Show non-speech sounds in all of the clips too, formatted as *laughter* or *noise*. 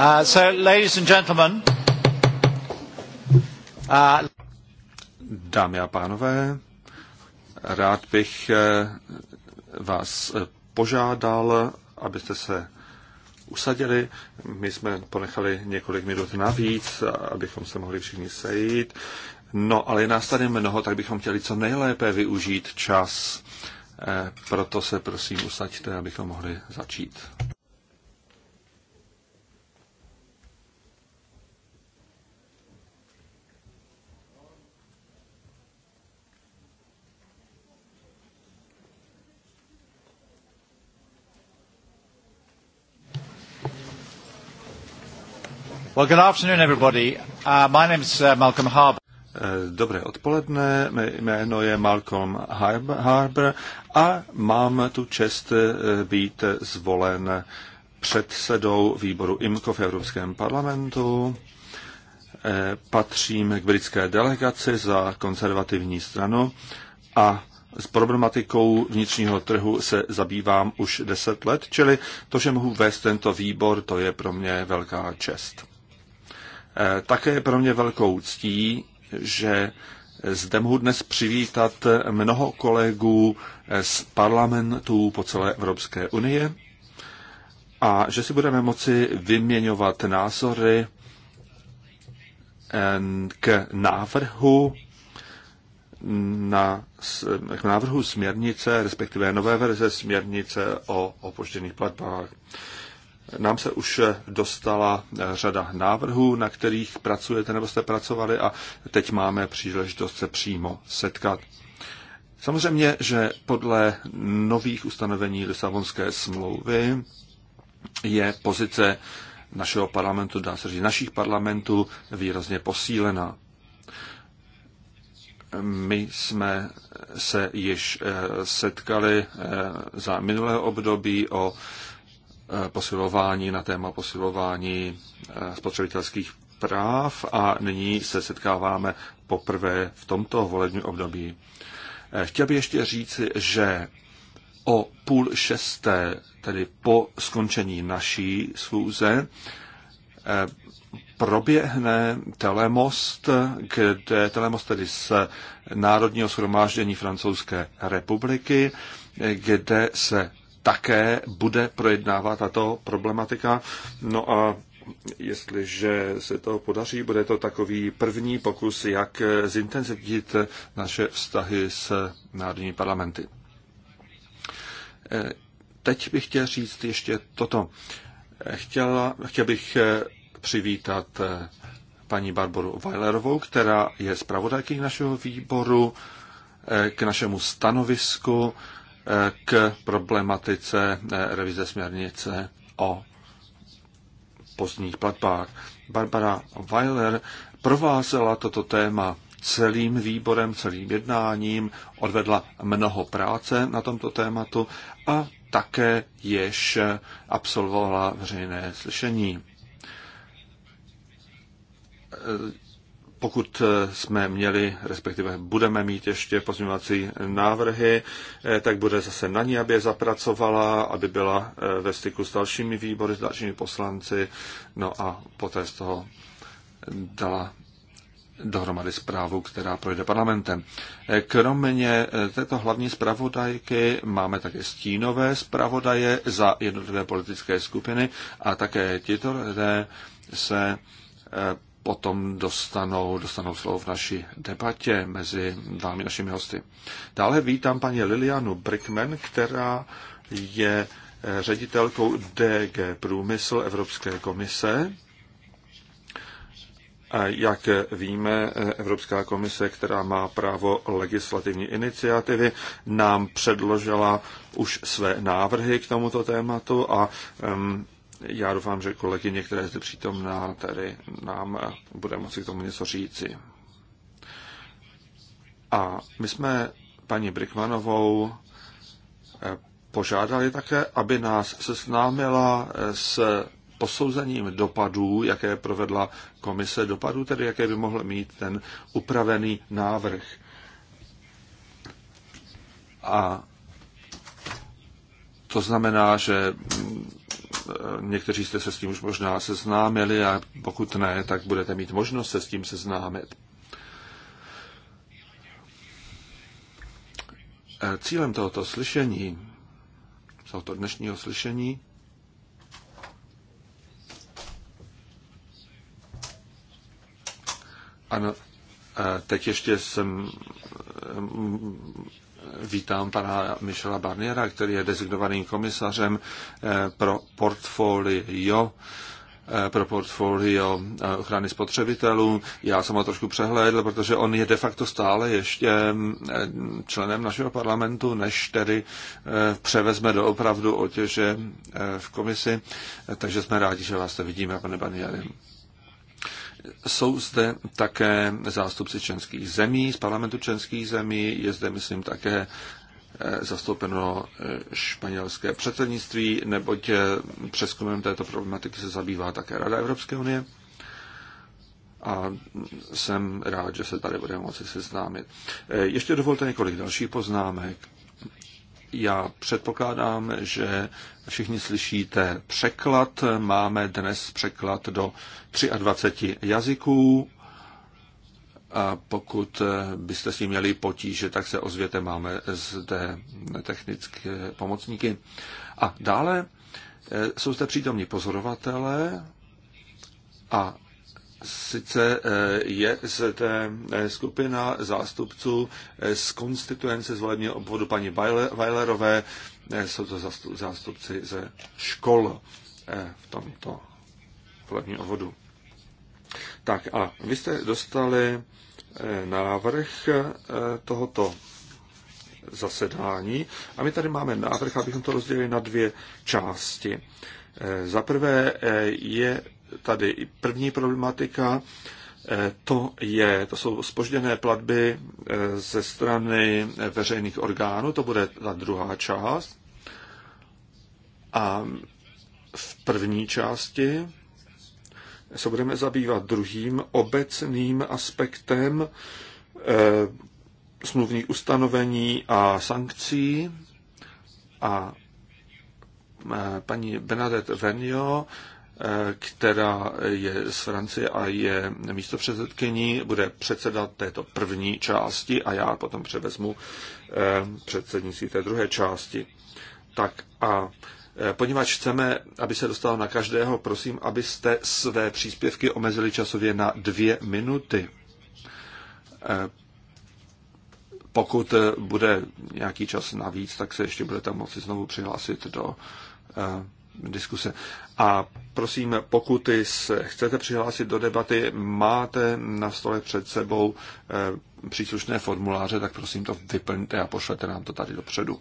Uh, uh, Dámy a pánové, rád bych uh, vás požádal, abyste se usadili. My jsme ponechali několik minut navíc, abychom se mohli všichni sejít. No, ale je nás tady mnoho, tak bychom chtěli co nejlépe využít čas. Eh, proto se prosím usaďte, abychom mohli začít. Well, good afternoon, everybody. Uh, my name is uh, Malcolm eh, Dobré odpoledne, mé jméno je Malcolm Harbour a mám tu čest eh, být zvolen předsedou výboru IMCO v Evropském parlamentu. Eh, patřím k britské delegaci za konzervativní stranu a s problematikou vnitřního trhu se zabývám už deset let, čili to, že mohu vést tento výbor, to je pro mě velká čest. Eh, také je pro mě velkou ctí, že zde mohu dnes přivítat mnoho kolegů eh, z parlamentů po celé Evropské unie a že si budeme moci vyměňovat názory eh, k návrhu na, k návrhu směrnice, respektive nové verze směrnice o opožděných platbách. Nám se už dostala eh, řada návrhů, na kterých pracujete nebo jste pracovali a teď máme příležitost se přímo setkat. Samozřejmě, že podle nových ustanovení Lisabonské smlouvy je pozice našeho parlamentu, dá se říct, našich parlamentů výrazně posílena. My jsme se již eh, setkali eh, za minulého období o Eh, posilování na téma posilování eh, spotřebitelských práv a nyní se setkáváme poprvé v tomto volebním období. Eh, chtěl bych ještě říci, že o půl šesté, tedy po skončení naší schůze, proběhne telemost, kde telemost tedy z Národního shromáždění Francouzské republiky, kde se také bude projednávat tato problematika. No a jestliže se to podaří, bude to takový první pokus, jak zintenzivnit naše vztahy s národními parlamenty. E, teď bych chtěl říct ještě toto. Chtěl, chtěl bych e, přivítat e, paní Barboru Weilerovou, která je zpravodajky našeho výboru k našemu stanovisku k problematice eh, revize směrnice o pozdních platbách. Barbara Weiler provázela toto téma celým výborem, celým jednáním, odvedla mnoho práce na tomto tématu a také jež absolvovala veřejné slyšení pokud eh, jsme měli, respektive budeme mít ještě pozměňovací návrhy, eh, tak bude zase na ní, aby je zapracovala, aby byla eh, ve styku s dalšími výbory, s dalšími poslanci, no a poté z toho dala dohromady zprávu, která projde parlamentem. Kromě této hlavní zpravodajky máme také stínové zpravodaje za jednotlivé politické skupiny a také tito lidé se potom dostanou, dostanou slovo v naší debatě mezi vámi našimi hosty. Dále vítám paní Lilianu Brickman, která je eh, ředitelkou DG Průmysl Evropské komise. Jak víme, eh, Evropská komise, která má právo legislativní iniciativy, nám předložila už své návrhy k tomuto tématu a um, já doufám, že kolegy některé zde přítomná, tady nám bude moci k tomu něco říci. A my jsme paní Brickmanovou eh, požádali také, aby nás seznámila s posouzením dopadů, jaké provedla komise dopadů, tedy jaké by mohl mít ten upravený návrh. A to znamená, že Někteří jste se s tím už možná seznámili a pokud ne, tak budete mít možnost se s tím seznámit. Cílem tohoto slyšení, tohoto dnešního slyšení, ano, eh, teď ještě jsem vítám pana Michela Barniera, který je designovaným komisařem eh, pro portfolio eh, pro portfolio eh, ochrany spotřebitelů. Já jsem ho trošku přehlédl, protože on je de facto stále ještě mm, členem našeho parlamentu, než tedy převezme do opravdu otěže v komisi. Takže jsme rádi, že vás to vidíme, pane Baniari. Jsou zde také zástupci členských zemí, z parlamentu členských zemí, je zde, myslím, také eh, zastoupeno eh, španělské předsednictví, neboť eh, přeskumem této problematiky se zabývá také Rada Evropské unie. A jsem rád, že se tady budeme moci seznámit. Ještě dovolte několik dalších poznámek. Já předpokládám, že všichni slyšíte překlad. Máme dnes překlad do 23 jazyků. A pokud byste s tím měli potíže, tak se ozvěte, máme zde technické pomocníky. A dále e, jsou zde přítomní pozorovatelé a Sice eh, je zde eh, skupina zástupců eh, z konstituence z volebního obvodu paní Weilerové, jsou to zástupci ze škol v tomto volebním obvodu. Tak a vy jste dostali návrh tohoto zasedání a my tady máme návrh, abychom to rozdělili na dvě části. Za prvé je tady první problematika, eh, to, je, to jsou spožděné platby eh, ze strany veřejných orgánů, to bude ta druhá část. A v první části se budeme zabývat druhým obecným aspektem eh, smluvních ustanovení a sankcí. A paní Benadette Venio Eh, která je z Francie a je místopředsedkyní, bude předsedat této první části a já potom převezmu eh, předsednictví té druhé části. Tak a eh, poněvadž chceme, aby se dostalo na každého, prosím, abyste své příspěvky omezili časově na dvě minuty. Pokud bude nějaký čas navíc, tak se ještě budete moci znovu přihlásit do diskuse. A prosím, pokud se chcete přihlásit do debaty, máte na stole před sebou eh, příslušné formuláře, tak prosím to vyplňte a pošlete nám to tady dopředu.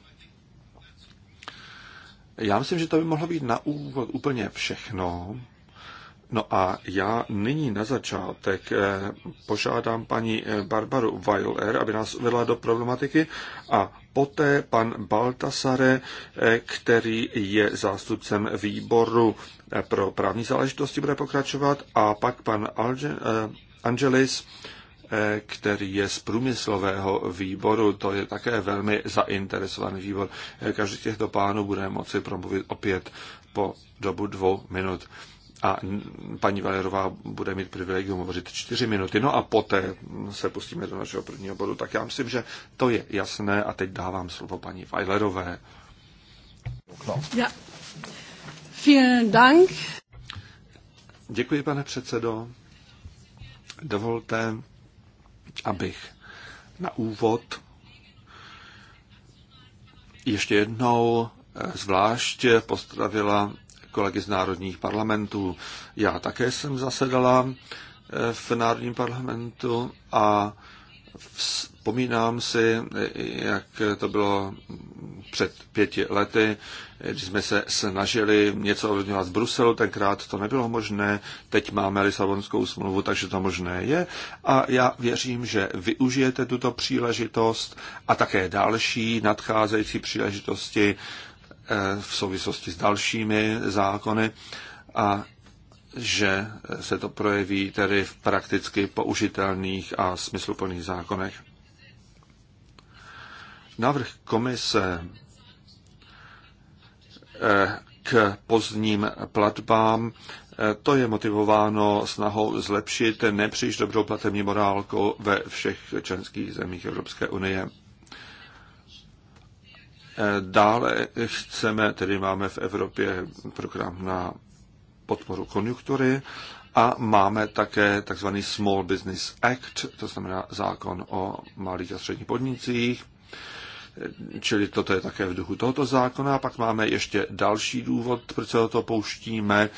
Já myslím, že to by mohlo být na úvod úplně všechno. No a já nyní na začátek eh, požádám paní eh, Barbaru Weiler, aby nás vedla do problematiky a poté pan Baltasare, eh, který je zástupcem výboru pro právní záležitosti, bude pokračovat a pak pan Angelis, který je z průmyslového výboru, to je také velmi zainteresovaný výbor. Každý z těchto pánů bude moci promluvit opět po dobu dvou minut a paní Valerová bude mít privilegium hovořit čtyři minuty, no a poté se pustíme do našeho prvního bodu. Tak já myslím, že to je jasné a teď dávám slovo paní Valerové. No. Ja. Vielen Dank. Děkuji, pane předsedo. Dovolte, abych na úvod ještě jednou eh, zvlášť postavila kolegy z národních parlamentů. Já také jsem zasedala eh, v národním parlamentu a vzpomínám si, eh, jak to bylo před pěti lety, eh, když jsme se snažili něco ovlivňovat z Bruselu, tenkrát to nebylo možné, teď máme Lisabonskou smlouvu, takže to možné je a já věřím, že využijete tuto příležitost a také další nadcházející příležitosti Eh, v souvislosti s dalšími zákony a že se to projeví tedy v prakticky použitelných a smysluplných zákonech. Návrh komise eh, k pozdním platbám. Eh, to je motivováno snahou zlepšit nepříliš dobrou platební morálku ve všech členských zemích Evropské unie. Dále chceme, tedy máme v Evropě program na podporu konjunktury a máme také tzv. Small Business Act, to znamená zákon o malých a středních podnicích, čili toto je také v duchu tohoto zákona. A pak máme ještě další důvod, proč se do toho pouštíme,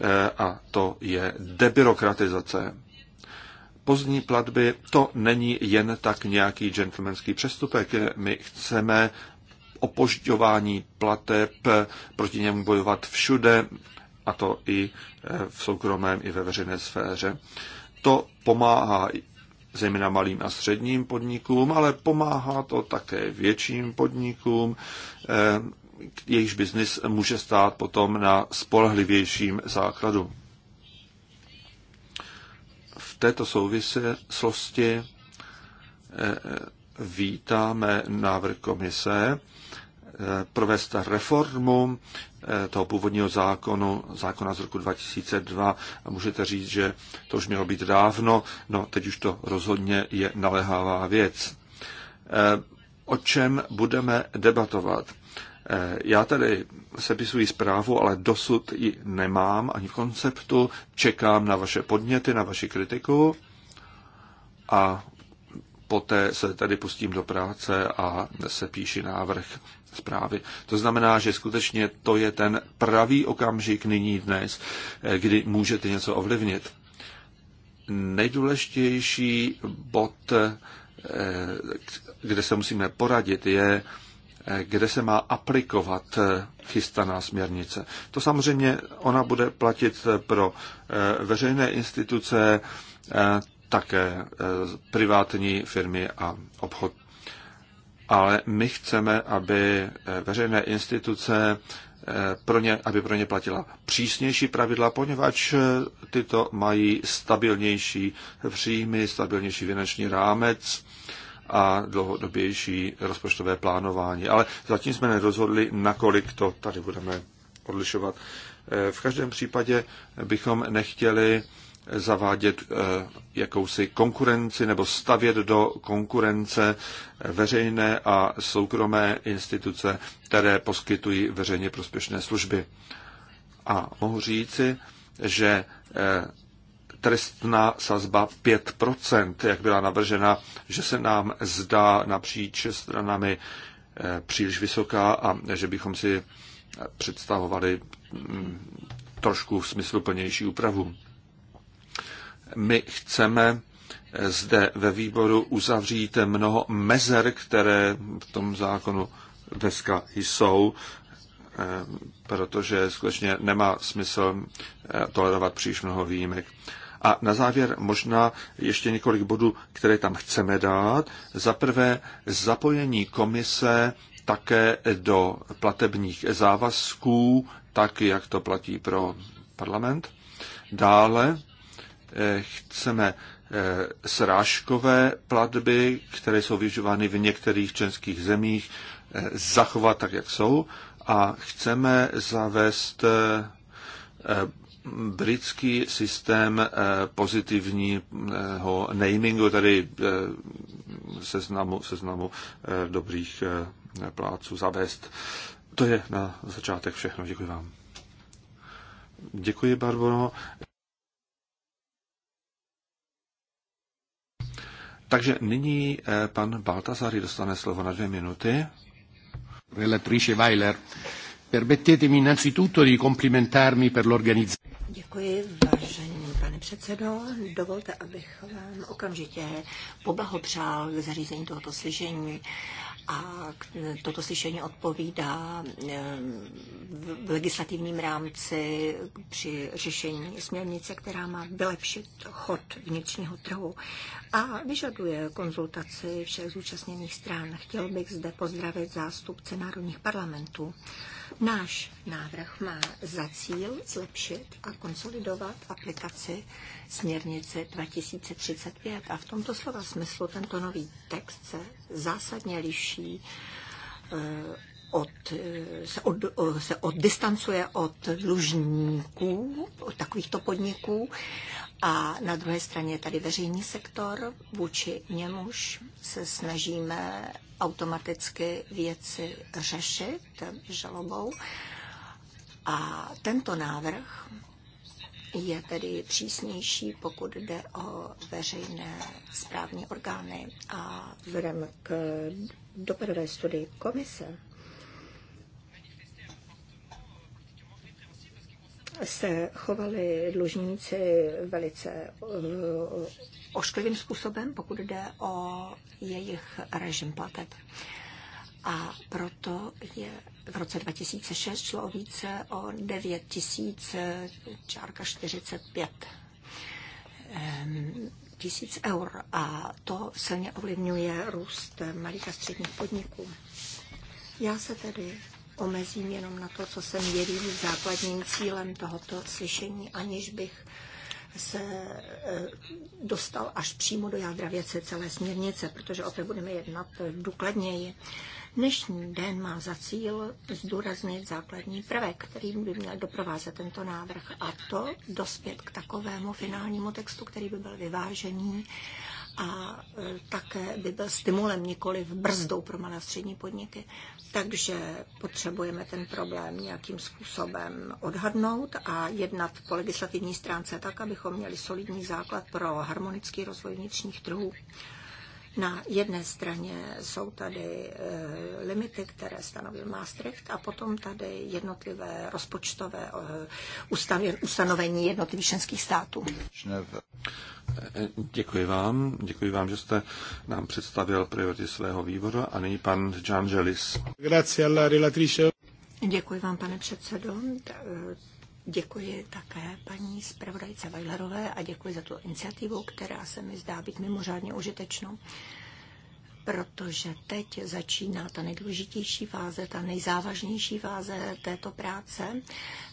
eh, a to je debirokratizace. Pozdní platby to není jen tak nějaký gentlemanský přestupek. My chceme opožďování plateb, proti němu bojovat všude, a to i eh, v soukromém, i ve veřejné sféře. To pomáhá zejména malým a středním podnikům, ale pomáhá to také větším podnikům, eh, jejichž biznis může stát potom na spolehlivějším základu. V této souvislosti eh, vítáme návrh komise, Eh, provést reformu eh, toho původního zákonu, zákona z roku 2002 a můžete říct, že to už mělo být dávno, no teď už to rozhodně je naléhavá věc. Eh, o čem budeme debatovat? Já tady sepisuji zprávu, ale dosud ji nemám ani v konceptu. Čekám na vaše podněty, na vaši kritiku a poté se tady pustím do práce a se píši návrh zprávy. To znamená, že skutečně to je ten pravý okamžik nyní dnes, eh, kdy můžete něco ovlivnit. Nejdůležitější bod, eh, kde se musíme poradit, je, eh, kde se má aplikovat chystaná směrnice. To samozřejmě ona bude platit pro veřejné instituce, také privátní firmy a obchod ale my chceme, aby eh, veřejné instituce eh, pro ně, aby pro ně platila přísnější pravidla, poněvadž eh, tyto mají stabilnější příjmy, stabilnější finanční rámec a dlouhodobější rozpočtové plánování. Ale zatím jsme nerozhodli, nakolik to tady budeme odlišovat. V každém případě bychom nechtěli zavádět eh, jakousi konkurenci nebo stavět do konkurence veřejné a soukromé instituce, které poskytují veřejně prospěšné služby. A mohu říci, že eh, trestná sazba 5%, jak byla navržena, že se nám zdá napříč stranami eh, příliš vysoká a že bychom si představovali mm, trošku v smyslu plnější úpravu. My chceme zde ve výboru uzavřít mnoho mezer, které v tom zákonu dneska jsou, eh, protože skutečně nemá smysl eh, tolerovat příliš mnoho výjimek. A na závěr možná ještě několik bodů, které tam chceme dát. Za prvé zapojení komise také do platebních závazků, tak jak to platí pro parlament. Dále Eh, chceme eh, srážkové platby, které jsou využívány v některých českých zemích, eh, zachovat tak, jak jsou a chceme zavést britský systém pozitivního namingu, tedy seznamu, seznamu dobrých pláců zavést. To je na začátek všechno. Děkuji vám. Děkuji, Barbono. Takže nyní eh, pan Baltasari dostane slovo na dvě minuty. Relatrice Weiler, permettetemi innanzitutto di complimentarmi per l'organizzazione. Děkuji, vážený pane předsedo. Dovolte, abych vám okamžitě poblahopřál k zařízení tohoto slyšení. Uh, a toto slyšení odpovídá eh, v legislativním rámci při řešení směrnice, která má vylepšit chod vnitřního trhu a vyžaduje konzultaci všech zúčastněných stran. Chtěl bych zde pozdravit zástupce národních parlamentů. Náš návrh má za cíl zlepšit a konsolidovat aplikaci směrnice 2035 a v tomto slova smyslu tento nový text se zásadně liší eh, od, eh, se, od, se oddistancuje od dlužníků, od takovýchto podniků a na druhé straně je tady veřejný sektor, vůči němuž se snažíme automaticky věci řešit žalobou. A tento návrh je tedy přísnější, pokud jde o veřejné správní orgány. A vzhledem k dopadové studii komise se chovali dlužníci velice eh, ošklivým způsobem, pokud jde o jejich režim plateb. A proto je v roce 2006 šlo o více o 9045 ehm, tisíc eur a to silně ovlivňuje růst malých a středních podniků. Já se tedy omezím jenom na to, co jsem jeli základním cílem tohoto slyšení, aniž bych se e, dostal až přímo do jádra věci celé směrnice, protože o té budeme jednat důkladněji. Dnešní den má za cíl zdůraznit základní prvek, který by měl doprovázet tento návrh, a to dospět k takovému finálnímu textu, který by byl vyvážený a e, také by byl stimulem, nikoli v brzdou pro malé a střední podniky. Takže potřebujeme ten problém nějakým způsobem odhadnout a jednat po legislativní stránce tak, abychom měli solidní základ pro harmonický rozvoj vnitřních trhů. Na jedné straně jsou tady eh, limity, které stanovil Maastricht a potom tady jednotlivé rozpočtové eh, ustanovení jednotlivých členských států. Děkuji vám. Děkuji vám, že jste nám představil priority svého výboru a nyní pan Jangelis. Děkuji vám, pane předsedo. Děkuji také paní zpravodajce Weilerové a děkuji za tu iniciativu, která se mi zdá být mimořádně užitečnou, protože teď začíná ta nejdůležitější fáze, ta nejzávažnější fáze této práce.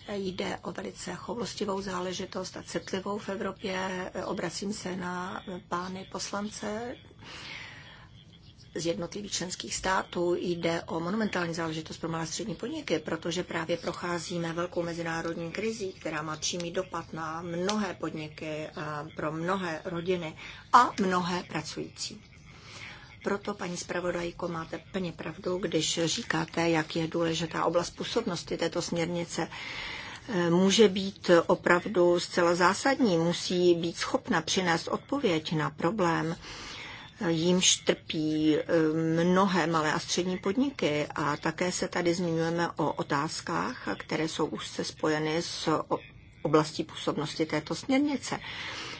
Jde o velice choulostivou záležitost a citlivou v Evropě. Obracím se na pány poslance z jednotlivých členských států jde o monumentální záležitost pro malé střední podniky, protože právě procházíme velkou mezinárodní krizí, která má přímý dopad na mnohé podniky, pro mnohé rodiny a mnohé pracující. Proto, paní zpravodajko, máte plně pravdu, když říkáte, jak je důležitá oblast působnosti této směrnice e, může být opravdu zcela zásadní, musí být schopna přinést odpověď na problém, jímž trpí eh, mnohé malé a střední podniky a také se tady zmiňujeme o otázkách, které jsou úzce spojeny s oblastí působnosti této směrnice.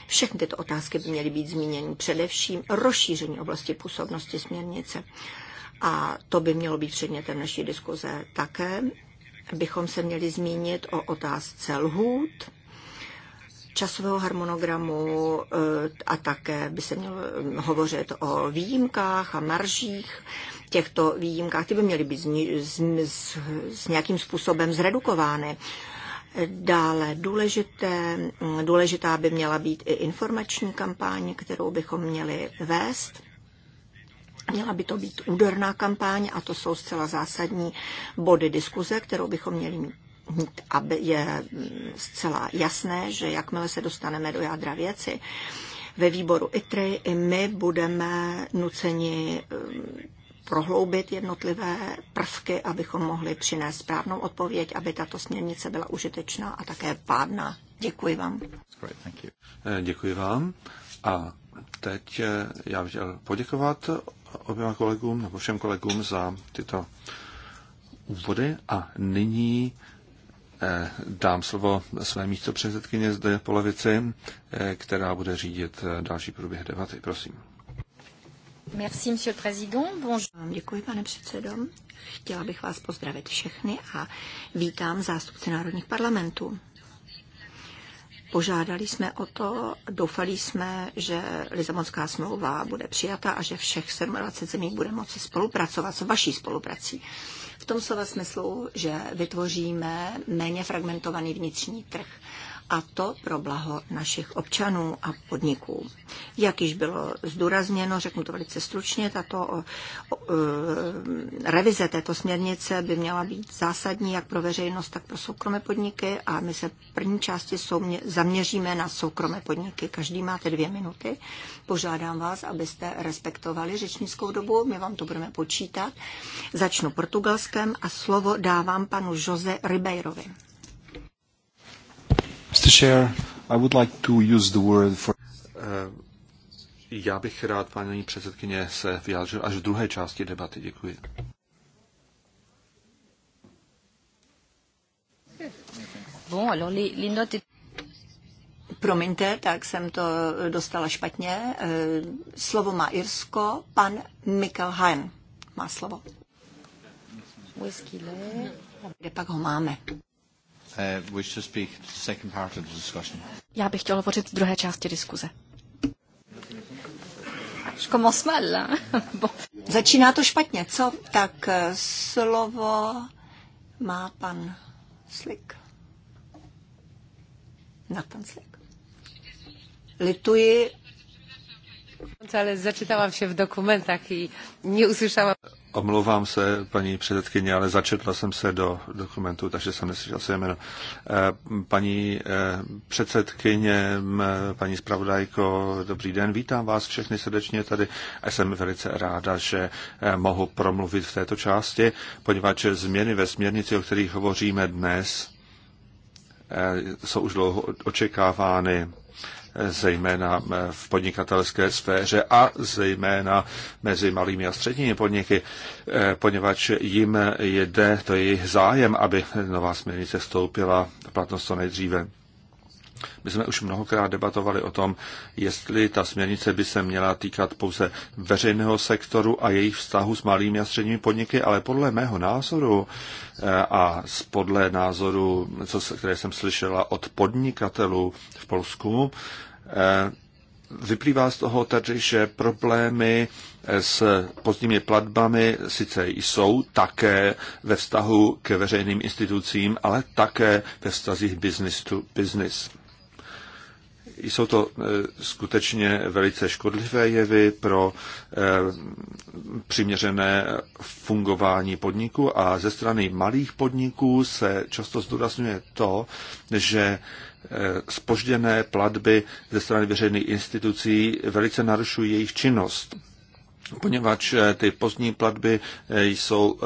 Všechny tyto otázky by měly být zmíněny, především rozšíření oblasti působnosti směrnice. A to by mělo být předmětem naší diskuze také. Bychom se měli zmínit o otázce lhůt, časového harmonogramu eh, a také by se mělo eh, hovořit o výjimkách a maržích těchto výjimkách. Ty by měly být s, s, s nějakým způsobem zredukovány. Dále důležité, důležitá by měla být i informační kampaň, kterou bychom měli vést. Měla by to být úderná kampaň a to jsou zcela zásadní body diskuze, kterou bychom měli mít aby je zcela jasné, že jakmile se dostaneme do jádra věci, ve výboru ITRI i my budeme nuceni eh, prohloubit jednotlivé prvky, abychom mohli přinést správnou odpověď, aby tato směrnice byla užitečná a také pádná. Děkuji vám. Eh, děkuji vám. A teď eh, já bych chtěl poděkovat oběma kolegům nebo všem kolegům za tyto úvody a nyní Eh, dám slovo své místo předsedkyně zde po levici, eh, která bude řídit eh, další průběh debaty. Prosím. Merci, monsieur le président. Bonjour. Děkuji, pane předsedo. Chtěla bych vás pozdravit všechny a vítám zástupce národních parlamentů. Požádali jsme o to, doufali jsme, že Lizabonská smlouva bude přijata a že všech 27 zemí bude moci spolupracovat s vaší spoluprací. V tom slova smyslu, že vytvoříme méně fragmentovaný vnitřní trh a to pro blaho našich občanů a podniků. Jak již bylo zdůrazněno, řeknu to velice stručně, tato o, o, e, revize této směrnice by měla být zásadní jak pro veřejnost, tak pro soukromé podniky a my se v první části soumě, zaměříme na soukromé podniky. Každý máte dvě minuty. Požádám vás, abyste respektovali řečnickou dobu, my vám to budeme počítat. Začnu portugalskem a slovo dávám panu Jose Ribeirovi. Mr. Chair, I would like to use the word for... Eh, já bych rád, paní předsedkyně, se vyjádřil až v druhé části debaty. Děkuji. Bon, alors les, les notes... Promiňte, tak jsem to dostala špatně. Eh, slovo má Irsko, pan Mikkel Hain má slovo. Kde pak ho máme? Uh, wish to speak to the second part of the discussion. Já bych chtěl hovořit v druhé části diskuze. *laughs* Začíná to špatně, co? Tak eh, slovo má pan Slik. Nathan Slik. Lituji. Ale začítala się v dokumentách i neuslyšela. Omlouvám se, paní předsedkyně, ale začetla jsem se do dokumentu, takže jsem neslyšel se jméno. Eh, paní eh, předsedkyně, paní zpravodajko, dobrý den, vítám vás všechny srdečně tady a jsem velice ráda, že eh, mohu promluvit v této části, poněvadž změny ve směrnici, o kterých hovoříme dnes, jsou už dlouho očekávány zejména v podnikatelské sféře a zejména mezi malými a středními podniky, eh, poněvadž jim jde, to je jejich zájem, aby nová směrnice vstoupila platnost co nejdříve. My jsme už mnohokrát debatovali o tom, jestli ta směrnice by se měla týkat pouze veřejného sektoru a jejich vztahu s malými a středními podniky, ale podle mého názoru eh, a podle názoru, co, které jsem slyšela od podnikatelů v Polsku, Eh, vyplývá z toho tedy, že problémy eh, s pozdními platbami sice jsou také ve vztahu k veřejným institucím, ale také ve vztazích business to business. Jsou to eh, skutečně velice škodlivé jevy pro přiměřené fungování podniku a ze strany malých podniků se často zdůrazňuje to, že Eh, spožděné platby ze strany veřejných institucí velice narušují jejich činnost poněvadž eh, ty pozdní platby eh, jsou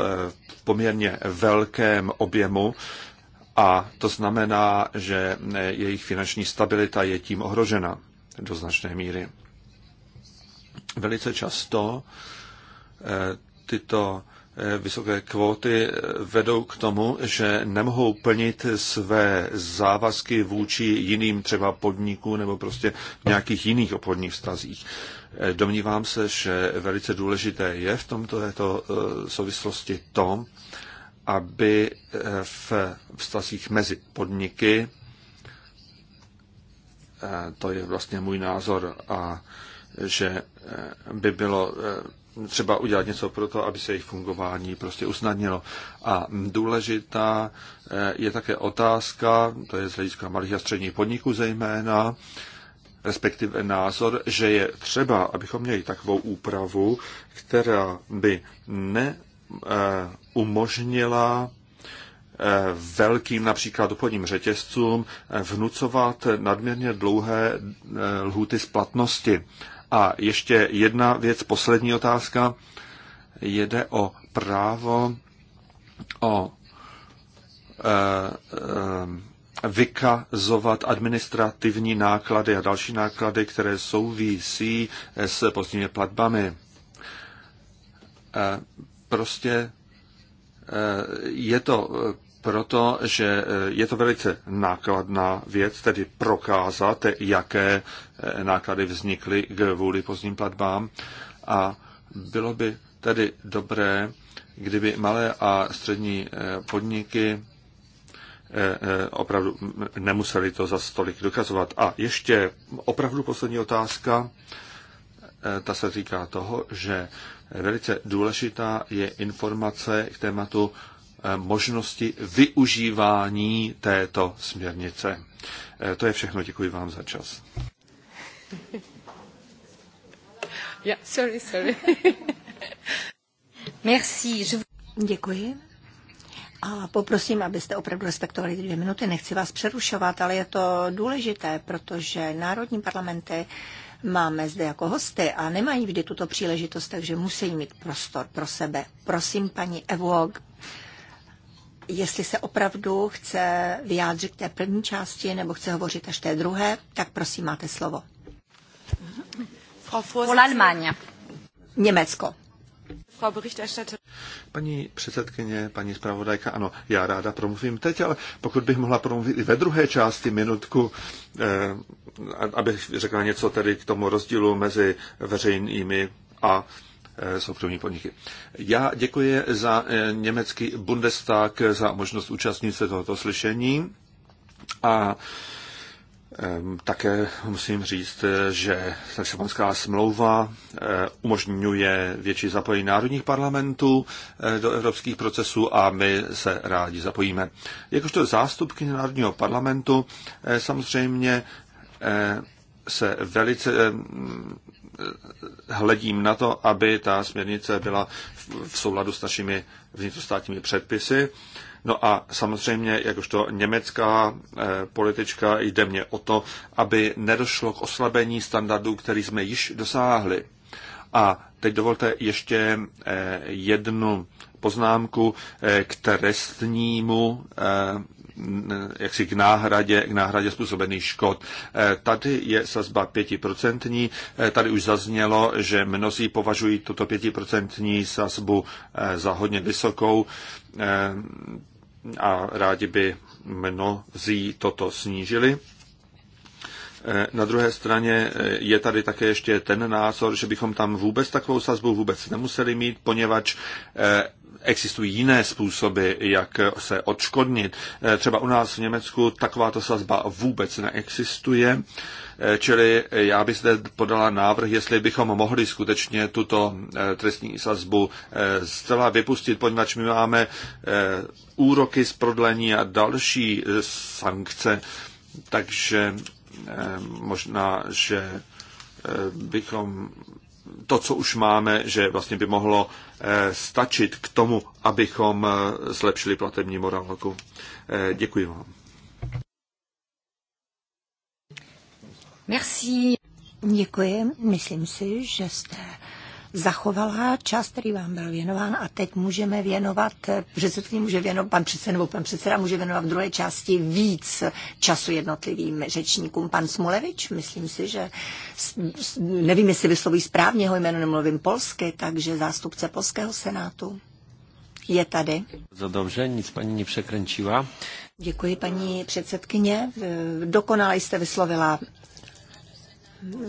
v poměrně velkém objemu a to znamená, že jejich finanční stabilita je tím ohrožena do značné míry. Velice často tyto Eh, vysoké kvóty eh, vedou k tomu, že nemohou plnit své závazky vůči jiným třeba podnikům nebo prostě v nějakých jiných obchodních vztazích. Eh, domnívám se, že velice důležité je v tomto souvislosti to, aby v vztazích mezi podniky, to je vlastně můj názor, a že by bylo třeba udělat něco pro to, aby se jejich fungování prostě usnadnilo. A důležitá eh, je také otázka, to je z hlediska malých a středních podniků zejména, respektive názor, že je třeba, abychom měli takovou úpravu, která by neumožnila eh, eh, velkým například obchodním řetězcům vnucovat nadměrně dlouhé lhuty splatnosti. A ještě jedna věc, poslední otázka. Jede o právo o eh, eh, vykazovat administrativní náklady a další náklady, které souvisí s pozdními platbami. Eh, prostě je to proto, že eh, je to velice nákladná věc, tedy prokázat, jaké eh, náklady vznikly vůli pozdním platbám. A bylo by tedy dobré, kdyby malé a střední eh, podniky opravdu nemuseli to za stolik dokazovat. A ještě opravdu poslední otázka, ta se týká toho, že velice důležitá je informace k tématu Eh, možnosti využívání této směrnice. Eh, to je všechno. Děkuji vám za čas. *laughs* Yeah, sorry, sorry. *laughs* Merci. Děkuji. A poprosím, abyste opravdu respektovali dvě minuty. Nechci vás přerušovat, ale je to důležité, protože národní parlamenty máme zde jako hosty a nemají vždy tuto příležitost, takže musí mít prostor pro sebe. Prosím, paní Evog, jestli se opravdu chce vyjádřit k té první části nebo chce hovořit až té druhé, tak prosím, máte slovo. Německo. Paní předsedkyně, paní zpravodajka, ano, já ráda promluvím teď, ale pokud bych mohla promluvit i ve druhé části minutku, eh, abych řekla něco tedy k tomu rozdílu mezi veřejnými a eh, Eh, soukromí podniky. Já děkuji za eh, německý Bundestag za možnost účastnit se tohoto slyšení a ehm, také musím říct, že Lisabonská smlouva eh, umožňuje větší zapojení národních parlamentů do evropských procesů a my se rádi zapojíme. Jakožto zástupky národního parlamentu samozřejmě se velice ehm, hledím na to, aby ta směrnice byla v souladu s našimi vnitrostátními předpisy. No a samozřejmě, jakožto německá eh, politička, jde mě o to, aby nedošlo k oslabení standardů, který jsme již dosáhli. A teď dovolte ještě eh, jednu poznámku eh, k trestnímu jaksi k náhradě, k náhradě způsobených škod. E, tady je sazba 5%. E, tady už zaznělo, že mnozí považují tuto 5% sazbu e, za hodně vysokou a rádi by mnozí toto snížili. Na druhé straně je tady také ještě ten názor, že bychom tam vůbec takovou sazbu vůbec nemuseli mít, poněvadž existují jiné způsoby, jak se odškodnit. Eh, třeba u nás v Německu takováto sazba vůbec neexistuje, eh, čili já bych zde podala návrh, jestli bychom mohli skutečně tuto eh, trestní sazbu zcela vypustit, poněvadž my máme úroky z prodlení a další sankce, takže možná, že bychom to, co už máme, že vlastně by mohlo eh, stačit k tomu, abychom eh, zlepšili platební morálku. Eh, děkuji vám. Merci. Děkuji. Myslím si, že jste zachovala čas, který vám byl věnován a teď můžeme věnovat, předsedkyně může věnovat, pan předseda nebo pan předseda může věnovat v druhé části víc času jednotlivým řečníkům. Pan Smolevič, myslím si, že nevím, jestli vysloví správně jeho jméno, nemluvím polsky, takže zástupce Polského senátu je tady. Za dobře, nic paní nepřekrenčila. Děkuji, paní předsedkyně. Dokonale jste vyslovila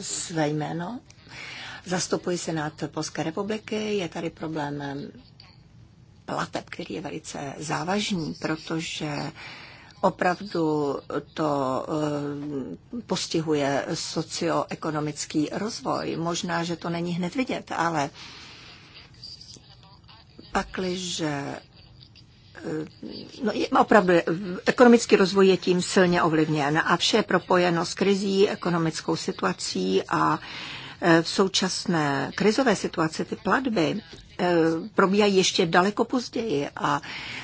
své jméno Zastupuji Senát Polské republiky, je tady problém plateb, který je velice závažný, protože opravdu to eh, postihuje socioekonomický rozvoj. Možná, že to není hned vidět, ale pakliže eh, No, je, opravdu, ekonomický rozvoj je tím silně ovlivněn a vše je propojeno s krizí, ekonomickou situací a uh, Eh, v současné krizové situaci ty platby eh, probíhají ještě daleko později a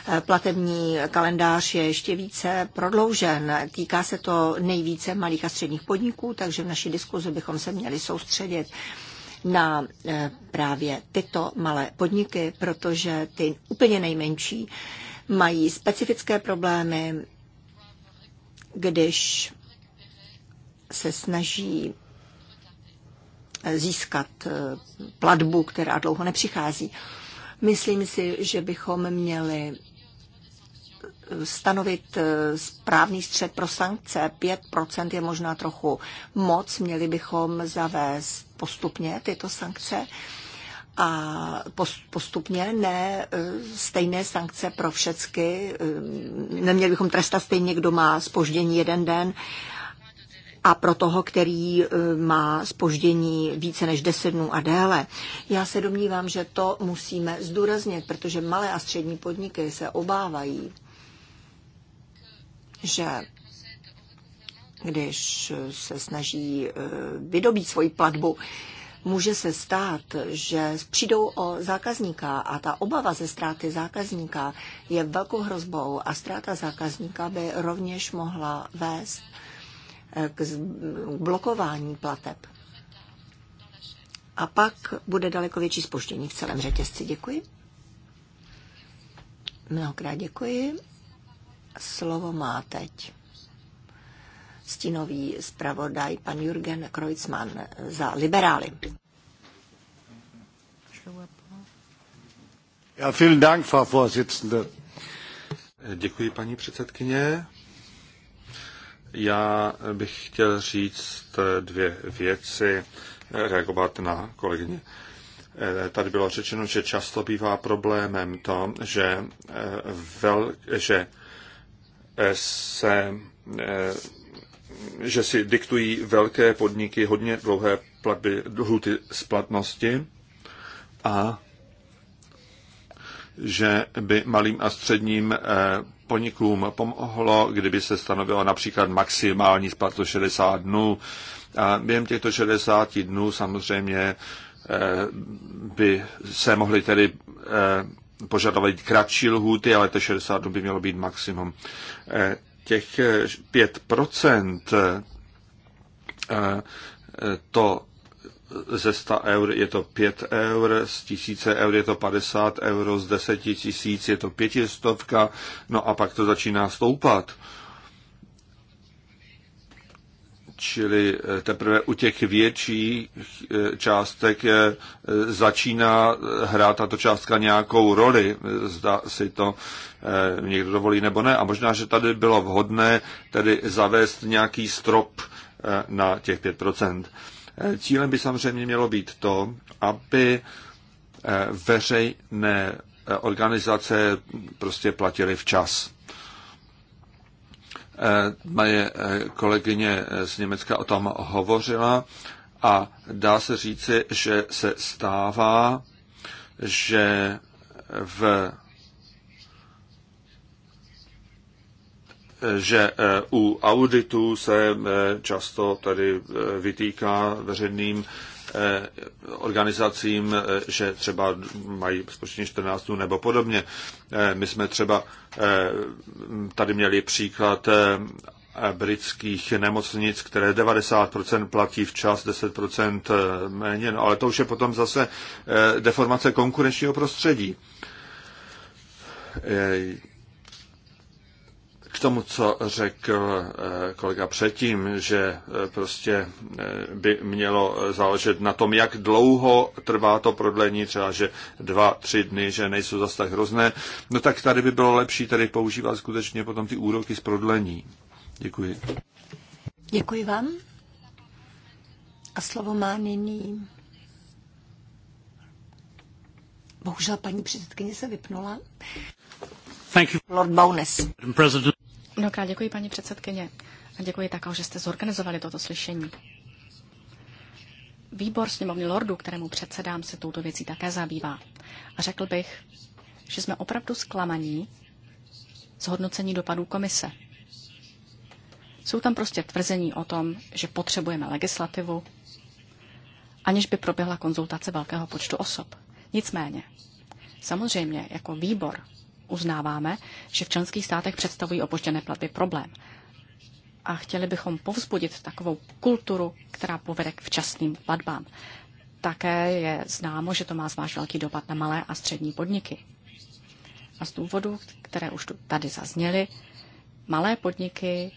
eh, platební kalendář je ještě více prodloužen. Týká se to nejvíce malých a středních podniků, takže v naší diskuzi bychom se měli soustředit na právě tyto malé podniky, protože ty úplně nejmenší mají specifické problémy, když se snaží získat eh, platbu, která dlouho nepřichází. Myslím si, že bychom měli eh, stanovit eh, správný střed pro sankce. 5% je možná trochu moc. Měli bychom zavést postupně tyto sankce a postupně ne stejné sankce pro všecky. Neměli bychom trestat stejně, kdo má spoždění jeden den a pro toho, který eh, má spoždění více než 10 dnů a déle. Já se domnívám, že to musíme zdůraznit, protože malé a střední podniky se obávají, že když se snaží eh, vydobít svoji platbu, může se stát, že přijdou o zákazníka a ta obava ze ztráty zákazníka je velkou hrozbou a ztráta zákazníka by rovněž mohla vést k blokování plateb. A pak bude daleko větší spoždění v celém řetězci. Děkuji. Mnohokrát děkuji. Slovo má teď stínový zpravodaj pan Jürgen Kreuzmann za liberály. Ja, vielen Dank, Frau Vorsitzende. Děkuji, paní předsedkyně. Já bych chtěl říct dvě věci, reagovat na kolegyně. Eh, tady bylo řečeno, že často bývá problémem to, že, eh, vel, že eh, se že si diktují velké podniky hodně dlouhé platby, lhuty splatnosti a že by malým a středním podnikům pomohlo, kdyby se stanovilo například maximální splatu 60 dnů. A během těchto 60 dnů samozřejmě eh, by se mohly tedy eh, požadovat kratší lhůty, ale to 60 dnů by mělo být maximum. Eh, těch 5 to ze 100 eur je to 5 eur, z 1000 eur je to 50 eur, z 10 tisíc je to 500, no a pak to začíná stoupat. Čili eh, teprve u těch větších eh, částek eh, začíná hrát tato částka nějakou roli, zda si to někdo dovolí nebo ne. A možná, že tady bylo vhodné tedy zavést nějaký strop na těch 5 Cílem by samozřejmě mělo být to, aby eh, veřejné eh, organizace prostě platily včas. Eh, moje kolegyně z Německa o tom hovořila a dá se říci, že se stává, že v že eh, u auditů se eh, často tady eh, vytýká veřejným organizacím, že třeba mají bezpočetně 14 dnů nebo podobně. My jsme třeba tady měli příklad britských nemocnic, které 90% platí včas, 10% méně, no ale to už je potom zase deformace konkurenčního prostředí k tomu, co řekl eh, kolega předtím, že eh, prostě eh, by mělo záležet na tom, jak dlouho trvá to prodlení, třeba že dva, tři dny, že nejsou zase tak hrozné, no tak tady by bylo lepší tady používat skutečně potom ty úroky z prodlení. Děkuji. Děkuji vám. A slovo má nyní. Bohužel paní předsedkyně se vypnula. Thank you. Lord Bowness. President. Mnohokrát děkuji, paní předsedkyně, a děkuji také, že jste zorganizovali toto slyšení. Výbor sněmovny lordů, kterému předsedám, se touto věcí také zabývá. A řekl bych, že jsme opravdu zklamaní z hodnocení dopadů komise. Jsou tam prostě tvrzení o tom, že potřebujeme legislativu, aniž by proběhla konzultace velkého počtu osob. Nicméně, samozřejmě jako výbor uznáváme, že v členských státech představují opožděné platby problém. A chtěli bychom povzbudit takovou kulturu, která povede k včasným platbám. Také je známo, že to má zvlášť velký dopad na malé a střední podniky. A z důvodu, které už tady zazněly, malé podniky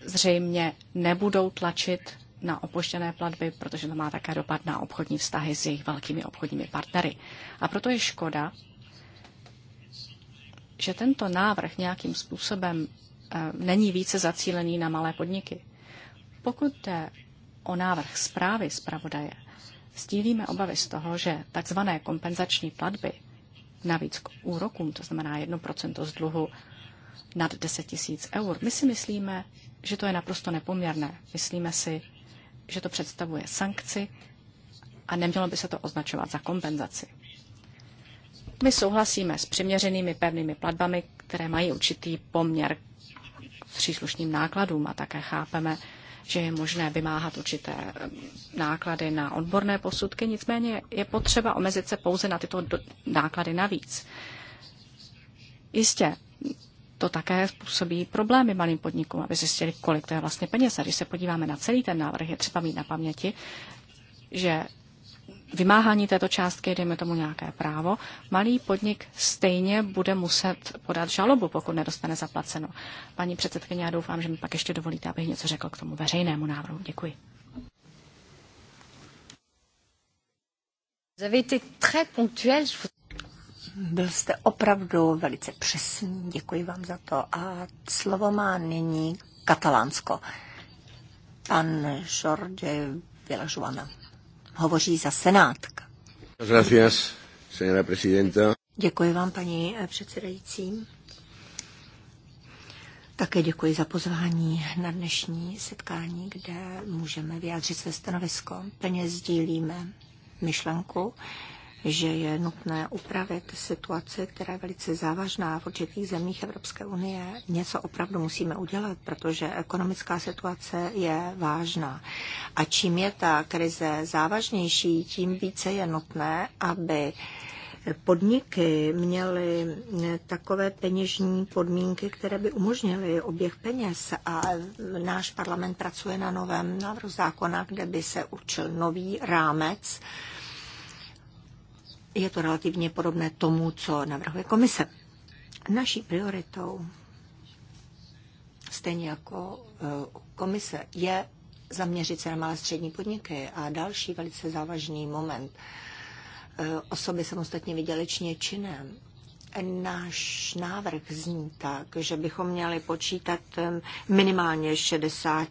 zřejmě nebudou tlačit na opožděné platby, protože to má také dopad na obchodní vztahy s jejich velkými obchodními partnery. A proto je škoda, že tento návrh nějakým způsobem eh, není více zacílený na malé podniky. Pokud jde o návrh zprávy zpravodaje, Stílíme obavy z toho, že tzv. kompenzační platby navíc k úrokům, to znamená 1% z dluhu nad 10 000 eur, my si myslíme, že to je naprosto nepoměrné. Myslíme si, že to představuje sankci a nemělo by se to označovat za kompenzaci. My souhlasíme s přiměřenými pevnými platbami, které mají určitý poměr k příslušným nákladům a také chápeme, že je možné vymáhat určité eh, náklady na odborné posudky, nicméně je potřeba omezit se pouze na tyto náklady navíc. Jistě, to také způsobí problémy malým podnikům, aby zjistili, kolik to je vlastně peněz. A když se podíváme na celý ten návrh, je třeba mít na paměti, že vymáhání této částky, dejme tomu nějaké právo, malý podnik stejně bude muset podat žalobu, pokud nedostane zaplaceno. Paní předsedkyně, já doufám, že mi pak ještě dovolíte, abych něco řekl k tomu veřejnému návrhu. Děkuji. Byl jste opravdu velice přesný, děkuji vám za to. A slovo má nyní katalánsko. Pan Jordi Villažuana hovoří za Senátka. Gracias, señora presidenta. Děkuji vám, paní eh, předsedající. Také děkuji za pozvání na dnešní setkání, kde můžeme vyjádřit své stanovisko. Plně sdílíme myšlenku, že je nutné upravit situaci, která je velice závažná v určitých zemích Evropské unie. Něco opravdu musíme udělat, protože ekonomická situace je vážná. A čím je ta krize závažnější, tím více je nutné, aby podniky měly takové peněžní podmínky, které by umožnily oběh peněz a náš parlament pracuje na novém návrhu zákona, kde by se určil nový rámec je to relativně podobné tomu, co navrhuje komise. Naší prioritou, stejně jako e, komise, je zaměřit se na malé střední podniky a další velice závažný moment. E, osoby samostatně vydělečně činné. Náš návrh zní tak, že bychom měli počítat e, minimálně 60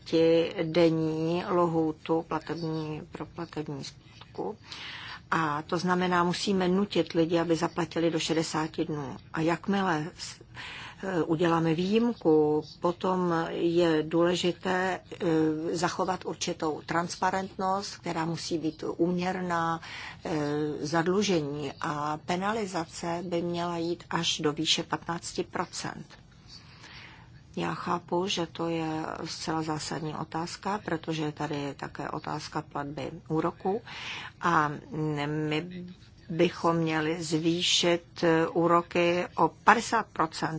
denní lohoutu platební, pro platební spotku a to znamená, musíme nutit lidi, aby zaplatili do 60 dnů. A jakmile e, uděláme výjimku, potom je důležité e, zachovat určitou transparentnost, která musí být úměrná e, zadlužení a penalizace by měla jít až do výše 15 já chápu, že to je zcela zásadní otázka, protože tady je také otázka platby úroku a my bychom měli zvýšit úroky o 50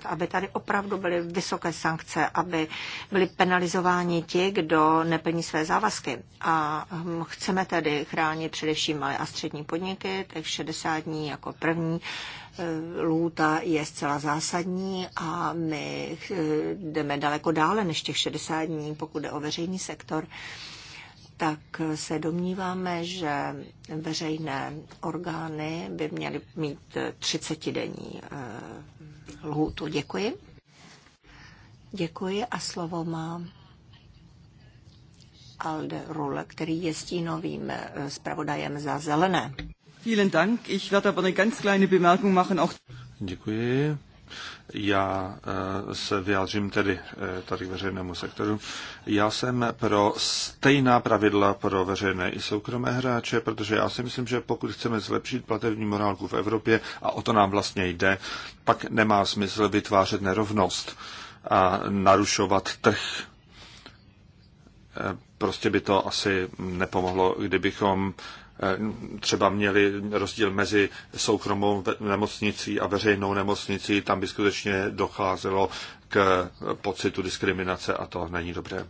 aby tady opravdu byly vysoké sankce, aby byly penalizováni ti, kdo neplní své závazky. A hm, chceme tedy chránit především malé a střední podniky, těch 60 dní jako první lůta je zcela zásadní a my eh, jdeme daleko dále než těch 60 dní, pokud jde o veřejný sektor tak se domníváme, že veřejné orgány by měly mít 30-denní eh, lhůtu. Děkuji. Děkuji a slovo má Alde Rule, který je stínovým eh, zpravodajem za zelené. Vielen Dank. Ich werde aber eine ganz kleine Bemerkung machen. Auch Děkuji. Já eh, se vyjádřím tedy eh, tady k veřejnému sektoru. Já jsem pro stejná pravidla pro veřejné i soukromé hráče, protože já si myslím, že pokud chceme zlepšit platební morálku v Evropě, a o to nám vlastně jde, pak nemá smysl vytvářet nerovnost a narušovat trh. Eh, prostě by to asi nepomohlo, kdybychom Eh, třeba měli rozdíl mezi soukromou nemocnicí a veřejnou nemocnicí, tam by skutečně docházelo k pocitu diskriminace a to není dobré.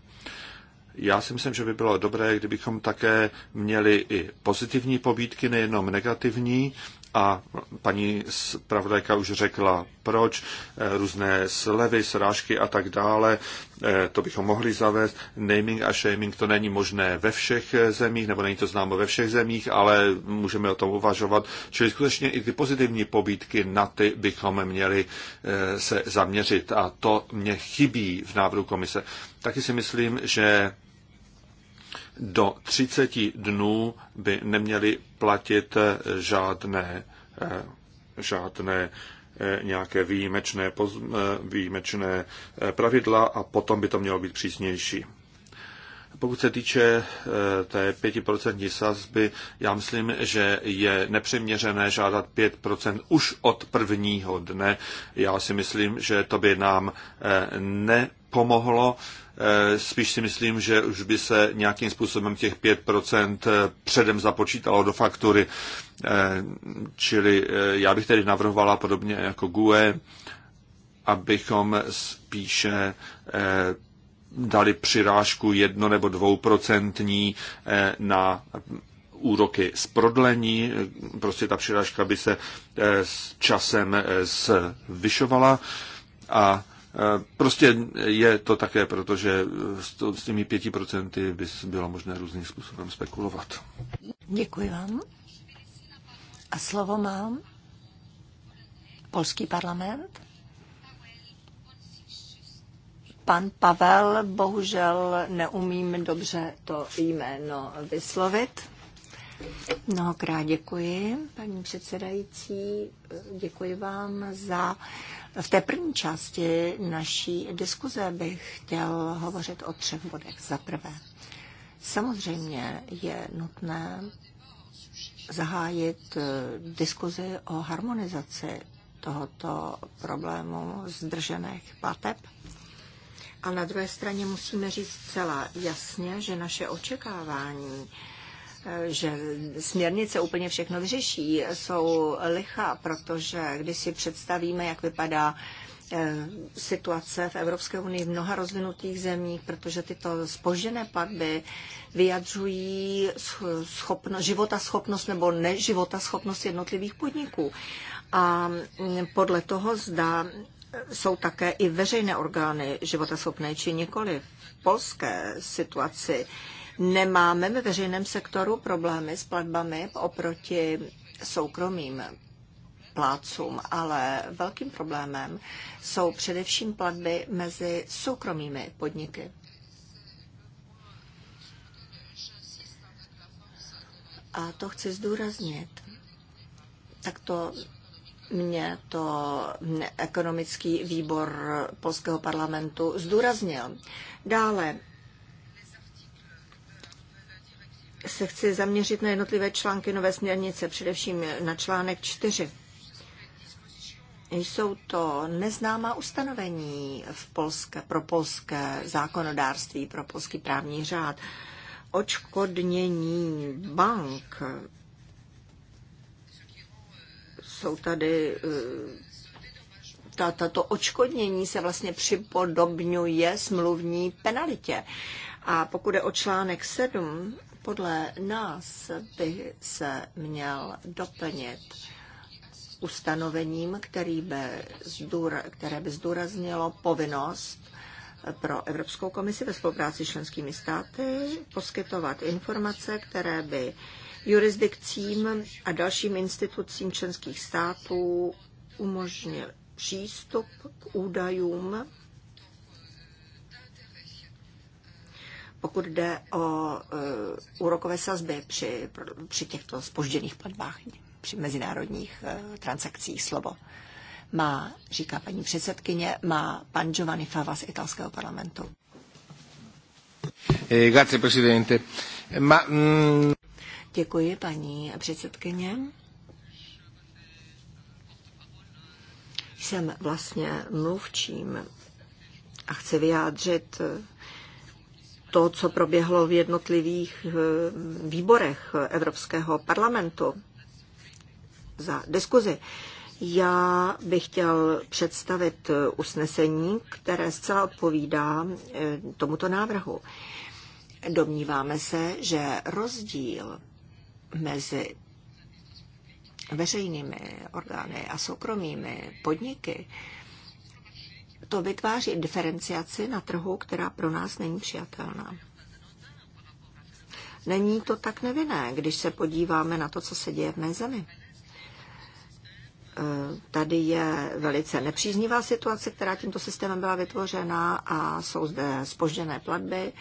Já si myslím, že by bylo dobré, kdybychom také měli i pozitivní pobídky, nejenom negativní, a paní zpravodajka už řekla, proč eh, různé slevy, srážky a tak dále, eh, to bychom mohli zavést. Naming a shaming to není možné ve všech eh, zemích, nebo není to známo ve všech zemích, ale můžeme o tom uvažovat. Čili skutečně i ty pozitivní pobídky na ty bychom měli se zaměřit a to mě chybí v návrhu komise. Taky si myslím, že do 30 dnů by neměly platit žádné, eh, žádné eh, nějaké výjimečné, eh, výjimečné pravidla a potom by to mělo být přísnější. Pokud se týče té 5% sazby, já myslím, že je nepřiměřené žádat 5% už od prvního dne. Já si myslím, že to by nám ne pomohlo. Eh, spíš si myslím, že už by se nějakým způsobem těch 5% eh, předem započítalo do faktury. Eh, čili já bych tedy navrhovala podobně jako GUE, abychom spíše dali přirážku jedno nebo dvouprocentní na úroky z prodlení, prostě ta přirážka by se s časem zvyšovala a Prostě je to také, protože s těmi pěti procenty by bylo možné různým způsobem spekulovat. Děkuji vám. A slovo mám polský parlament. Pan Pavel, bohužel neumím dobře to jméno vyslovit. Mnohokrát děkuji, paní předsedající. Děkuji vám za v té první části naší diskuze bych chtěl hovořit o třech bodech. Za prvé, samozřejmě je nutné zahájit eh, diskuzi o harmonizaci tohoto problému zdržených plateb. A na druhé straně musíme říct celá jasně, že naše očekávání že směrnice úplně všechno vyřeší, jsou lichá, protože když si představíme, jak vypadá eh, situace v Evropské unii v mnoha rozvinutých zemích, protože tyto spožděné platby vyjadřují schopno, života schopnost nebo neživota schopnost jednotlivých podniků. A mm, podle toho zda eh, jsou také i veřejné orgány životaschopné či nikoli. V polské situaci Nemáme ve veřejném sektoru problémy s platbami oproti soukromým plácům, ale velkým problémem jsou především platby mezi soukromými podniky. A to chci zdůraznit. Tak to mě to ekonomický výbor Polského parlamentu zdůraznil. Dále se chci zaměřit na jednotlivé články nové směrnice, především na článek 4. Jsou to neznámá ustanovení v polské, pro polské zákonodárství, pro polský právní řád. Očkodnění bank jsou tady eh, ta, tato očkodnění se vlastně připodobňuje smluvní penalitě. A pokud je o článek 7, podle nás by se měl doplnit ustanovením, který by zdůra, které by zdůraznilo povinnost pro Evropskou komisi ve spolupráci s členskými státy poskytovat informace, které by jurisdikcím a dalším institucím členských států umožnil přístup k údajům pokud jde o eh, úrokové sazby při, při těchto spožděných platbách, při mezinárodních eh, transakcích slovo. Má, říká paní předsedkyně, má pan Giovanni Fava z italského parlamentu. Eh, grazie, presidente. Ma, mm... Děkuji, paní předsedkyně. Jsem vlastně mluvčím a chci vyjádřit to, co proběhlo v jednotlivých eh, výborech Evropského parlamentu za diskuzi. Já bych chtěl představit eh, usnesení, které zcela odpovídá eh, tomuto návrhu. Domníváme se, že rozdíl mezi veřejnými orgány a soukromými podniky to vytváří diferenciaci na trhu, která pro nás není přijatelná. Není to tak nevinné, když se podíváme na to, co se děje v mé zemi. Eh, tady je velice nepříznivá situace, která tímto systémem byla vytvořena a jsou zde spožděné platby,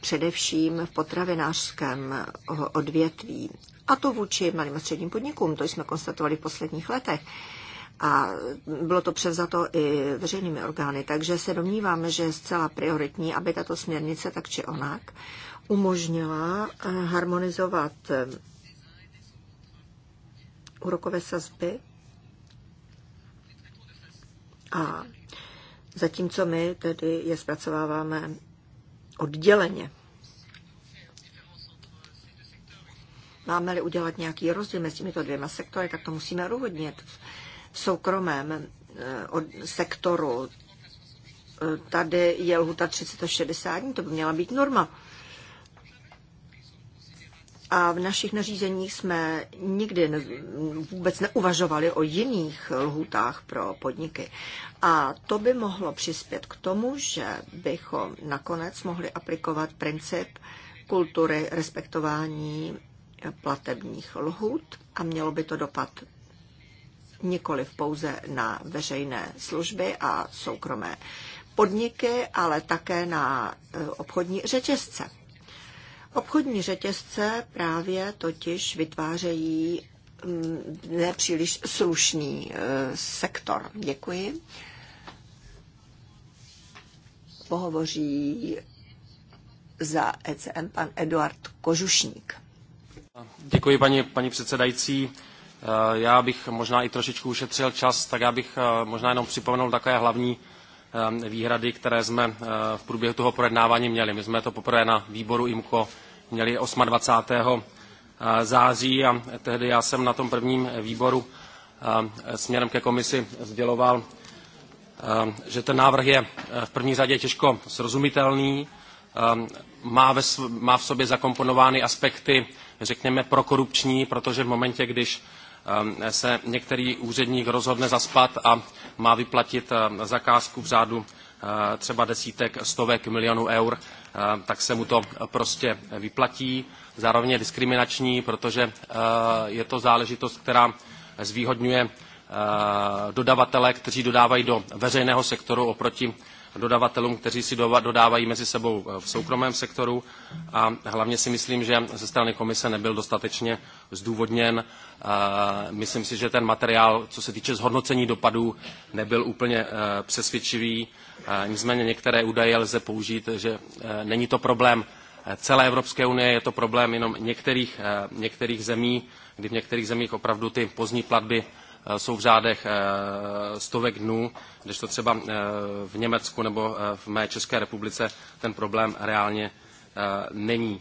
především v potravinářském odvětví. A to vůči malým a středním podnikům, to jsme konstatovali v posledních letech a bylo to převzato i veřejnými orgány, takže se domníváme, že je zcela prioritní, aby tato směrnice tak či onak umožnila eh, harmonizovat eh, úrokové sazby a zatímco my tedy je zpracováváme odděleně. Máme-li udělat nějaký rozdíl mezi těmito dvěma sektory, tak to musíme odůvodnit soukromém eh, sektoru. Eh, tady je lhuta 360 dní, to by měla být norma. A v našich nařízeních jsme nikdy ne, vůbec neuvažovali o jiných lhůtách pro podniky. A to by mohlo přispět k tomu, že bychom nakonec mohli aplikovat princip kultury respektování platebních lhůt a mělo by to dopad nikoli pouze na veřejné služby a soukromé podniky, ale také na e, obchodní řetězce. Obchodní řetězce právě totiž vytvářejí mm, nepříliš slušný e, sektor. Děkuji. Pohovoří za ECM pan Eduard Kožušník. Děkuji, paní, paní předsedající. Eh, já bych možná i trošičku ušetřil čas, tak já bych eh, možná jenom připomenul takové hlavní eh, výhrady, které jsme v průběhu toho projednávání měli. My jsme to poprvé na výboru IMCO měli 28. září a tehdy já jsem na tom prvním výboru směrem ke komisi sděloval, že ten návrh je v první řadě těžko srozumitelný, má, ve, má v sobě zakomponovány aspekty, řekněme, prokorupční, protože v momentě, když Ehm, se některý úředník rozhodne zaspat a má vyplatit ehm, zakázku v řádu eh, třeba desítek, stovek milionů eur, ehm, tak se mu to prostě vyplatí. Zároveň je diskriminační, protože eh, je to záležitost, která zvýhodňuje eh, dodavatele, kteří dodávají do veřejného sektoru oproti dodavatelům, kteří si dodávají mezi sebou eh, v soukromém sektoru a hlavně si myslím, že ze strany komise nebyl dostatečně zdůvodněn. Eh, myslím si, že ten materiál, co se týče zhodnocení dopadů, nebyl úplně eh, přesvědčivý. Nicméně některé údaje lze použít, že není to problém celé Evropské unie, je to problém jenom některých, některých zemí, kdy v některých zemích opravdu ty pozdní platby Eh, jsou v řádech eh, stovek dnů, když to třeba eh, v Německu nebo v mé České republice ten problém reálně není.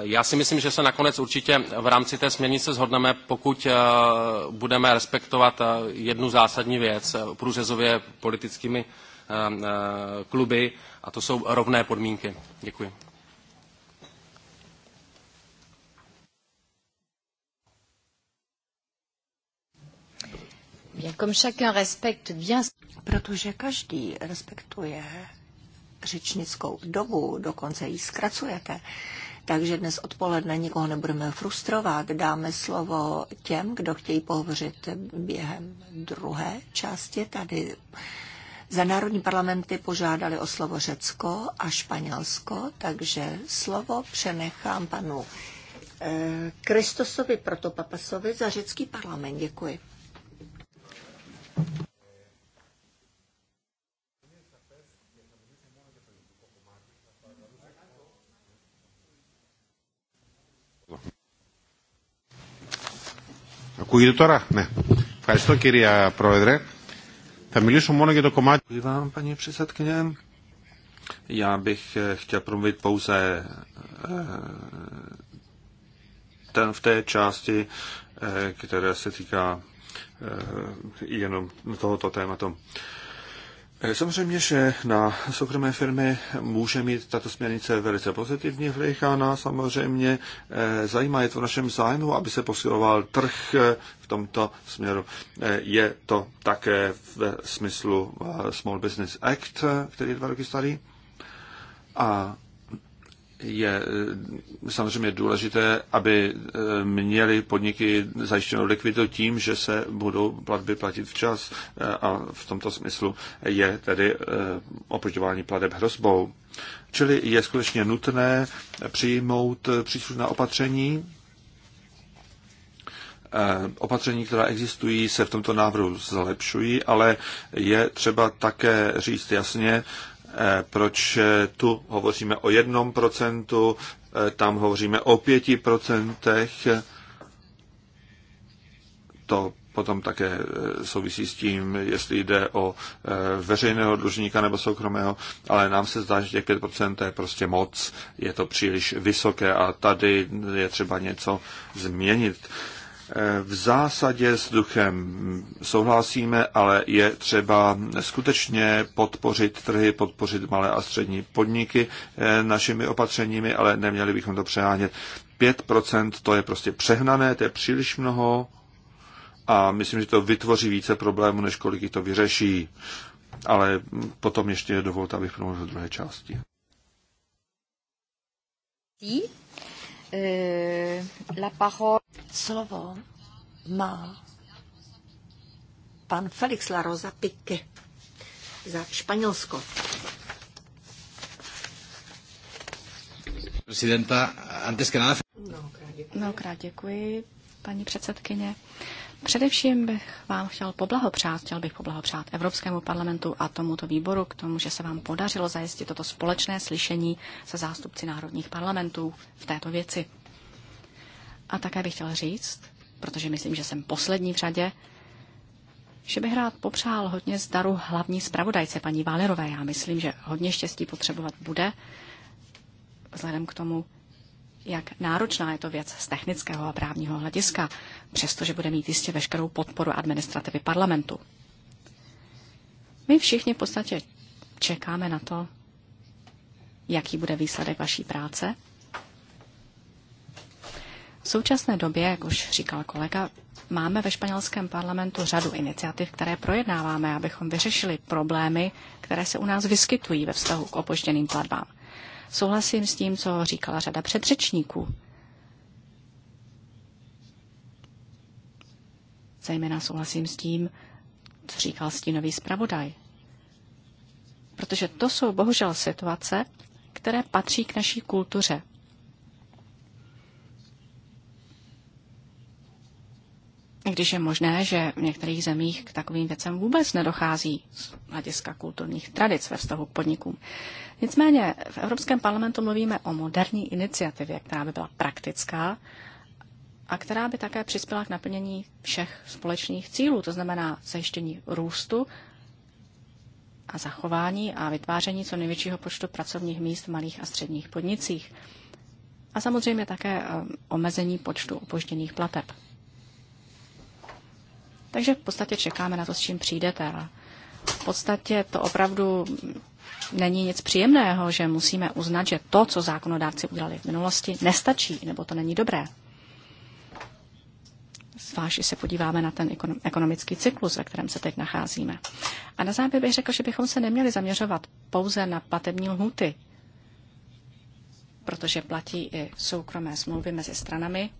Já si myslím, že se nakonec určitě v rámci té směrnice zhodneme, pokud budeme respektovat jednu zásadní věc průřezově politickými kluby, a to jsou rovné podmínky. Děkuji. Protože každý respektuje řečnickou dobu, dokonce ji zkracujete. Takže dnes odpoledne nikoho nebudeme frustrovat, dáme slovo těm, kdo chtějí pohovořit během druhé části. Tady za národní parlamenty požádali o slovo Řecko a Španělsko, takže slovo přenechám panu eh, Kristosovi Protopapasovi za řecký parlament. Děkuji. Ακούγεται τώρα, ναι. Ευχαριστώ κυρία Πρόεδρε. Θα μιλήσω μόνο για κομμάτι... vám, paní předsedkyně. Já bych eh, chtěl promluvit pouze eh, ten v té části, eh, která se týká Eh, jenom tohoto tématu. Eh, samozřejmě, že na soukromé firmy může mít tato směrnice velice pozitivní vliv a nás samozřejmě eh, zajímá, je to v našem zájmu, aby se posiloval trh v tomto směru. Je to také v smyslu Small Business Act, který je dva roky starý. A je eh, samozřejmě důležité, aby eh, měly podniky zajištěnou likviditu tím, že se budou platby platit včas eh, a v tomto smyslu je tedy opožďování plateb hrozbou. Čili je skutečně nutné přijmout příslušná opatření. Opatření, která existují, se v tomto návrhu zlepšují, ale je třeba také říct jasně, Eh, proč eh, tu hovoříme o jednom procentu, eh, tam hovoříme o pěti procentech. To potom také souvisí s tím, jestli jde o veřejného dlužníka nebo soukromého, ale nám se zdá, že těch 5% to je prostě moc, je to příliš vysoké a tady je třeba něco změnit. Eh, v zásadě s duchem souhlasíme, ale je třeba skutečně podpořit trhy, podpořit malé a střední podniky eh, našimi opatřeními, ale neměli bychom to přehánět. 5% to je prostě přehnané, to je příliš mnoho a myslím, že to vytvoří více problémů, než kolik to vyřeší. Ale potom ještě dovolte, abych promluvil v druhé části. Eh, la parole... Slovo má pan Felix La Rosa Pique za Španělsko. Prezidenta, antes que nada... Mnohokrát děkuji. děkuji, paní předsedkyně. Především bych vám chtěl poblahopřát, chtěl bych poblahopřát Evropskému parlamentu a tomuto výboru k tomu, že se vám podařilo zajistit toto společné slyšení se zástupci národních parlamentů v této věci. A také bych chtěl říct, protože myslím, že jsem poslední v řadě, že bych rád popřál hodně zdaru hlavní zpravodajce paní Válerové. Já myslím, že hodně štěstí potřebovat bude, vzhledem k tomu, jak náročná je to věc z technického a právního hlediska, přestože bude mít jistě veškerou podporu administrativy parlamentu. My všichni v podstatě čekáme na to, jaký bude výsledek vaší práce. V současné době, jak už říkal kolega, máme ve španělském parlamentu řadu iniciativ, které projednáváme, abychom vyřešili problémy, které se u nás vyskytují ve vztahu k opožděným platbám. Souhlasím s tím, co říkala řada předřečníků. Zejména souhlasím s tím, co říkal stínový zpravodaj. Protože to jsou bohužel situace, které patří k naší kultuře. když je možné, že v některých zemích k takovým věcem vůbec nedochází z hlediska kulturních tradic ve vztahu k podnikům. Nicméně v Evropském parlamentu mluvíme o moderní iniciativě, která by byla praktická a která by také přispěla k naplnění všech společných cílů, to znamená zajištění růstu a zachování a vytváření co největšího počtu pracovních míst v malých a středních podnicích. A samozřejmě také eh, omezení počtu opožděných plateb. Takže v podstatě čekáme na to, s čím přijdete. Ale v podstatě to opravdu není nic příjemného, že musíme uznat, že to, co zákonodárci udělali v minulosti, nestačí, nebo to není dobré. Zvlášť, se podíváme na ten ekonomický cyklus, ve kterém se teď nacházíme. A na závěr bych řekl, že bychom se neměli zaměřovat pouze na platební lhuty, protože platí i soukromé smlouvy mezi stranami,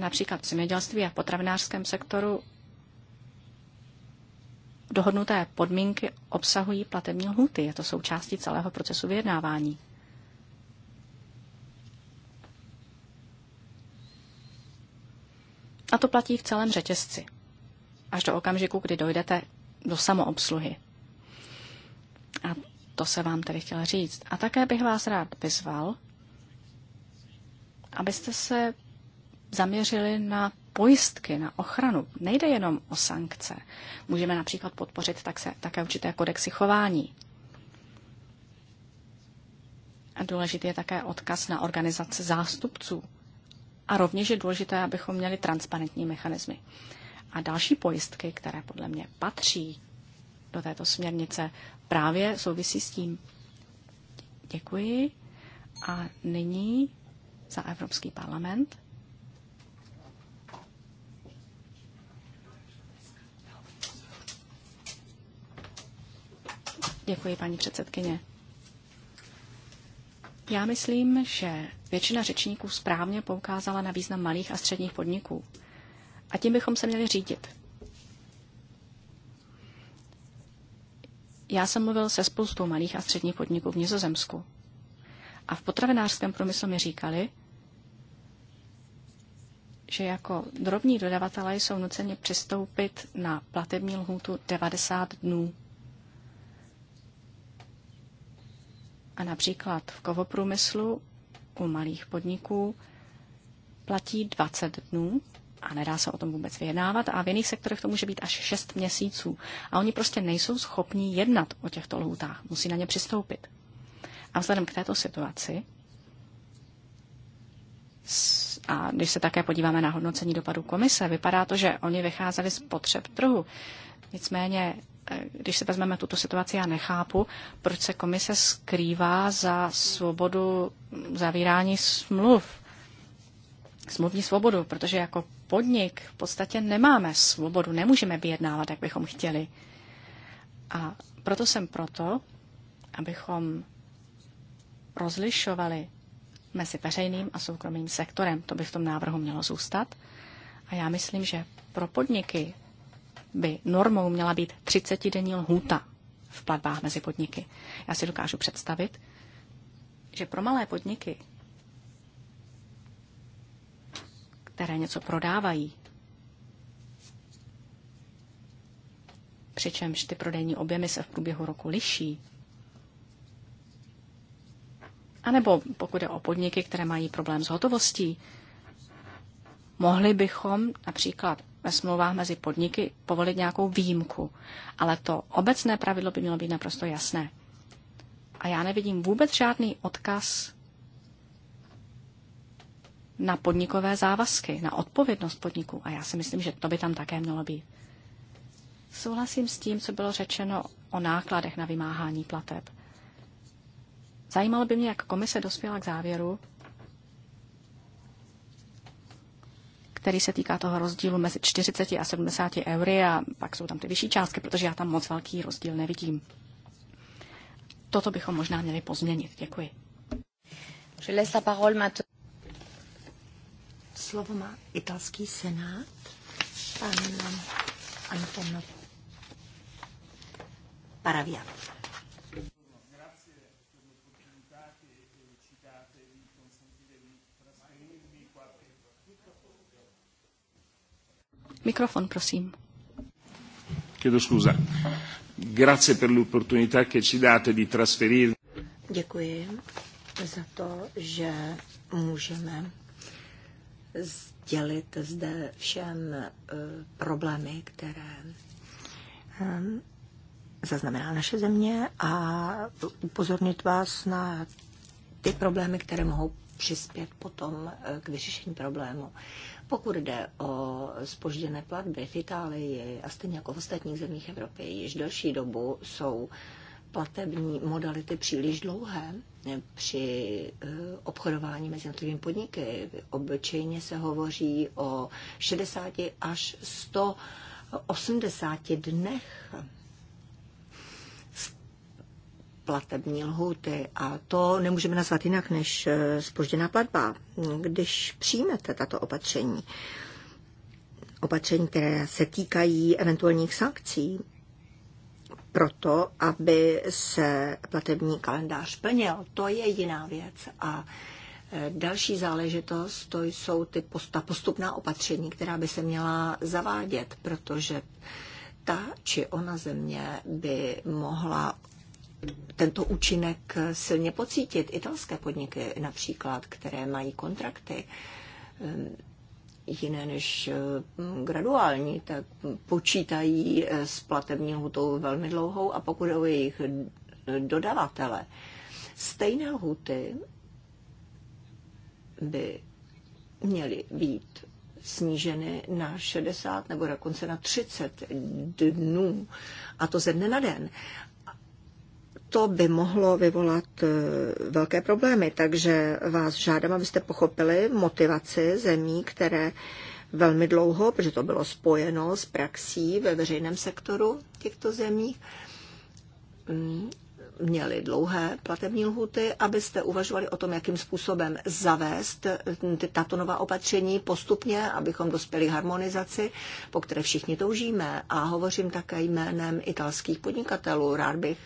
například v zemědělství a v potravinářském sektoru dohodnuté podmínky obsahují platební lhuty. Je to součástí celého procesu vyjednávání. A to platí v celém řetězci. Až do okamžiku, kdy dojdete do samoobsluhy. A to se vám tedy chtěla říct. A také bych vás rád vyzval, abyste se zaměřili na pojistky, na ochranu. Nejde jenom o sankce. Můžeme například podpořit takse, také určité kodexy chování. A důležitý je také odkaz na organizace zástupců. A rovněž je důležité, abychom měli transparentní mechanismy. A další pojistky, které podle mě patří do této směrnice, právě souvisí s tím. Děkuji. A nyní za Evropský parlament Děkuji, paní předsedkyně. Já myslím, že většina řečníků správně poukázala na význam malých a středních podniků. A tím bychom se měli řídit. Já jsem mluvil se spoustou malých a středních podniků v Nizozemsku. A v potravinářském průmyslu mi říkali, že jako drobní dodavatelé jsou nuceni přistoupit na platební lhůtu 90 dnů. A například v kovoprůmyslu u malých podniků platí 20 dnů a nedá se o tom vůbec vyjednávat a v jiných sektorech to může být až 6 měsíců. A oni prostě nejsou schopní jednat o těchto lhůtách, musí na ně přistoupit. A vzhledem k této situaci, a když se také podíváme na hodnocení dopadu komise, vypadá to, že oni vycházeli z potřeb trhu. Nicméně když se vezmeme tuto situaci, já nechápu, proč se komise skrývá za svobodu zavírání smluv, smluvní svobodu, protože jako podnik v podstatě nemáme svobodu, nemůžeme vyjednávat, jak bychom chtěli. A proto jsem proto, abychom rozlišovali mezi veřejným a soukromým sektorem. To by v tom návrhu mělo zůstat. A já myslím, že pro podniky by normou měla být 30-denní lhůta v platbách mezi podniky. Já si dokážu představit, že pro malé podniky, které něco prodávají, přičemž ty prodejní objemy se v průběhu roku liší, anebo pokud je o podniky, které mají problém s hotovostí, mohli bychom například ve smlouvách mezi podniky povolit nějakou výjimku. Ale to obecné pravidlo by mělo být naprosto jasné. A já nevidím vůbec žádný odkaz na podnikové závazky, na odpovědnost podniků. A já si myslím, že to by tam také mělo být. Souhlasím s tím, co bylo řečeno o nákladech na vymáhání plateb. Zajímalo by mě, jak komise dospěla k závěru, který se týká toho rozdílu mezi 40 a 70 eury a pak jsou tam ty vyšší částky, protože já tam moc velký rozdíl nevidím. Toto bychom možná měli pozměnit. Děkuji. Slovo má italský senát, pan Antonio Paravia. Mikrofon, prosím. Chiedo scusa. Grazie per l'opportunità che ci date di Děkuji za to, že můžeme sdělit zde všem eh, problémy, které eh, zaznamená naše země a upozornit vás na ty problémy, které mohou přispět potom eh, k vyřešení problému. Pokud jde o spožděné platby v Itálii a stejně jako v ostatních zemích Evropy, již delší dobu jsou platební modality příliš dlouhé při eh, obchodování mezi jednotlivými podniky. Obyčejně se hovoří o 60 až 180 dnech platební lhuty a to nemůžeme nazvat jinak než spožděná eh, platba. Když přijmete tato opatření, opatření, které se týkají eventuálních sankcí, proto, aby se platební kalendář plnil, to je jiná věc. A eh, Další záležitost to jsou ty posta, postupná opatření, která by se měla zavádět, protože ta či ona země by mohla tento účinek silně pocítit. Italské podniky například, které mají kontrakty ehm, jiné než ehm, graduální, tak počítají eh, s platební lhutou velmi dlouhou a pokud o jejich dodavatele, stejné lhuty by měly být sníženy na 60 nebo dokonce na 30 dnů, a to ze dne na den to by mohlo vyvolat eh, velké problémy. Takže vás žádám, abyste pochopili motivaci zemí, které velmi dlouho, protože to bylo spojeno s praxí ve veřejném sektoru těchto zemí, mm, měli dlouhé platební lhuty, abyste uvažovali o tom, jakým způsobem zavést eh, tato nová opatření postupně, abychom dospěli harmonizaci, po které všichni toužíme. A hovořím také jménem italských podnikatelů. Rád bych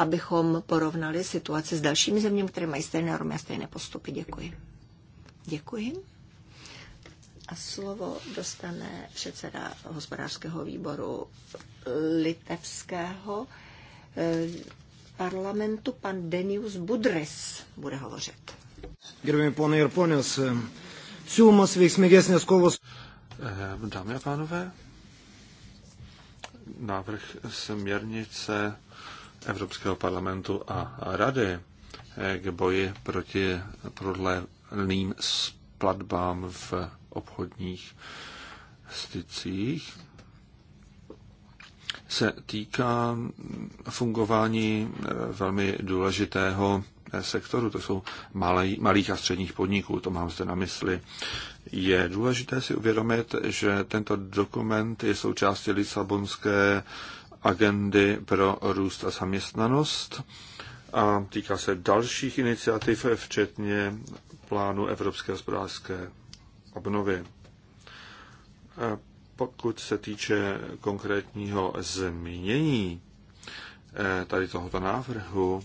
abychom porovnali situaci s dalšími zeměmi, které mají stejné normy a stejné postupy. Děkuji. Děkuji. A slovo dostane předseda hospodářského výboru litevského eh, parlamentu, pan Denius Budris, bude hovořit. Eh, kovos. Eh, dámy a pánové, návrh směrnice Evropského parlamentu a Rady k boji proti prodleným platbám v obchodních stycích se týká fungování velmi důležitého sektoru, to jsou malý, malých a středních podniků, to mám zde na mysli. Je důležité si uvědomit, že tento dokument je součástí Lisabonské agendy pro růst a zaměstnanost a týká se dalších iniciativ, včetně plánu Evropské hospodářské obnovy. Pokud se týče konkrétního změnění eh, tady tohoto návrhu,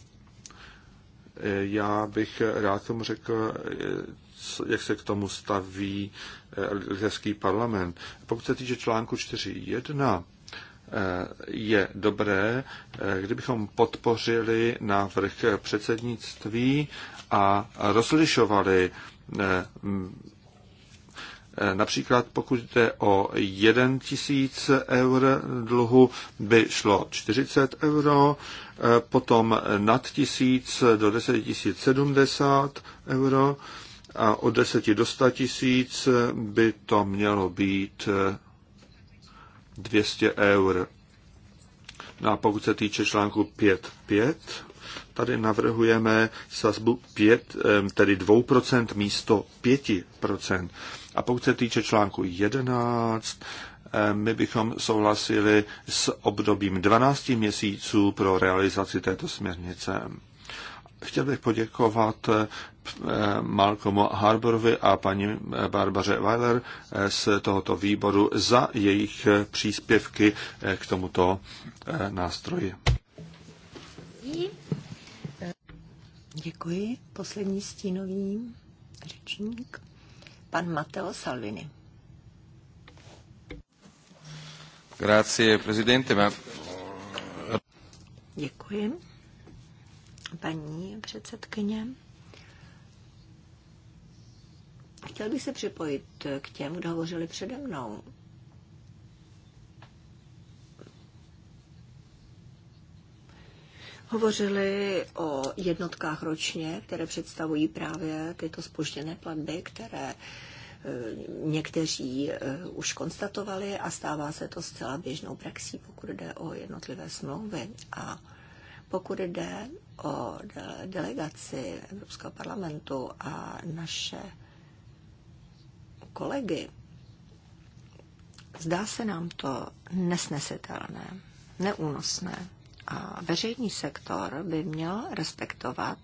eh, já bych rád tomu řekl, eh, jak se k tomu staví litevský parlament. Pokud se týče článku je dobré, kdybychom podpořili návrh předsednictví a rozlišovali eh, Například pokud jde o 1 tisíc eur dluhu, by šlo 40 euro, eh, potom nad tisíc do 10 tisíc 70 euro a od 10 do 100 tisíc by to mělo být eh, 200 eur. No a pokud se týče článku 5.5, tady navrhujeme sazbu 5, tedy 2% místo 5%. A pokud se týče článku 11, my bychom souhlasili s obdobím 12 měsíců pro realizaci této směrnice. Chtěl bych poděkovat Malcolmu Harborovi a paní Barbaře Weiler z tohoto výboru za jejich příspěvky k tomuto eh, nástroji. Děkuji. Poslední stínový řečník, pan Matteo Salvini. Grazie, prezidente. Ma... Děkuji. Paní předsedkyně. Chtěl bych se připojit k těm, kdo hovořili přede mnou. Hovořili o jednotkách ročně, které představují právě tyto spožděné platby, které e, někteří e, už konstatovali a stává se to zcela běžnou praxí, pokud jde o jednotlivé smlouvy. A pokud jde o delegaci Evropského parlamentu a naše kolegy, zdá se nám to nesnesitelné, neúnosné. A veřejný sektor by měl respektovat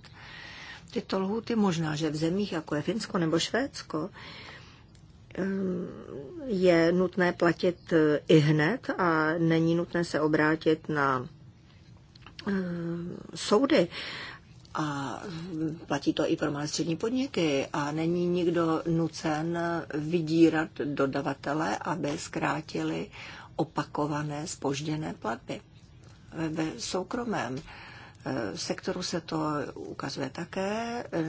tyto lhuty, Možná, že v zemích, jako je Finsko nebo Švédsko, ehm, je nutné platit eh, i hned a není nutné se obrátit na ehm, soudy. A platí to i pro malé střední podniky a není nikdo nucen vydírat dodavatele, aby zkrátili opakované spožděné platby. Ve soukromém eh, sektoru se to ukazuje také, eh,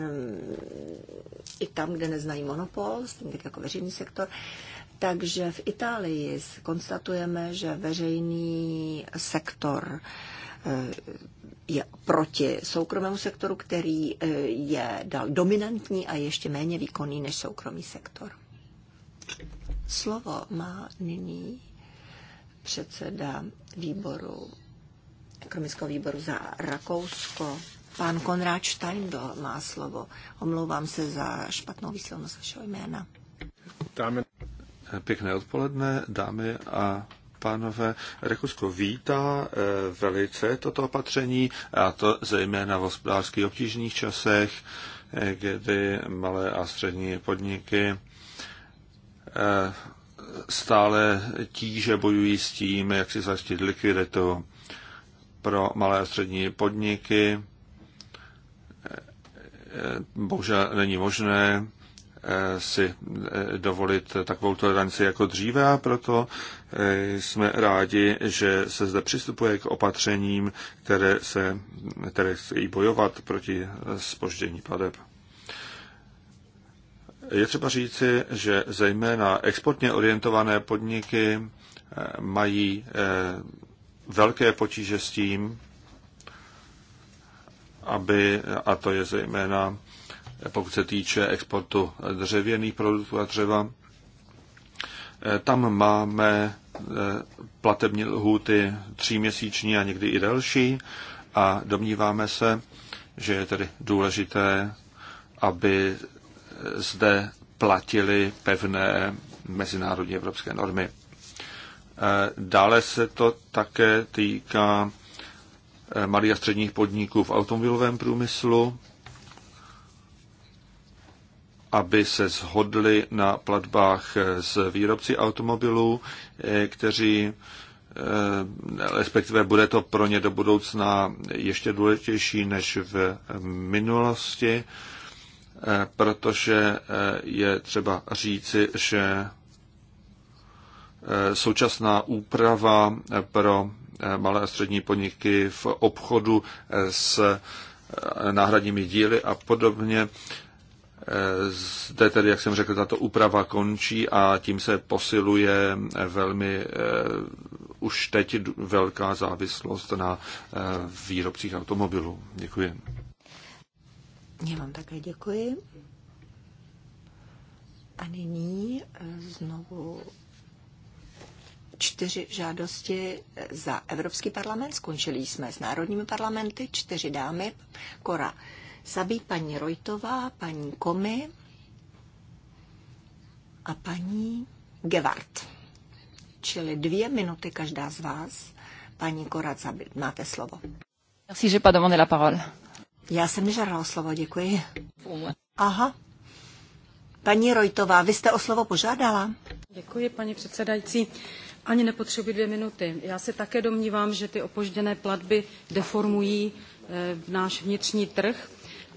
i tam, kde neznají monopol, stejně jako veřejný sektor. Takže v Itálii konstatujeme, že veřejný sektor eh, je proti soukromému sektoru, který eh, je dal dominantní a ještě méně výkonný než soukromý sektor. Slovo má nyní předseda výboru, ekonomického výboru za Rakousko. Pán Konrád Steindl má slovo. Omlouvám se za špatnou výslovnost vašeho jména. Dámy, pěkné odpoledne, dámy a pánové, Rakousko vítá eh, velice toto opatření, a to zejména v hospodářských obtížných časech, eh, kdy malé a střední podniky eh, stále tíže bojují s tím, jak si zajistit likviditu pro malé a střední podniky. Bohužel není možné si eh, dovolit takovou toleranci jako dříve a proto eh, jsme rádi, že se zde přistupuje k opatřením, které se které chtějí bojovat proti spoždění padeb. Je třeba říci, že zejména exportně orientované podniky eh, mají velké potíže s tím, aby, a to je zejména pokud se týče exportu dřevěných produktů a dřeva. Eh, tam máme eh, platební lhůty tříměsíční a někdy i delší a domníváme se, že je tedy důležité, aby eh, zde platili pevné mezinárodní evropské normy. Dále se to také týká malých a středních podniků v automobilovém průmyslu aby se shodli na platbách s výrobci automobilů, eh, kteří eh, respektive bude to pro ně do budoucna ještě důležitější než v minulosti, eh, protože je třeba říci, že současná úprava pro malé a střední podniky v obchodu s náhradními díly a podobně zde tedy, jak jsem řekl, tato úprava končí a tím se posiluje velmi eh, už teď velká závislost na eh, výrobcích automobilů. Děkuji. Já vám také děkuji. A nyní eh, znovu čtyři žádosti za Evropský parlament. Skončili jsme s národními parlamenty, čtyři dámy. Kora Sabí, paní Rojtová, paní Komy a paní Gevart. Čili dvě minuty každá z vás. Paní Korat, máte slovo. Merci, že pas demandé la parole. Já jsem nežádala o slovo, děkuji. Aha. Paní Rojtová, vy jste o slovo požádala? Děkuji, paní předsedající. Ani nepotřebuji dvě minuty. Já se také domnívám, že ty opožděné platby deformují e, náš vnitřní trh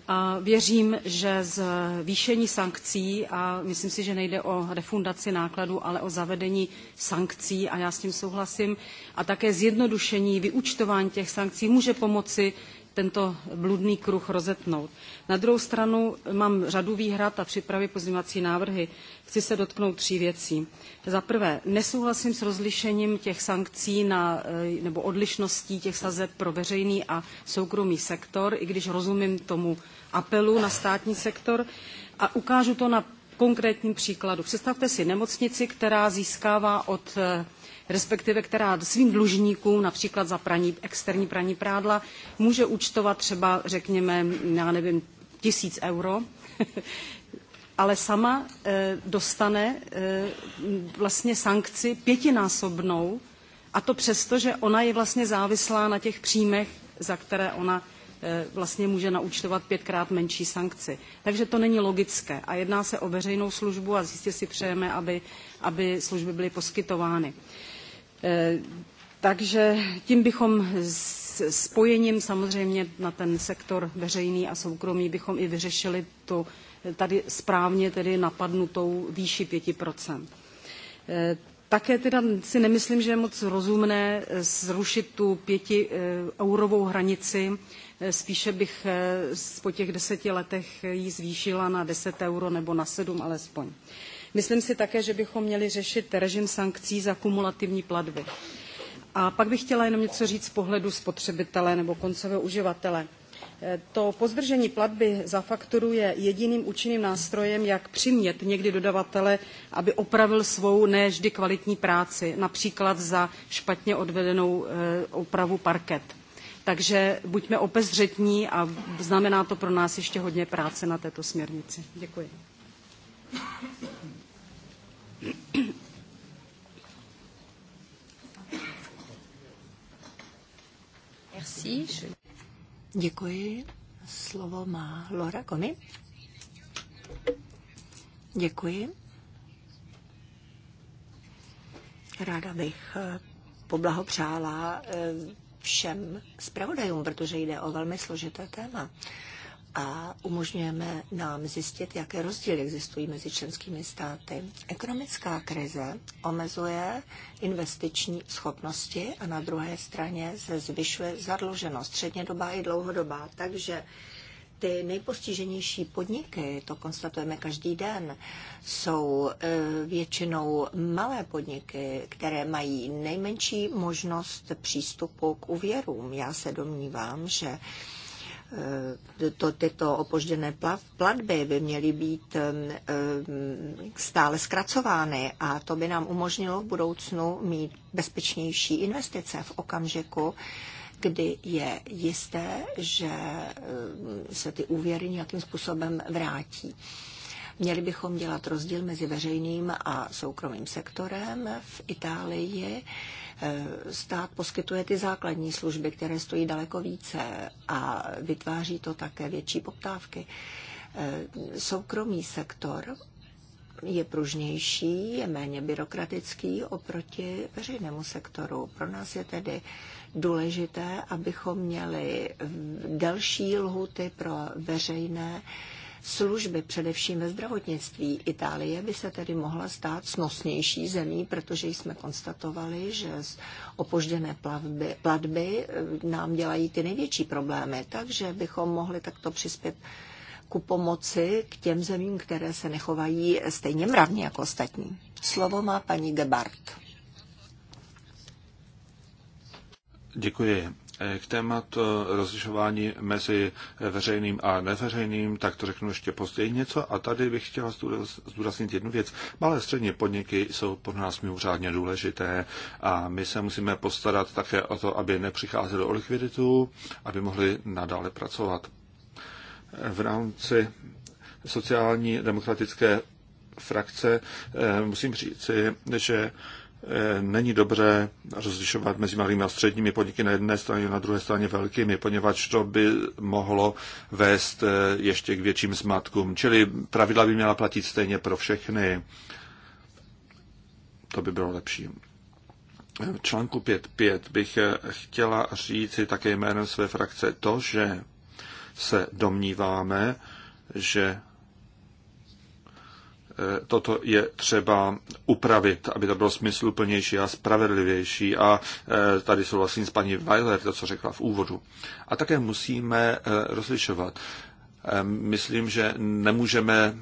a věřím, že zvýšení sankcí, a myslím si, že nejde o refundaci nákladů, ale o zavedení sankcí, a já s tím souhlasím, a také zjednodušení vyúčtování těch sankcí může pomoci tento bludný kruh rozetnout. Na druhou stranu mám řadu výhrad a připravy pozměňovací návrhy. Chci se dotknout tří věcí. Za prvé, nesouhlasím s rozlišením těch sankcí na, eh, nebo odlišností těch sazeb pro veřejný a soukromý sektor, i když rozumím tomu apelu na státní sektor. A ukážu to na konkrétním příkladu. Představte si nemocnici, která získává od eh, respektive která svým dlužníkům, například za praní, externí praní prádla, může účtovat třeba, řekněme, já nevím, tisíc euro, *laughs* ale sama eh, dostane eh, vlastně sankci pětinásobnou, a to přesto, že ona je vlastně závislá na těch příjmech, za které ona eh, vlastně může naučtovat pětkrát menší sankci. Takže to není logické a jedná se o veřejnou službu a jistě si přejeme, aby, aby služby byly poskytovány. Eh, takže tím bychom spojením samozřejmě na ten sektor veřejný a soukromý bychom i vyřešili tu tady správně tedy napadnutou výši 5%. Eh, také teda si nemyslím, že je moc rozumné eh, zrušit tu pěti eurovou hranici. Spíše bych po těch deseti letech ji zvýšila na 10 euro nebo na 7 alespoň. Myslím si také, že bychom měli řešit režim sankcí za kumulativní platby. A pak bych chtěla jenom něco říct z pohledu spotřebitele nebo koncového uživatele. E, to pozdržení platby za fakturu je jediným účinným nástrojem, jak přimět někdy dodavatele, aby opravil svou ne vždy kvalitní práci, například za špatně odvedenou e, opravu parket. Takže buďme obezřetní a znamená to pro nás ještě hodně práce na této směrnici. Děkuji. Merci. Děkuji. Slovo má Laura Komi. Děkuji. Ráda bych eh, poblahopřála eh, všem zpravodajům, protože jde o velmi složité téma a umožňujeme nám zjistit, jaké rozdíly existují mezi členskými státy. Ekonomická krize omezuje investiční schopnosti a na druhé straně se zvyšuje zadluženost střednědobá i dlouhodobá. Takže ty nejpostiženější podniky, to konstatujeme každý den, jsou e, většinou malé podniky, které mají nejmenší možnost přístupu k úvěrům. Já se domnívám, že Eh, to, tyto opožděné platby by měly být stále zkracovány a to by nám umožnilo v budoucnu mít bezpečnější investice v okamžiku, kdy je jisté, že se ty úvěry nějakým způsobem vrátí. Měli bychom dělat rozdíl mezi veřejným a soukromým sektorem. V Itálii eh, stát poskytuje ty základní služby, které stojí daleko více a vytváří to také větší poptávky. Eh, soukromý sektor je pružnější, je méně byrokratický oproti veřejnému sektoru. Pro nás je tedy důležité, abychom měli delší lhuty pro veřejné služby, především ve zdravotnictví. Itálie by se tedy mohla stát snosnější zemí, protože jsme konstatovali, že opožděné plavby, platby eh, nám dělají ty největší problémy, takže bychom mohli takto přispět ku pomoci k těm zemím, které se nechovají stejně mravně jako ostatní. Slovo má paní Gebart. Děkuji. Eh, k tématu rozlišování mezi veřejným a neveřejným, tak to řeknu ještě později něco. A tady bych chtěla zdůraznit jednu věc. Malé střední podniky jsou pro nás mimořádně důležité a my se musíme postarat také o to, aby nepřicházeli o likviditu, aby mohli nadále pracovat. Eh, v rámci sociální demokratické frakce eh, musím říci, že není dobré rozlišovat mezi malými a středními podniky na jedné straně a na druhé straně velkými, poněvadž to by mohlo vést eh, ještě k větším zmatkům. Čili pravidla by měla platit stejně pro všechny. To by bylo lepší. V článku 5.5 bych eh, chtěla říci také jménem své frakce to, že se domníváme, že Eh, toto je třeba upravit, aby to bylo smysluplnější a spravedlivější. A eh, tady souhlasím s paní Weiler, to, co řekla v úvodu. A také musíme eh, rozlišovat. Ehm, myslím, že nemůžeme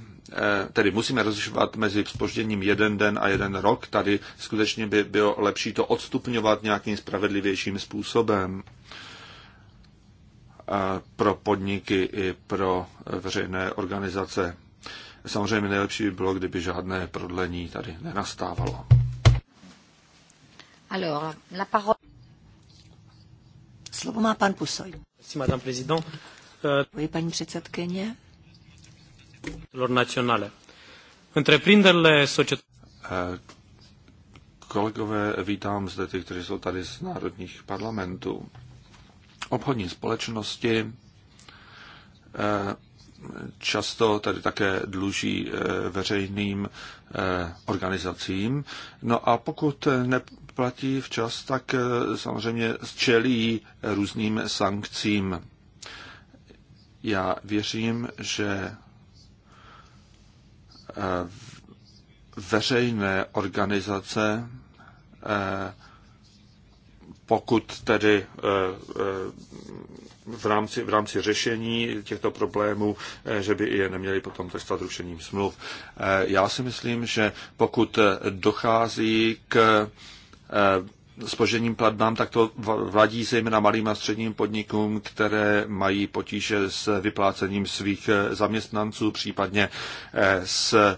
tedy musíme rozlišovat mezi spožděním jeden den a jeden rok. Tady skutečně by bylo lepší to odstupňovat nějakým spravedlivějším způsobem pro podniky i pro veřejné organizace. Samozřejmě nejlepší by bylo, kdyby žádné prodlení tady nenastávalo. Alors, la parole... Slovo má pan Pusoj. Euh, Děkuji, paní předsedkyně. Nacionale. Întreprinderile societății eh, kolegové, vítám zde ty, kteří jsou tady z národních parlamentů. Obchodní společnosti eh, často tady také dluží eh, veřejným eh, organizacím. No a pokud neplatí včas, tak eh, samozřejmě čelí různým sankcím. Já věřím, že veřejné organizace, pokud tedy v rámci, v rámci řešení těchto problémů, eh, že by je neměli potom trestat rušením smluv. Eh, já si myslím, že pokud eh, dochází k spožením platbám, tak to vladí zejména malým a středním podnikům, které mají potíže s vyplácením svých zaměstnanců, případně s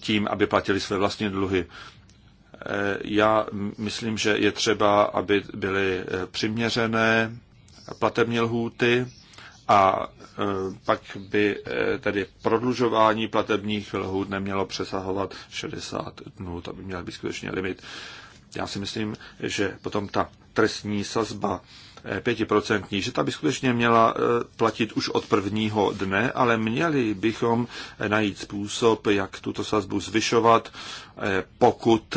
tím, aby platili své vlastní dluhy. Já myslím, že je třeba, aby byly přiměřené platební lhůty a e, pak by e, tedy prodlužování platebních lhůt nemělo přesahovat 60 dnů, to by měl být skutečně limit. Já si myslím, že potom ta trestní sazba e, pětiprocentní, že ta by skutečně měla platit už od prvního dne, ale měli bychom najít způsob, jak tuto sazbu zvyšovat, pokud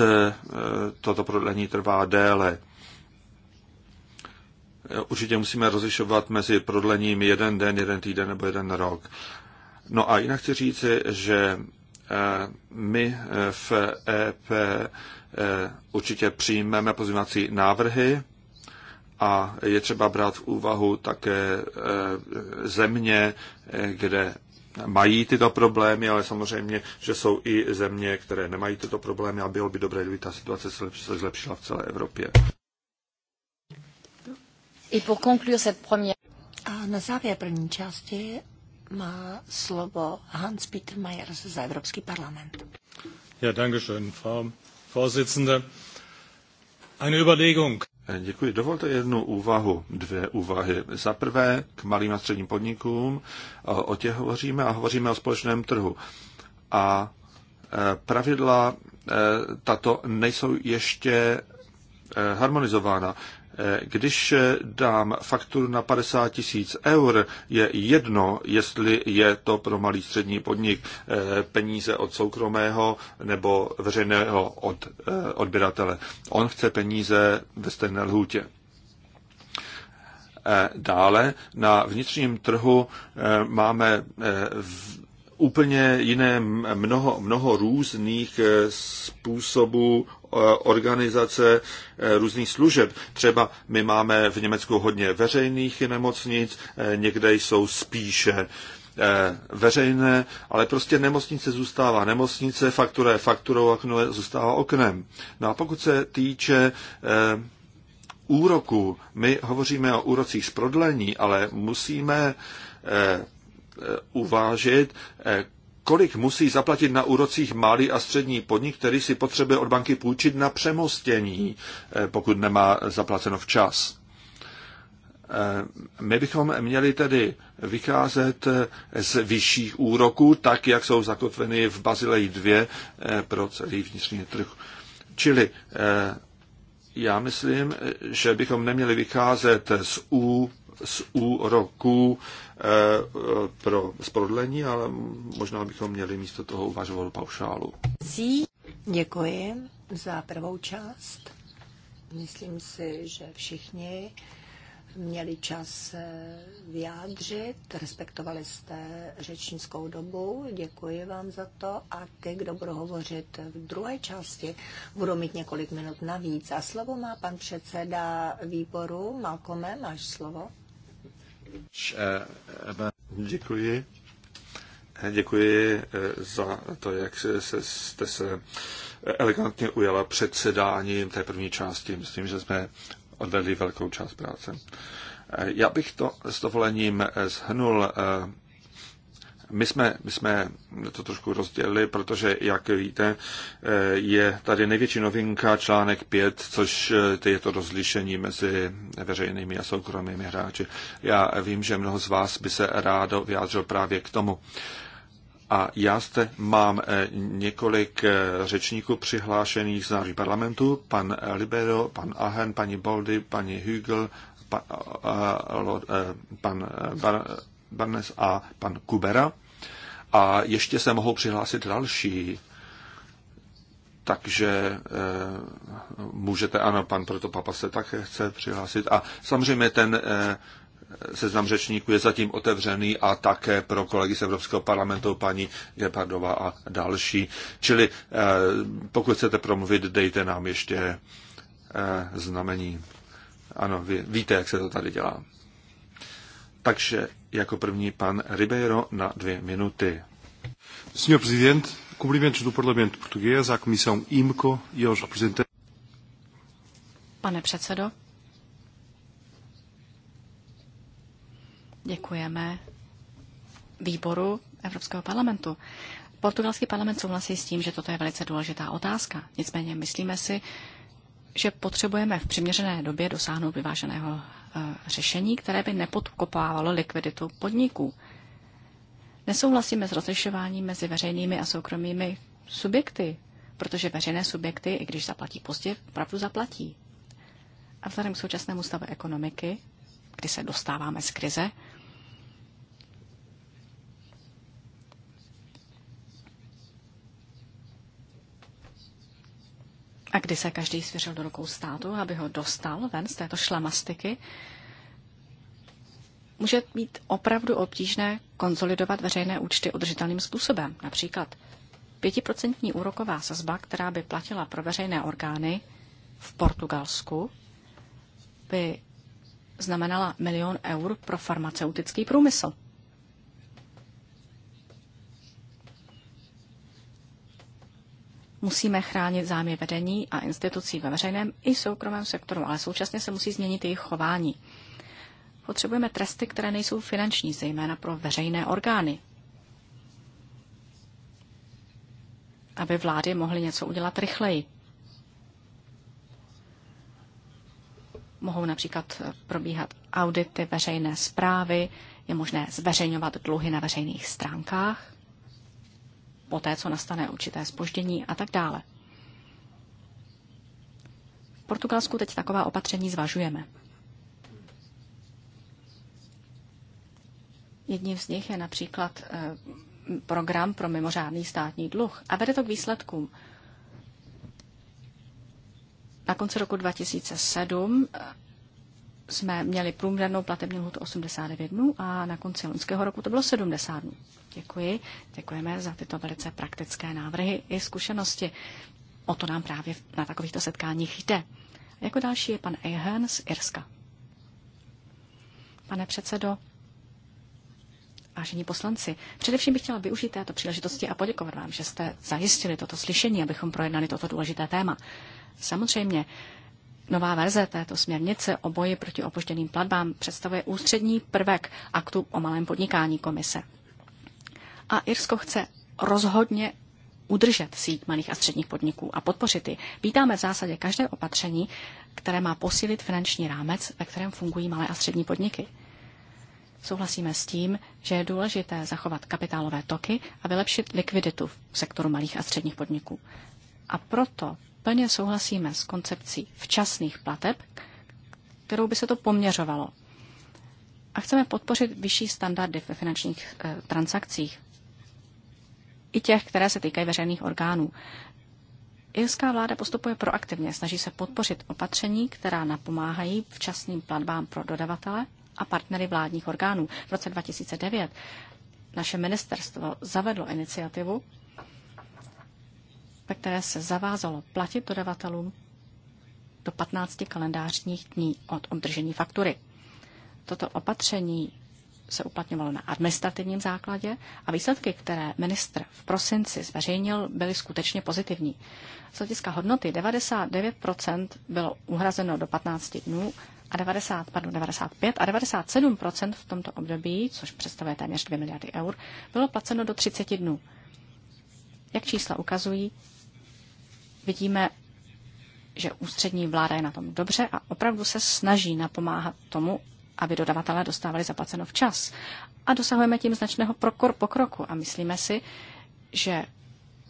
toto prodlení trvá déle určitě musíme rozlišovat mezi prodlením jeden den, jeden týden nebo jeden rok. No a jinak chci říci, že eh, my eh, v EP eh, určitě přijmeme pozměňovací návrhy a je třeba brát v úvahu také země, kde mají tyto problémy, ale samozřejmě, že jsou i země, které nemají tyto problémy a bylo by dobré, kdyby ta situace se zlepšila v celé Evropě. I pour conclure cette première... A na závěr první části má slovo Hans-Peter Mayer za Evropský parlament. Ja, danke schön, Frau Vorsitzende. Eine Überlegung. Děkuji. Dovolte jednu úvahu, dvě úvahy. Za prvé k malým a středním podnikům. O těch hovoříme a hovoříme o společném trhu. A e, pravidla e, tato nejsou ještě e, harmonizována. Když dám fakturu na 50 tisíc eur, je jedno, jestli je to pro malý střední podnik eh, peníze od soukromého nebo veřejného od eh, odběratele. On chce peníze ve stejné lhůtě. Eh, dále na vnitřním trhu máme úplně jiné mnoho, mnoho různých způsobů Eh, organizace eh, různých služeb. Třeba my máme v Německu hodně veřejných nemocnic, eh, někde jsou spíše veřejné, ale prostě nemocnice zůstává nemocnice, faktura je fakturou, okno zůstává oknem. No a pokud se týče úroku, my hovoříme o úrocích z prodlení, ale musíme uvážit, kolik musí zaplatit na úrocích malý a střední podnik, který si potřebuje od banky půjčit na přemostění, eh, pokud nemá zaplaceno včas. Eh, my bychom měli tedy vycházet eh, z vyšších úroků, tak jak jsou zakotveny v Bazileji 2 pro celý vnitřní trh. Čili já myslím, že bychom neměli vycházet z, ú, z úroků Eh, pro sprodlení, ale možná bychom měli místo toho uvažovat paušálu. Děkuji za prvou část. Myslím si, že všichni měli čas vyjádřit, respektovali jste řečnickou dobu, děkuji vám za to a ty, kdo budou hovořit v druhé části, budou mít několik minut navíc. A slovo má pan předseda výboru, Malcolm, máš slovo. Děkuji. Děkuji eh, za to, jak se, jste se elegantně ujala předsedáním té první části. Myslím, že jsme odvedli velkou část práce. Eh, já bych to s dovolením eh, shrnul my jsme, my jsme to trošku rozdělili, protože, jak víte, eh, je tady největší novinka článek 5, což eh, je to rozlišení mezi veřejnými a soukromými hráči. Já vím, že mnoho z vás by se rádo vyjádřil právě k tomu. A já zde mám eh, několik řečníků přihlášených z náří Parlamentu. Pan Libero, pan Ahen, paní Boldy, paní Hügel, pan, pan, pan Barnes a pan Kubera. A ještě se mohou přihlásit další. Takže e, můžete, ano, pan proto papa se také chce přihlásit. A samozřejmě ten e, seznam řečníků je zatím otevřený a také pro kolegy z Evropského parlamentu paní Gepardová a další. Čili e, pokud chcete promluvit, dejte nám ještě e, znamení. Ano, vy, víte, jak se to tady dělá. Takže jako první pan Ribeiro na dvě minuty. Senhor Presidente, cumprimentos do Parlamento Português à Comissão IMCO e aos representantes. Pane předsedo, děkujeme výboru Evropského parlamentu. Portugalský parlament souhlasí s tím, že toto je velice důležitá otázka. Nicméně myslíme si, že potřebujeme v přiměřené době dosáhnout vyváženého eh, řešení, které by nepodkopávalo likviditu podniků. Nesouhlasíme s rozlišováním mezi veřejnými a soukromými subjekty, protože veřejné subjekty, i když zaplatí pozdě, opravdu zaplatí. A vzhledem k současnému stavu ekonomiky, kdy se dostáváme z krize, a kdy se každý svěřil do rukou státu, aby ho dostal ven z této šlamastiky, může být opravdu obtížné konsolidovat veřejné účty udržitelným způsobem. Například pětiprocentní úroková sazba, která by platila pro veřejné orgány v Portugalsku, by znamenala milion eur pro farmaceutický průmysl. Musíme chránit zájmy vedení a institucí ve veřejném i soukromém sektoru, ale současně se musí změnit jejich chování. Potřebujeme tresty, které nejsou finanční, zejména pro veřejné orgány, aby vlády mohly něco udělat rychleji. Mohou například probíhat audity veřejné zprávy, je možné zveřejňovat dluhy na veřejných stránkách poté, co nastane určité spoždění a tak dále. V Portugalsku teď taková opatření zvažujeme. Jedním z nich je například eh, program pro mimořádný státní dluh a vede to k výsledkům. Na konci roku 2007 jsme měli průměrnou platební lhutu 89 dnů a na konci loňského roku to bylo 70 dnů. Děkuji. Děkujeme za tyto velice praktické návrhy i zkušenosti. O to nám právě na takovýchto setkáních jde. Jako další je pan Eihen z Irska. Pane předsedo, vážení poslanci, především bych chtěla využít této příležitosti a poděkovat vám, že jste zajistili toto slyšení, abychom projednali toto důležité téma. Samozřejmě, Nová verze této směrnice o boji proti opožděným platbám představuje ústřední prvek aktu o malém podnikání komise. A Irsko chce rozhodně udržet síť malých a středních podniků a podpořit ji. Vítáme v zásadě každé opatření, které má posílit finanční rámec, ve kterém fungují malé a střední podniky. Souhlasíme s tím, že je důležité zachovat kapitálové toky a vylepšit likviditu v sektoru malých a středních podniků. A proto plně souhlasíme s koncepcí včasných plateb, kterou by se to poměřovalo. A chceme podpořit vyšší standardy ve finančních e, transakcích. I těch, které se týkají veřejných orgánů. Irská vláda postupuje proaktivně, snaží se podpořit opatření, která napomáhají včasným platbám pro dodavatele a partnery vládních orgánů. V roce 2009 naše ministerstvo zavedlo iniciativu, ve které se zavázalo platit dodavatelům do 15 kalendářních dní od obdržení faktury. Toto opatření se uplatňovalo na administrativním základě a výsledky, které ministr v prosinci zveřejnil, byly skutečně pozitivní. Z hlediska hodnoty 99 bylo uhrazeno do 15 dnů a 90, pardon, 95 a 97 v tomto období, což představuje téměř 2 miliardy eur, bylo placeno do 30 dnů. Jak čísla ukazují, vidíme, že ústřední vláda je na tom dobře a opravdu se snaží napomáhat tomu, aby dodavatelé dostávali zaplaceno včas. A dosahujeme tím značného pokroku a myslíme si, že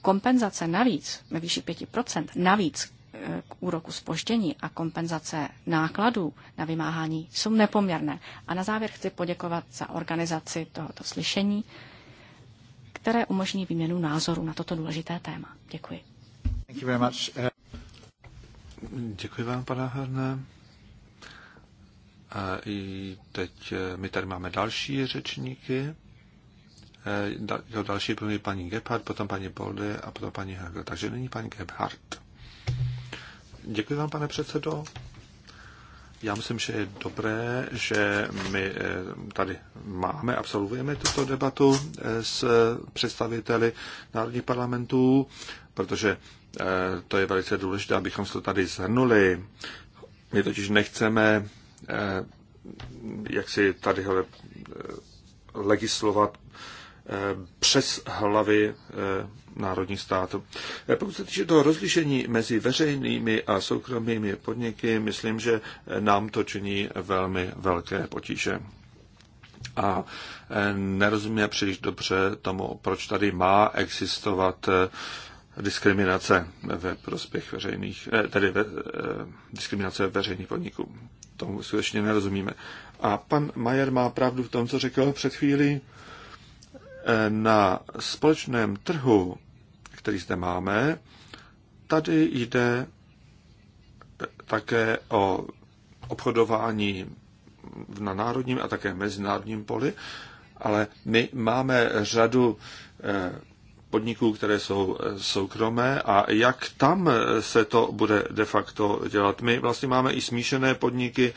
kompenzace navíc ve výši 5%, navíc eh, k úroku spoždění a kompenzace nákladů na vymáhání jsou nepoměrné. A na závěr chci poděkovat za organizaci tohoto slyšení, které umožní výměnu názorů na toto důležité téma. Děkuji. Thank you very much. Uh, Děkuji vám, pana Herne. A i teď eh, my tady máme další řečníky. Eh, jo, další první paní Gebhardt, potom paní Bolde a potom paní Hagel. Takže není paní Gebhardt. Děkuji vám, pane předsedo. Já myslím, že je dobré, že my eh, tady máme, absolvujeme tuto debatu s představiteli národních parlamentů, protože Eh, to je velice důležité, abychom to tady zhrnuli. My totiž nechceme eh, jak si tady eh, legislovat přes hlavy národních států. Pokud se týče toho rozlišení mezi veřejnými a soukromými podniky, myslím, že nám to činí velmi velké potíže. A nerozumíme příliš dobře tomu, proč tady má existovat diskriminace ve prospěch veřejných, eh, tedy ve, eh, diskriminace veřejných podniků. Tomu skutečně nerozumíme. A pan Majer má pravdu v tom, co řekl před chvílí. Eh, na společném trhu, který zde máme, tady jde také o obchodování na národním a také mezinárodním poli, ale my máme řadu podniků, které jsou eh, soukromé a jak tam eh, se to bude de facto dělat. My vlastně máme i smíšené podniky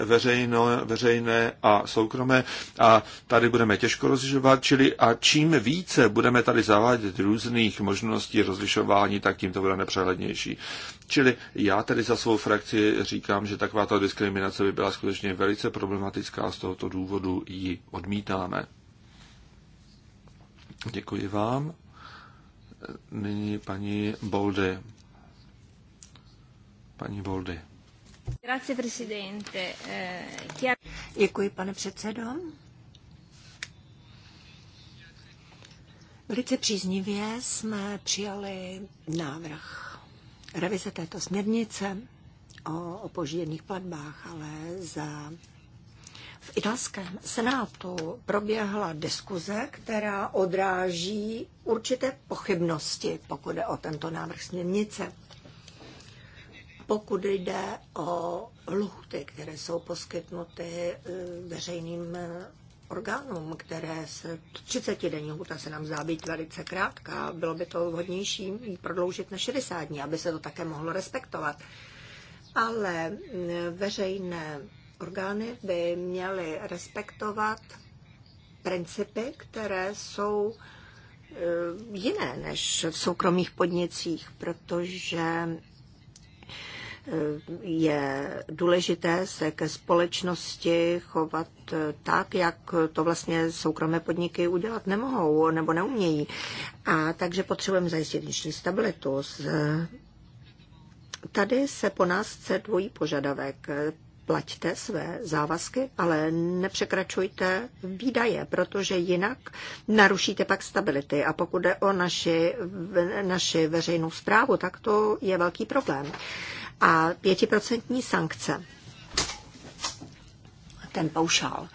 eh, veřejno, veřejné a soukromé a tady budeme těžko rozlišovat, čili a čím více budeme tady zavádět různých možností rozlišování, tak tím to bude nepřehlednější. Čili já tedy za svou frakci říkám, že taková ta diskriminace by byla skutečně velice problematická a z tohoto důvodu ji odmítáme. Děkuji vám nyní paní Boldy. Paní Boldy. Eh, Děkuji, pane předsedo. Velice příznivě jsme přijali návrh revize této směrnice o opožděných platbách, ale za v italském senátu proběhla diskuze, která odráží určité pochybnosti, pokud jde o tento návrh směrnice. Pokud jde o lhuty, které jsou poskytnuty eh, veřejným eh, orgánům, které se 30 denní lhuta se nám zdá být velice krátká, bylo by to vhodnější prodloužit na 60 dní, aby se to také mohlo respektovat. Ale mm, veřejné Orgány by měly respektovat principy, které jsou eh, jiné než v soukromých podnicích, protože eh, je důležité se ke společnosti chovat eh, tak, jak to vlastně soukromé podniky udělat nemohou nebo neumějí. A takže potřebujeme zajistit vnitřní stabilitu. Tady se po nás chce dvojí požadavek plaťte své závazky, ale nepřekračujte výdaje, protože jinak narušíte pak stability. A pokud jde o naši, naši veřejnou zprávu, tak to je velký problém. A pětiprocentní sankce, ten paušál,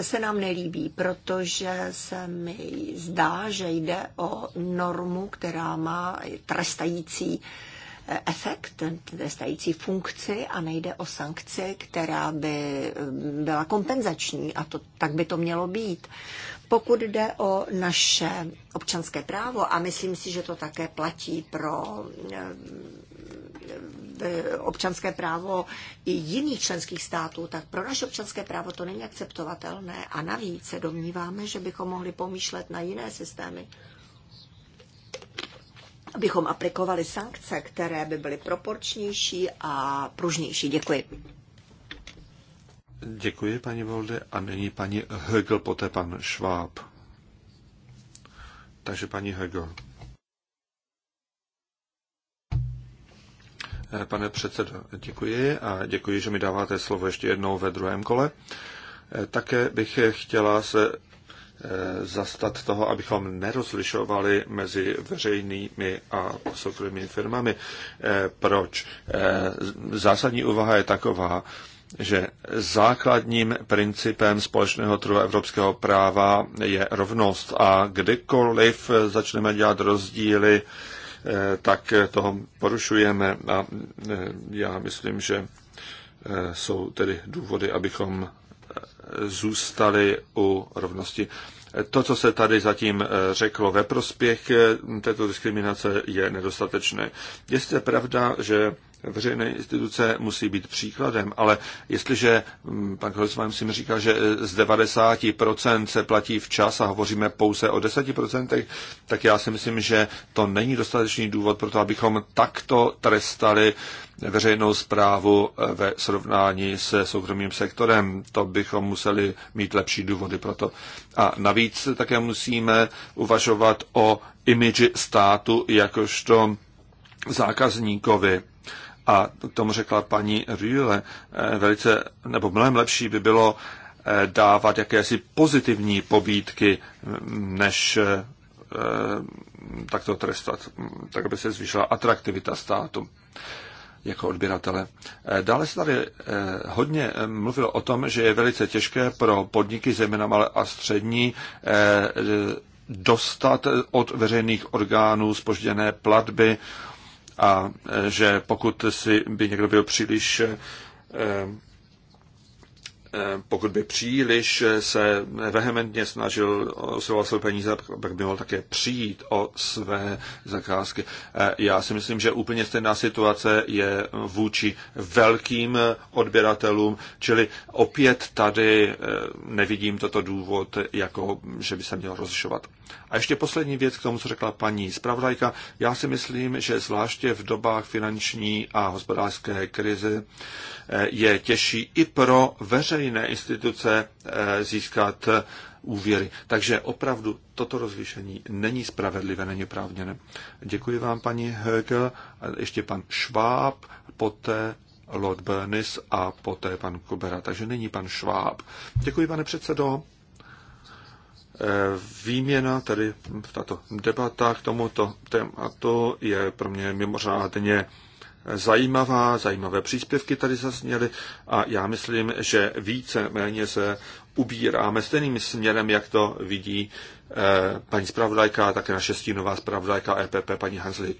se nám nelíbí, protože se mi zdá, že jde o normu, která má trestající efekt, stající funkci a nejde o sankci, která by um, byla kompenzační a to, tak by to mělo být. Pokud jde o naše občanské právo, a myslím si, že to také platí pro um, občanské právo i jiných členských států, tak pro naše občanské právo to není akceptovatelné. A navíc se domníváme, že bychom mohli pomýšlet na jiné systémy abychom aplikovali sankce, které by byly proporčnější a pružnější. Děkuji. Děkuji, paní Volde. A nyní paní Hegel, poté pan Šváb. Takže paní Hegel. Eh, pane předsedo, děkuji a děkuji, že mi dáváte slovo ještě jednou ve druhém kole. Eh, také bych chtěla se Eh, zastat toho, abychom nerozlišovali mezi veřejnými a soukromými firmami. Eh, proč? Eh, zásadní úvaha je taková, že základním principem společného trhu evropského práva je rovnost a kdykoliv začneme dělat rozdíly, tak toho porušujeme a já myslím, že jsou tedy důvody, abychom zůstali u rovnosti. To, co se tady zatím eh, řeklo ve prospěch eh, této diskriminace, je nedostatečné. Jestli je pravda, že veřejné instituce musí být příkladem, ale jestliže mm, pan Kreuzmann si mi říká, že eh, z 90% se platí včas a hovoříme pouze o 10%, tak já si myslím, že to není dostatečný důvod pro to, abychom takto trestali veřejnou zprávu eh, ve srovnání se soukromým sektorem. To bychom museli mít lepší důvody pro to. A navíc také musíme uvažovat o imidži státu jakožto zákazníkovi a tomu řekla paní Rühle, eh, velice, nebo mnohem lepší by bylo eh, dávat jakési pozitivní pobídky, mm, než eh, takto trestat, mm, tak aby se zvýšila atraktivita státu jako odběratele. Dále se tady hodně mluvilo o tom, že je velice těžké pro podniky, zejména malé a střední, dostat od veřejných orgánů spožděné platby, a že pokud si by někdo byl příliš e, e, pokud by příliš se vehementně snažil osvobodit své peníze, tak by mohl také přijít o své zakázky. E, já si myslím, že úplně stejná situace je vůči velkým odběratelům, čili opět tady nevidím toto důvod, jako že by se měl rozlišovat. A ještě poslední věc k tomu, co řekla paní zpravodajka. Já si myslím, že zvláště v dobách finanční a hospodářské krize eh, je těžší i pro veřejné instituce eh, získat eh, úvěry. Takže opravdu toto rozlišení není spravedlivé, není právněné. Děkuji vám, paní Högel, ještě pan Šváb, poté Lord Bernis a poté pan Kubera. Takže není pan Šváb. Děkuji, pane předsedo. Eh, výměna, tedy tato debata k tomuto tématu je pro mě mimořádně zajímavá, zajímavé příspěvky tady zazněly a já myslím, že více méně se ubíráme stejným směrem, jak to vidí eh, paní zpravodajka, také naše stínová zpravodajka EPP, paní Hanzlík.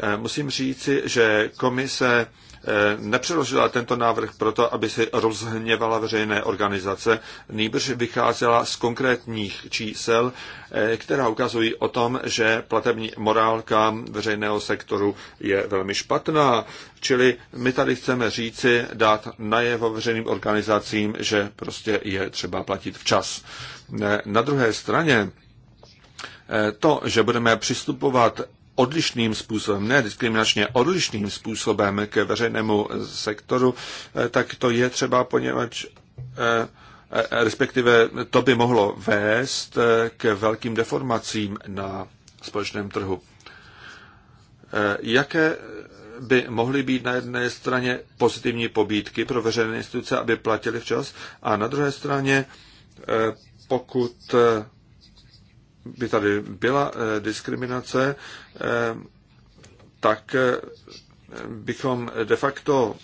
Eh, musím říci, že komise Eh, nepřeložila tento návrh proto, aby si rozhněvala veřejné organizace, nýbrž vycházela z konkrétních čísel, eh, která ukazují o tom, že platební morálka veřejného sektoru je velmi špatná. Čili my tady chceme říci, dát najevo veřejným organizacím, že prostě je třeba platit včas. Eh, na druhé straně to, že budeme přistupovat odlišným způsobem, ne diskriminačně, odlišným způsobem ke veřejnému sektoru, eh, tak to je třeba, poněvadž eh, eh, respektive to by mohlo vést k velkým deformacím na společném trhu. Jaké by mohly být na jedné straně pozitivní pobídky pro veřejné instituce, aby platili včas, a na druhé straně, pokud by tady byla eh, diskriminace, eh, tak eh, bychom de facto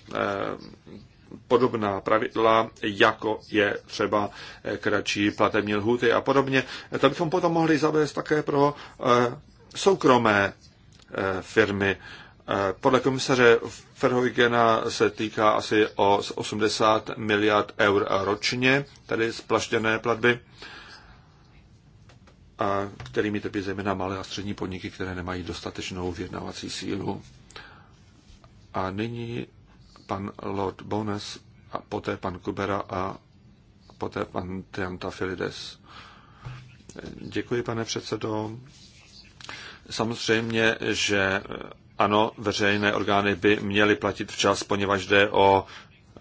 podobná pravidla, jako je třeba kratší platební lhuty a podobně. To bychom potom mohli zavést také pro soukromé firmy. Podle komisaře Ferhojgena se týká asi o 80 miliard eur ročně, tedy splaštěné platby a kterými trpí zejména malé a střední podniky, které nemají dostatečnou vyjednávací sílu. A nyní pan Lord Bones a poté pan Kubera a poté pan Trianta Filides. Děkuji, pane předsedo. Samozřejmě, že ano, veřejné orgány by měly platit včas, poněvadž jde o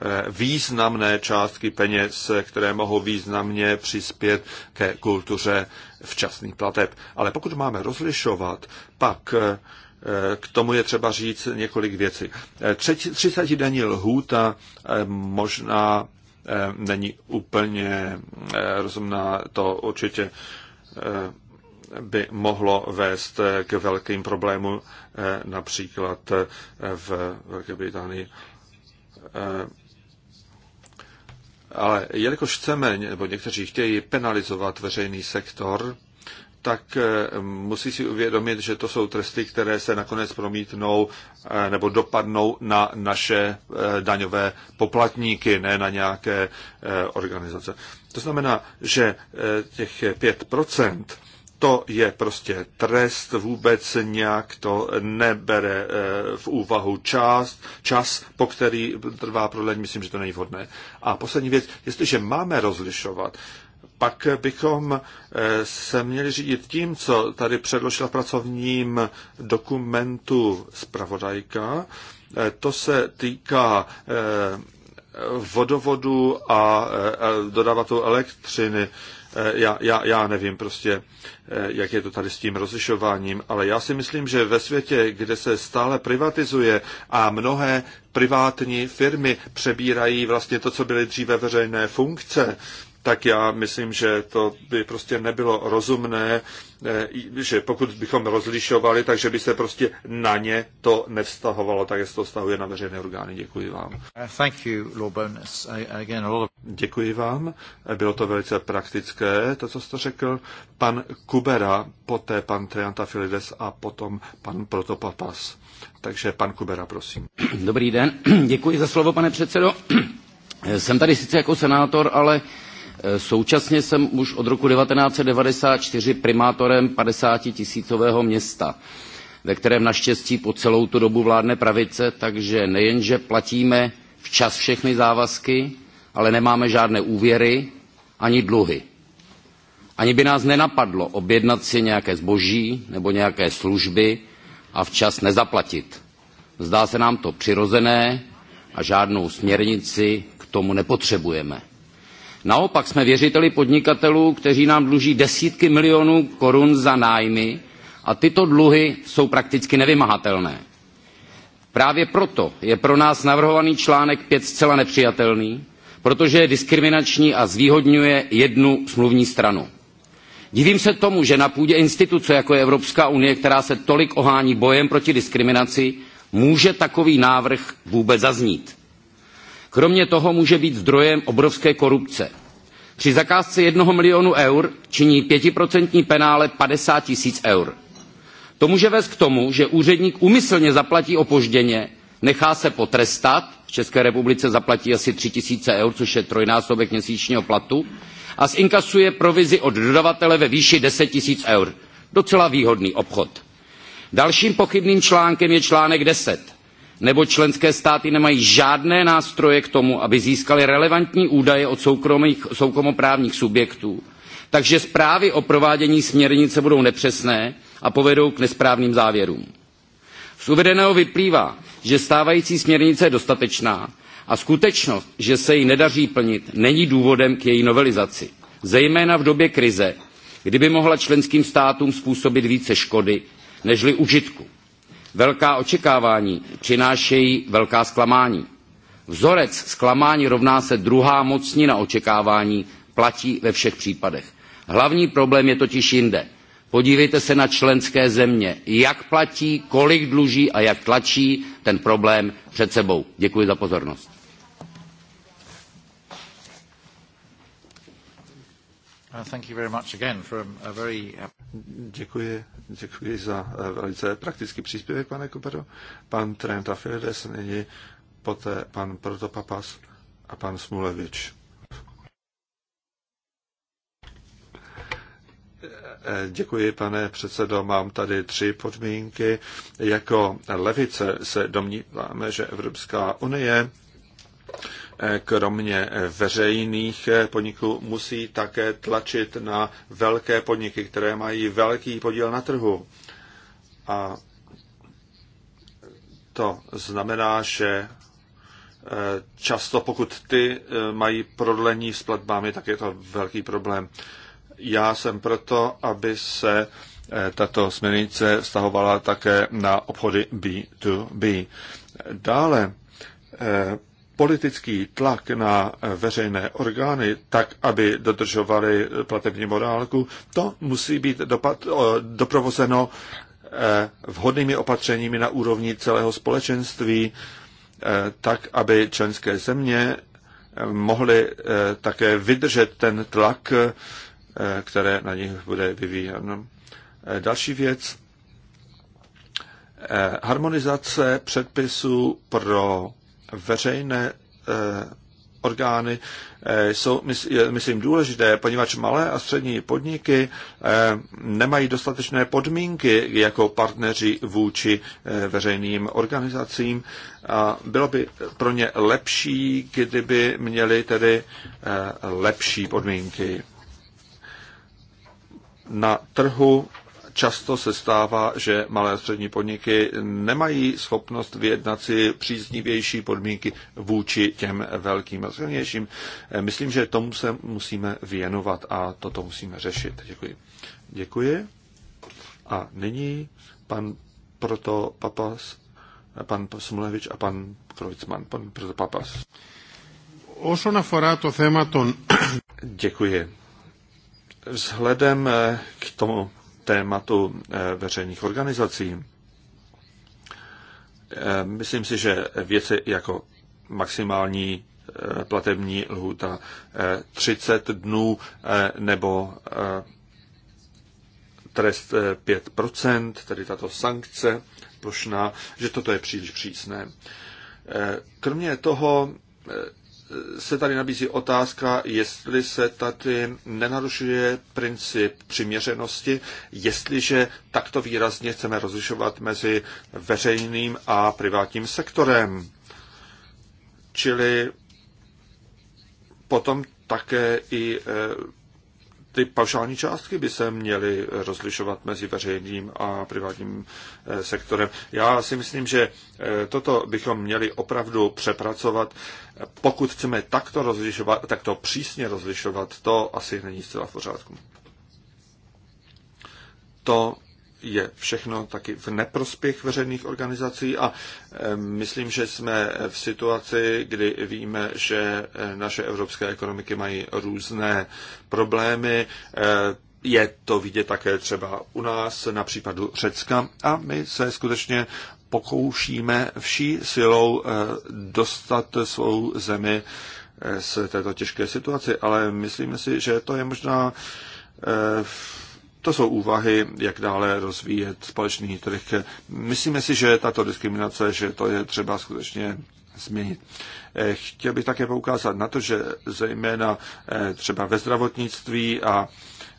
Eh, významné částky peněz, které mohou významně přispět ke kultuře včasných plateb. Ale pokud máme rozlišovat, pak eh, k tomu je třeba říct několik věcí. 30 eh, denní lhůta možná není úplně rozumná, to určitě by mohlo vést k velkým problémům, například v Velké Británii ale jelikož chceme, nebo někteří chtějí penalizovat veřejný sektor, tak eh, musí si uvědomit, že to jsou tresty, které se nakonec promítnou eh, nebo dopadnou na naše eh, daňové poplatníky, ne na nějaké organizace. To znamená, že těch 5 to je prostě trest, vůbec nějak to nebere eh, v úvahu čas, čas, po který trvá prodlení, myslím, že to není vhodné. A poslední věc, jestliže máme rozlišovat, pak bychom eh, se měli řídit tím, co tady předložila v pracovním dokumentu zpravodajka. Eh, to se týká vodovodu a dodavatelů elektřiny Eh, já, já, já nevím prostě, eh, jak je to tady s tím rozlišováním, ale já si myslím, že ve světě, kde se stále privatizuje a mnohé privátní firmy přebírají vlastně to, co byly dříve veřejné funkce, tak já myslím, že to by prostě nebylo rozumné, eh, že pokud bychom rozlišovali, takže by se prostě na ně to nevztahovalo, tak se to vztahuje na veřejné orgány. Děkuji vám. Uh, thank you, Bonus. Again, Děkuji vám. Bylo to velice praktické, to, co jste řekl. Pan Kubera, poté pan Trianta Filides a potom pan Protopapas. Takže pan Kubera, prosím. Dobrý den. *clears throat* Děkuji za slovo, pane předsedo. *clears throat* Jsem tady sice jako senátor, ale Eh, současně jsem už od roku 1994 primátorem 50 tisícového města, ve kterém naštěstí po celou tu dobu vládne pravice, takže nejenže platíme včas všechny závazky, ale nemáme žádné úvěry ani dluhy. Ani by nás nenapadlo objednat si nějaké zboží nebo nějaké služby a včas nezaplatit. Zdá se nám to přirozené a žádnou směrnici k tomu nepotřebujeme. Naopak jsme věřiteli podnikatelů, kteří nám dluží desítky milionů korun za nájmy a tyto dluhy jsou prakticky nevymahatelné. Právě proto je pro nás navrhovaný článek 5 zcela nepřijatelný, protože je diskriminační a zvýhodňuje jednu smluvní stranu. Divím se tomu, že na půdě instituce, jako je Evropská unie, která se tolik ohání bojem proti diskriminaci, může takový návrh vůbec zaznít. Kromě toho může být zdrojem obrovské korupce. Při zakázce jednoho milionu eur činí 5% penále 50 tisíc eur. To může vést k tomu, že úředník umyslně zaplatí opožděně, nechá se potrestat, v České republice zaplatí asi 3 tisíce eur, což je trojnásobek měsíčního platu, a zinkasuje provizi od dodavatele ve výši 10 tisíc eur. Docela výhodný obchod. Dalším pochybným článkem je článek 10 nebo členské státy nemají žádné nástroje k tomu, aby získali relevantní údaje od soukromých, soukromoprávních subjektů. Takže zprávy o provádění směrnice budou nepřesné a povedou k nesprávným závěrům. Z uvedeného vyplývá, že stávající směrnice je dostatečná a skutečnost, že se jí nedaří plnit, není důvodem k její novelizaci. Zejména v době krize, kdyby mohla členským státům způsobit více škody, nežli užitku. Velká očekávání přinášejí velká zklamání. Vzorec zklamání rovná se druhá mocnina očekávání, platí ve všech případech. Hlavní problém je totiž jinde. Podívejte se na členské země, jak platí, kolik dluží a jak tlačí ten problém před sebou. Děkuji za pozornost. Děkuji, děkuji za eh, velice praktický příspěvek, pane Kupero. Pan Trent Filides, nyní poté pan Protopapas a pan Smulevič. Eh, děkuji, pane předsedo. Mám tady tři podmínky. Jako levice se domníváme, že Evropská unie kromě veřejných podniků musí také tlačit na velké podniky, které mají velký podíl na trhu. A to znamená, že e, často pokud ty e, mají prodlení s platbami, tak je to velký problém. Já jsem proto, aby se e, tato směrnice vztahovala také na obchody B2B. Dále politický tlak na veřejné orgány, tak aby dodržovali platební morálku, to musí být dopad, doprovozeno e, vhodnými opatřeními na úrovni celého společenství, e, tak aby členské země e, mohly také vydržet ten tlak, které na nich bude vyvíjen. Další věc. Harmonizace předpisů pro veřejné eh, orgány eh, jsou, myslím, důležité, poněvadž malé a střední podniky eh, nemají dostatečné podmínky jako partneři vůči veřejným organizacím a bylo by pro ně lepší, kdyby měli tedy lepší podmínky. Na trhu často se stává, že malé a střední podniky nemají schopnost vyjednat si příznivější podmínky vůči těm velkým a silnějším. Eh, myslím, že tomu se musíme věnovat a toto musíme řešit. Děkuji. Děkuji. A nyní pan proto Papas, eh, pan Smulevič a pan Krojcman, pan proto Papas. Όσον αφορά το θέμα των... Děkuji. Vzhledem eh, k tomu tématu eh, veřejných organizací. Eh, myslím si, že věci jako maximální eh, platební lhůta 30 dnů nebo trest 5%, tedy tato sankce plošná, že toto je příliš přísné. Kromě toho se tady nabízí otázka, jestli se tady nenarušuje princip přiměřenosti, jestliže takto výrazně chceme rozlišovat mezi veřejným a privátním sektorem. Čili potom také i eh, ty paušální částky by se měly rozlišovat mezi veřejným a privátním eh, sektorem. Já si myslím, že eh, toto bychom měli opravdu přepracovat. Pokud chceme takto rozlišovat, takto přísně rozlišovat, to asi není zcela v pořádku. To je všechno taky v neprospěch veřejných organizací a eh, myslím, že jsme v situaci, kdy víme, že eh, naše evropské ekonomiky mají různé problémy. Eh, je to vidět také třeba u nás na případu Řecka a my se skutečně pokoušíme vší silou dostat svou zemi z této těžké situace, ale myslíme si, že to je možná to jsou úvahy, jak dále rozvíjet společný trh. Myslíme si, že tato diskriminace, že to je třeba skutečně změnit. Eh, chtěl bych také poukázat na to, že zejména eh, třeba ve zdravotnictví a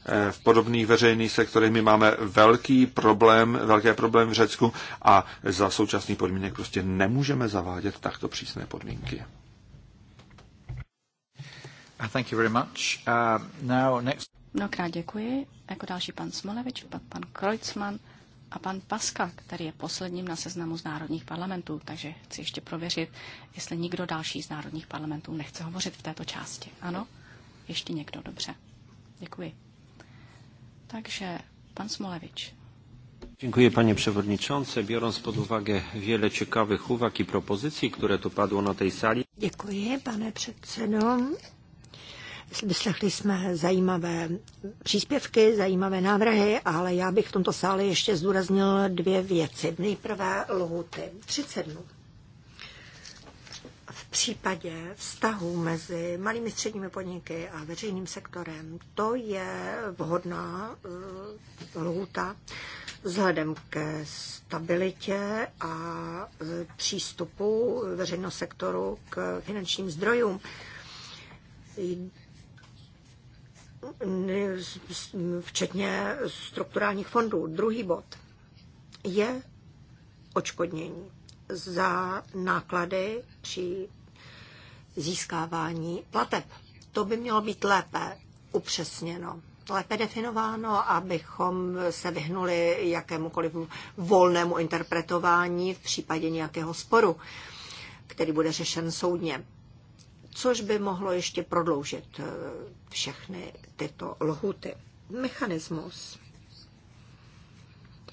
eh, v podobných veřejných sektorech my máme velký problém, velké problém v Řecku a za současný podmínek prostě nemůžeme zavádět takto přísné podmínky. Uh, thank you very much. Uh, now next... Mnohokrát děkuji. Jako další pan Smolevič, pan, pan Kreutzmann a pan Paska, který je posledním na seznamu z národních parlamentů, takže chci ještě prověřit, jestli nikdo další z národních parlamentů nechce hovořit v této části. Ano? Ještě někdo, dobře. Děkuji. Takže pan Smolevič. Dziękuję panie przewodniczący. Biorąc pod uwagę wiele ciekawych uwag i propozycji, które tu padło na tej sali. Dziękuję pane przewodniczący. Vyslechli jsme zajímavé příspěvky, zajímavé návrhy, ale já bych v tomto sále ještě zdůraznil dvě věci. Nejprve lhuty. 30 dnů. V případě vztahu mezi malými středními podniky a veřejným sektorem, to je vhodná eh, lhuta vzhledem ke stabilitě a eh, přístupu veřejného sektoru k finančním zdrojům včetně strukturálních fondů. Druhý bod je očkodnění za náklady při získávání plateb. To by mělo být lépe upřesněno, lépe definováno, abychom se vyhnuli jakémukoliv volnému interpretování v případě nějakého sporu, který bude řešen soudně což by mohlo ještě prodloužit eh, všechny tyto lhuty. Mechanismus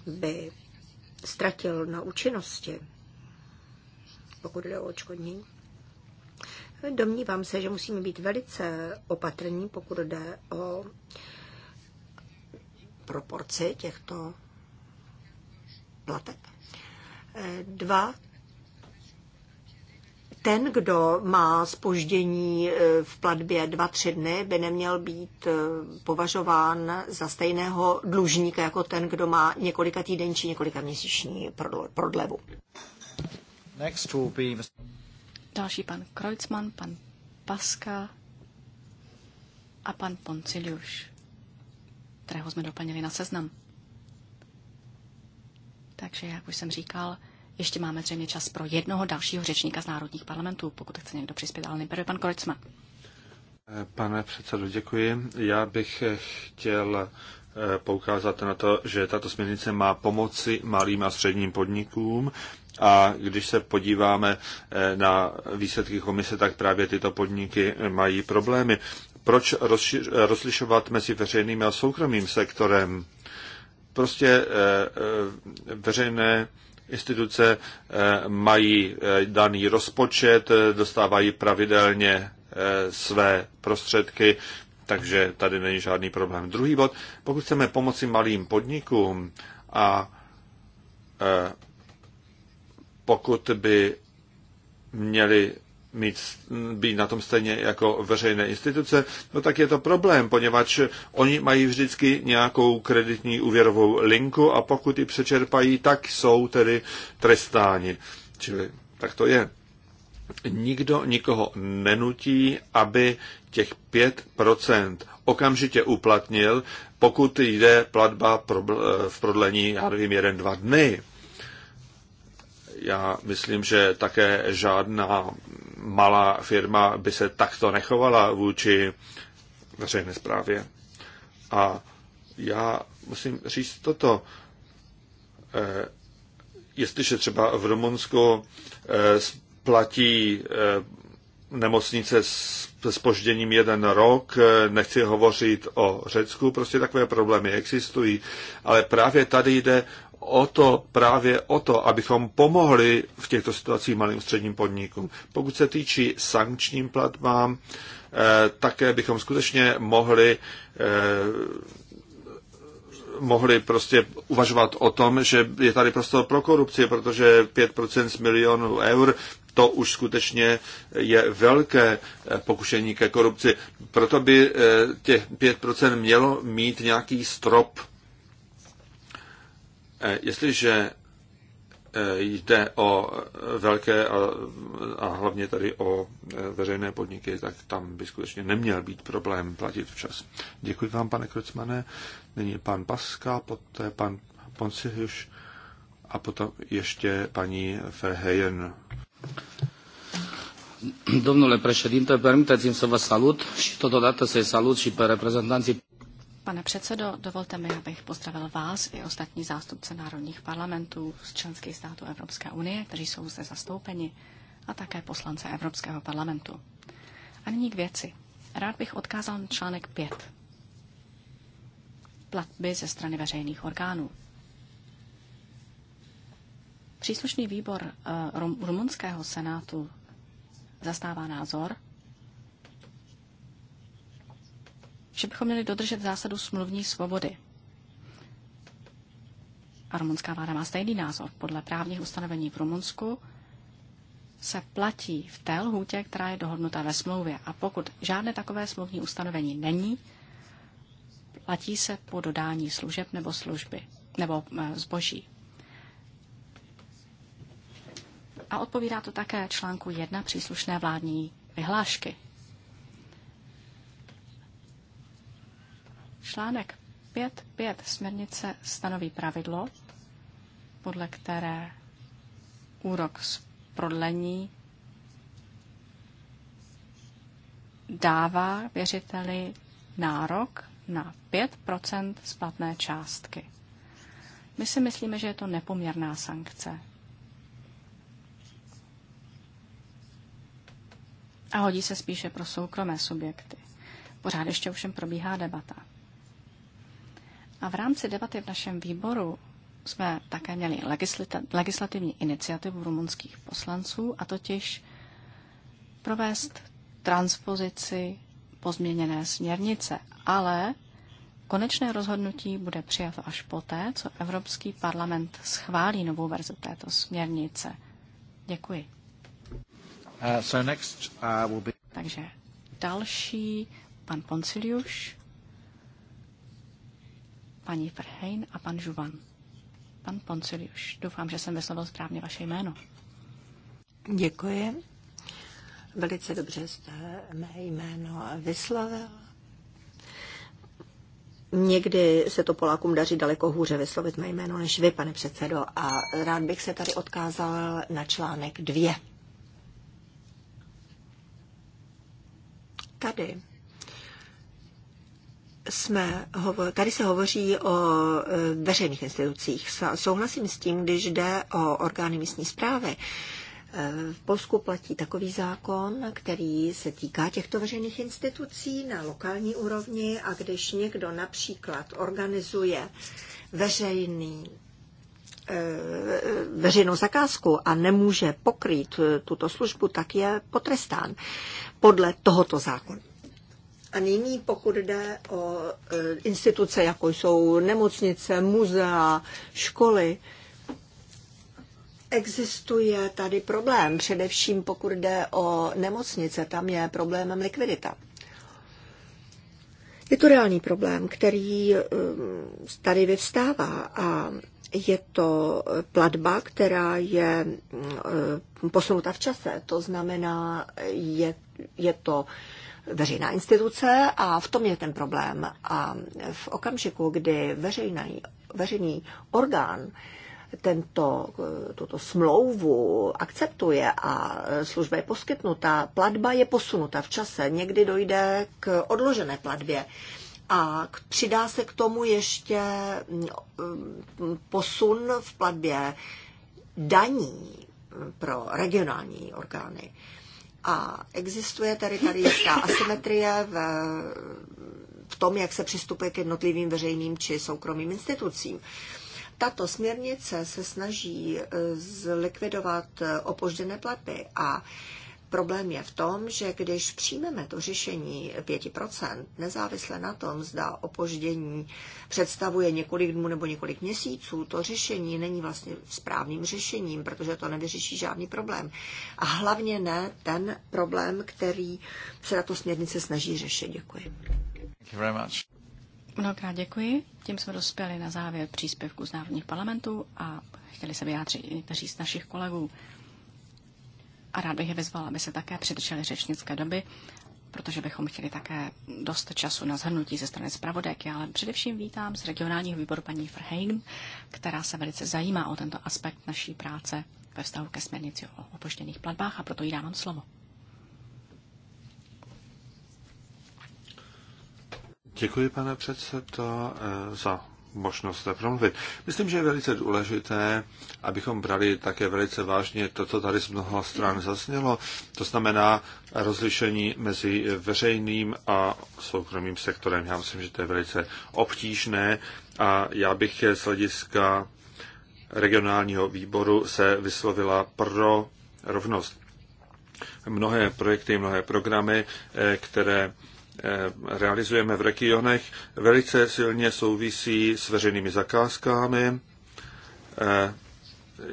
by ztratil na účinnosti, pokud jde o očkodnění. Domnívám se, že musíme být velice opatrní, pokud jde o proporci těchto platek. Eh, Dva ten, kdo má spoždění e, v platbě 2-3 dny, by neměl být e, považován za stejného dlužníka jako ten, kdo má několika týden či několika měsíční prodlevu. Next will be... Další pan Kreutzmann, pan Paska a pan Ponciliuš, kterého jsme doplnili na seznam. Takže, jak už jsem říkal, ještě máme zřejmě čas pro jednoho dalšího řečníka z národních parlamentů, pokud chce někdo přispět, ale nejprve pan Kreutzmann. Pane předsedo, děkuji. Já bych chtěl eh, poukázat na to, že tato směrnice má pomoci malým a středním podnikům a když se podíváme eh, na výsledky komise, tak právě tyto podniky mají problémy. Proč rozlišovat mezi veřejným a soukromým sektorem? Prostě eh, veřejné instituce eh, mají eh, daný rozpočet, eh, dostávají pravidelně své prostředky, takže tady není žádný problém. Druhý bod, pokud chceme pomoci malým podnikům a pokud by měli mít, být na tom stejně jako veřejné instituce, no tak je to problém, poněvadž oni mají vždycky nějakou kreditní úvěrovou linku a pokud ji přečerpají, tak jsou tedy trestáni. Čili tak to je. Nikdo nikoho nenutí, aby těch 5% okamžitě uplatnil, pokud jde platba v prodlení, já nevím, jeden, dva dny já myslím, že také žádná malá firma by se takto nechovala vůči veřejné správě. A já musím říct toto. Eh, jestliže třeba v Rumunsku eh, platí eh, nemocnice se spožděním jeden rok, eh, nechci hovořit o Řecku, prostě takové problémy existují, ale právě tady jde o to, právě o to, abychom pomohli v těchto situacích malým středním podnikům. Pokud se týčí sankčním platbám, eh, také bychom skutečně mohli eh, mohli prostě uvažovat o tom, že je tady prostor pro korupci, protože 5% z milionů eur to už skutečně je velké pokušení ke korupci. Proto by eh, těch 5% mělo mít nějaký strop. Eh, jestliže eh, jde o velké a, a hlavně tady o veřejné podniky, tak tam by skutečně neměl být problém platit včas. Děkuji vám, pane Krocmane. Nyní pan Paska, poté pan Poncihuš a potom ještě paní Verheyen. Domnule președinte, permiteți-mi să vă salut și totodată să-i salut și pe reprezentanții. Pane předsedo, dovolte mi, abych pozdravil vás i ostatní zástupce národních parlamentů z členských států Evropské unie, kteří jsou zde zastoupeni, a také poslance Evropského parlamentu. A nyní k věci. Rád bych odkázal na článek 5. Platby ze strany veřejných orgánů. Příslušný výbor eh, rumunského senátu zastává názor, že bychom měli dodržet zásadu smluvní svobody. A rumunská vláda má stejný názor. Podle právních ustanovení v Rumunsku se platí v té lhůtě, která je dohodnuta ve smlouvě. A pokud žádné takové smluvní ustanovení není, platí se po dodání služeb nebo služby nebo eh, zboží. a odpovídá to také článku 1 příslušné vládní vyhlášky. Článek 5.5 směrnice stanoví pravidlo, podle které úrok z prodlení dává věřiteli nárok na 5 splatné částky. My si myslíme, že je to nepoměrná sankce. a hodí se spíše pro soukromé subjekty. Pořád ještě ovšem probíhá debata. A v rámci debaty v našem výboru jsme také měli legislativní iniciativu rumunských poslanců, a totiž provést transpozici pozměněné směrnice, ale konečné rozhodnutí bude přijato až poté, co Evropský parlament schválí novou verzi této směrnice. Děkuji. Uh, so next, uh, will be... Takže další, pan Ponciliuš, paní Verheyn a pan Žuvan. Pan Ponciliuš, doufám, že jsem vyslovil správně vaše jméno. Děkuji. Velice dobře jste mé jméno vyslovil. Někdy se to Polákům daří daleko hůře vyslovit mé jméno než vy, pane předsedo, a rád bych se tady odkázal na článek dvě Tady jsme, tady se hovoří o e, veřejných institucích. Souhlasím s tím, když jde o orgány místní zprávy. E, v Polsku platí takový zákon, který se týká těchto veřejných institucí na lokální úrovni a když někdo například organizuje veřejný Eh, veřejnou zakázku a nemůže pokrýt eh, tuto službu, tak je potrestán podle tohoto zákona. A nyní, pokud jde o eh, instituce, jako jsou nemocnice, muzea, školy, Existuje tady problém, především pokud jde o nemocnice, tam je problémem likvidita. Je to reálný problém, který tady vyvstává a je to platba, která je eh, posunuta v čase. To znamená, je, je to veřejná instituce a v tom je ten problém. A v okamžiku, kdy veřejný, veřejný orgán tento, eh, tuto smlouvu akceptuje a služba je poskytnuta, platba je posunuta v čase, někdy dojde k odložené platbě. A přidá se k tomu ještě mm, mm, posun v platbě daní mm, pro regionální orgány. A existuje tady tady jistá asymetrie v, v tom, jak se přistupuje k jednotlivým veřejným či soukromým institucím. Tato směrnice se snaží eh, zlikvidovat eh, opožděné platby a Problém je v tom, že když přijmeme to řešení 5%, nezávisle na tom, zda opoždění představuje několik dnů nebo několik měsíců, to řešení není vlastně správným řešením, protože to nevyřeší žádný problém. A hlavně ne ten problém, který se na to směrnice snaží řešit. Děkuji. Thank you very much. Mnohokrát děkuji. Tím jsme dospěli na závěr příspěvku z národních parlamentů a chtěli se vyjádřit i někteří z našich kolegů a rád bych je vyzval, aby se také přidrželi řečnické doby, protože bychom chtěli také dost času na zhrnutí ze strany zpravodajky, ale především vítám z regionálního výboru paní Verheyen, která se velice zajímá o tento aspekt naší práce ve vztahu ke směrnici o opožděných platbách a proto jí dávám slovo. Děkuji, pane předsedo, eh, za možnost promluvit. Myslím, že je velice důležité, abychom brali také velice vážně to, co tady z mnoha stran zasnělo. To znamená rozlišení mezi veřejným a soukromým sektorem. Já myslím, že to je velice obtížné a já bych z hlediska regionálního výboru se vyslovila pro rovnost. Mnohé projekty, mnohé programy, eh, které Eh, realizujeme v regionech, velice silně souvisí s veřejnými zakázkami. Eh,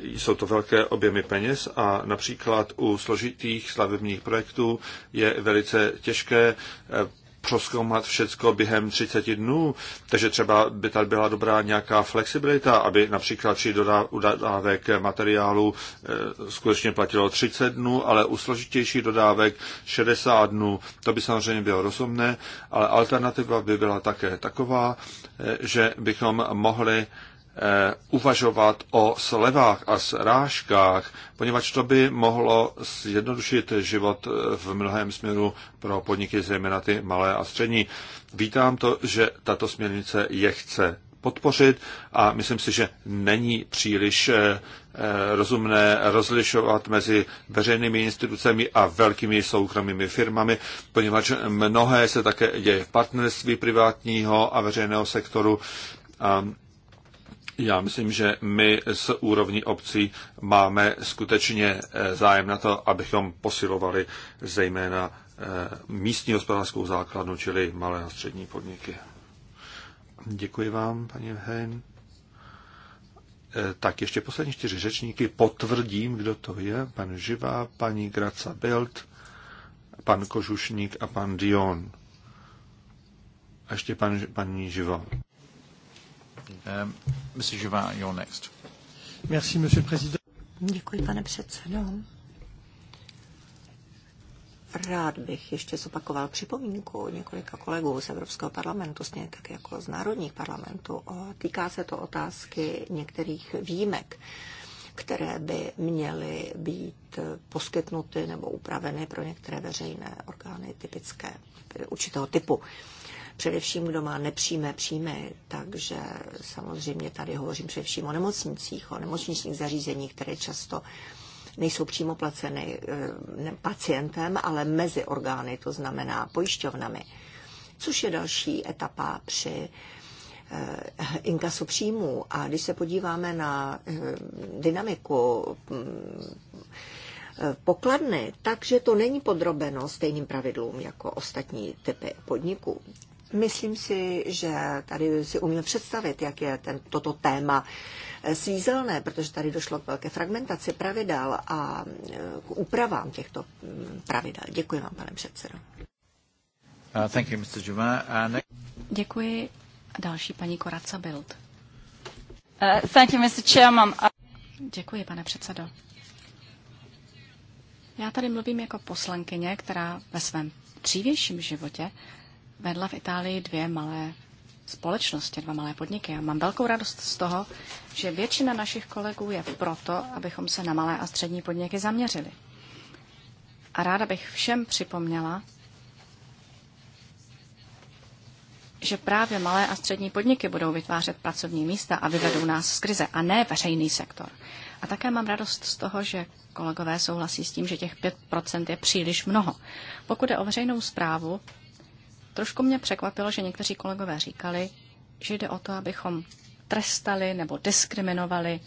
jsou to velké objemy peněz a například u složitých stavebních projektů je velice těžké eh, proskoumat všecko během 30 dnů, takže třeba by tady byla dobrá nějaká flexibilita, aby například při dodávek materiálu eh, skutečně platilo 30 dnů, ale u složitějších dodávek 60 dnů. To by samozřejmě bylo rozumné, ale alternativa by byla také taková, eh, že bychom mohli Eh, uvažovat o slevách a srážkách, poněvadž to by mohlo zjednodušit život eh, v mnohém směru pro podniky, zejména ty malé a střední. Vítám to, že tato směrnice je chce podpořit a myslím si, že není příliš eh, rozumné rozlišovat mezi veřejnými institucemi a velkými soukromými firmami, poněvadž mnohé se také děje v partnerství privátního a veřejného sektoru. A já myslím, že my z úrovní obcí máme skutečně eh, zájem na to, abychom posilovali zejména eh, místní hospodářskou základnu, čili malé a střední podniky. Děkuji vám, paní Hein. Eh, tak ještě poslední čtyři řečníky. Potvrdím, kdo to je. Pan Živá, paní Graca Bild, pan Kožušník a pan Dion. A ještě pan, paní Živá. Mr. Um, Juvin, you're next. Merci, monsieur le président. Děkuji, pane předsedo. Rád bych ještě zopakoval připomínku několika kolegů z Evropského parlamentu, stejně tak jako z národních parlamentů. Týká se to otázky některých výjimek, které by měly být poskytnuty nebo upraveny pro některé veřejné orgány typické určitého typu především kdo má nepřímé příjmy, takže samozřejmě tady hovořím především o nemocnicích, o nemocničních zařízeních, které často nejsou přímo placeny eh, pacientem, ale mezi orgány, to znamená pojišťovnami, což je další etapa při eh, inkasu příjmů. A když se podíváme na eh, dynamiku mm, pokladny, takže to není podrobeno stejným pravidlům jako ostatní typy podniků. Myslím si, že tady si umíme představit, jak je ten, toto téma eh, svízelné, protože tady došlo k velké fragmentaci pravidel a eh, k úpravám těchto mm, pravidel. Děkuji vám, pane předsedo. Uh, thank you, Mr. Juma. Uh, Děkuji. Další paní Koraca Bild. Uh, thank you, Mr. Chairman. Uh, Děkuji, pane předsedo. Já tady mluvím jako poslankyně, která ve svém dřívějším životě vedla v Itálii dvě malé společnosti, dva malé podniky. A mám velkou radost z toho, že většina našich kolegů je proto, abychom se na malé a střední podniky zaměřili. A ráda bych všem připomněla, že právě malé a střední podniky budou vytvářet pracovní místa a vyvedou nás z krize, a ne veřejný sektor. A také mám radost z toho, že kolegové souhlasí s tím, že těch 5% je příliš mnoho. Pokud je o veřejnou zprávu, Trošku mě překvapilo, že někteří kolegové říkali, že jde o to, abychom trestali nebo diskriminovali,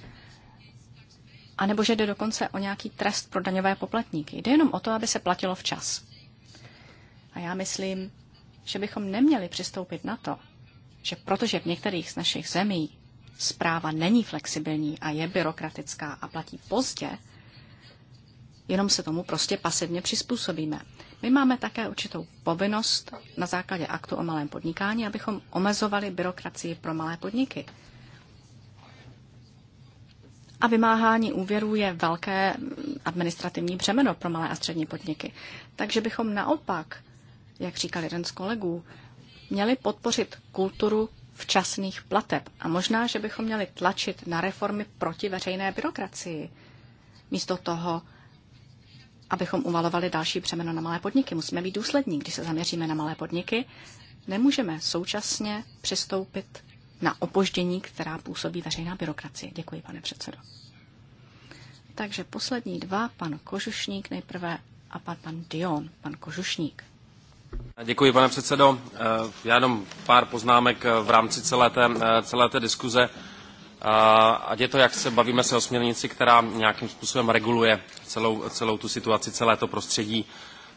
anebo že jde dokonce o nějaký trest pro daňové poplatníky. Jde jenom o to, aby se platilo včas. A já myslím, že bychom neměli přistoupit na to, že protože v některých z našich zemí zpráva není flexibilní a je byrokratická a platí pozdě, jenom se tomu prostě pasivně přizpůsobíme. My máme také určitou povinnost na základě aktu o malém podnikání, abychom omezovali byrokracii pro malé podniky. A vymáhání úvěrů je velké administrativní břemeno pro malé a střední podniky. Takže bychom naopak, jak říkal jeden z kolegů, měli podpořit kulturu včasných plateb. A možná, že bychom měli tlačit na reformy proti veřejné byrokracii. Místo toho, abychom uvalovali další břemeno na malé podniky. Musíme být důslední, když se zaměříme na malé podniky. Nemůžeme současně přistoupit na opoždění, která působí veřejná byrokracie. Děkuji, pane předsedo. Takže poslední dva, pan Kožušník nejprve a pan, pan Dion, pan Kožušník. Děkuji, pane předsedo. Já jenom pár poznámek v rámci celé té, celé té diskuze ať je to, jak se bavíme se o směrnici, která nějakým způsobem reguluje celou, celou tu situaci, celé to prostředí.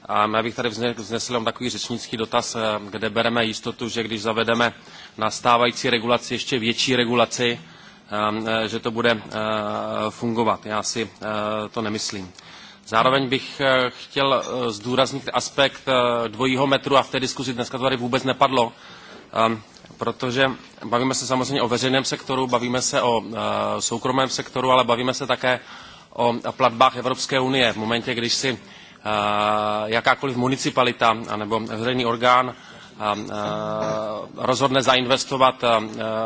A já bych tady vznesl jenom takový řečnický dotaz, eh, kde bereme jistotu, že když zavedeme na stávající regulaci ještě větší regulaci, ehm, eh, že to bude eh, fungovat. Já si to nemyslím. Zároveň bych chtěl zdůraznit aspekt dvojího metru a v té diskuzi dneska to tady vůbec nepadlo. Ehm, protože bavíme se samozřejmě o veřejném sektoru, bavíme se o eh, soukromém sektoru, ale bavíme se také o platbách Evropské unie. V momentě, když si eh, jakákoliv municipalita nebo veřejný orgán eh, rozhodne zainvestovat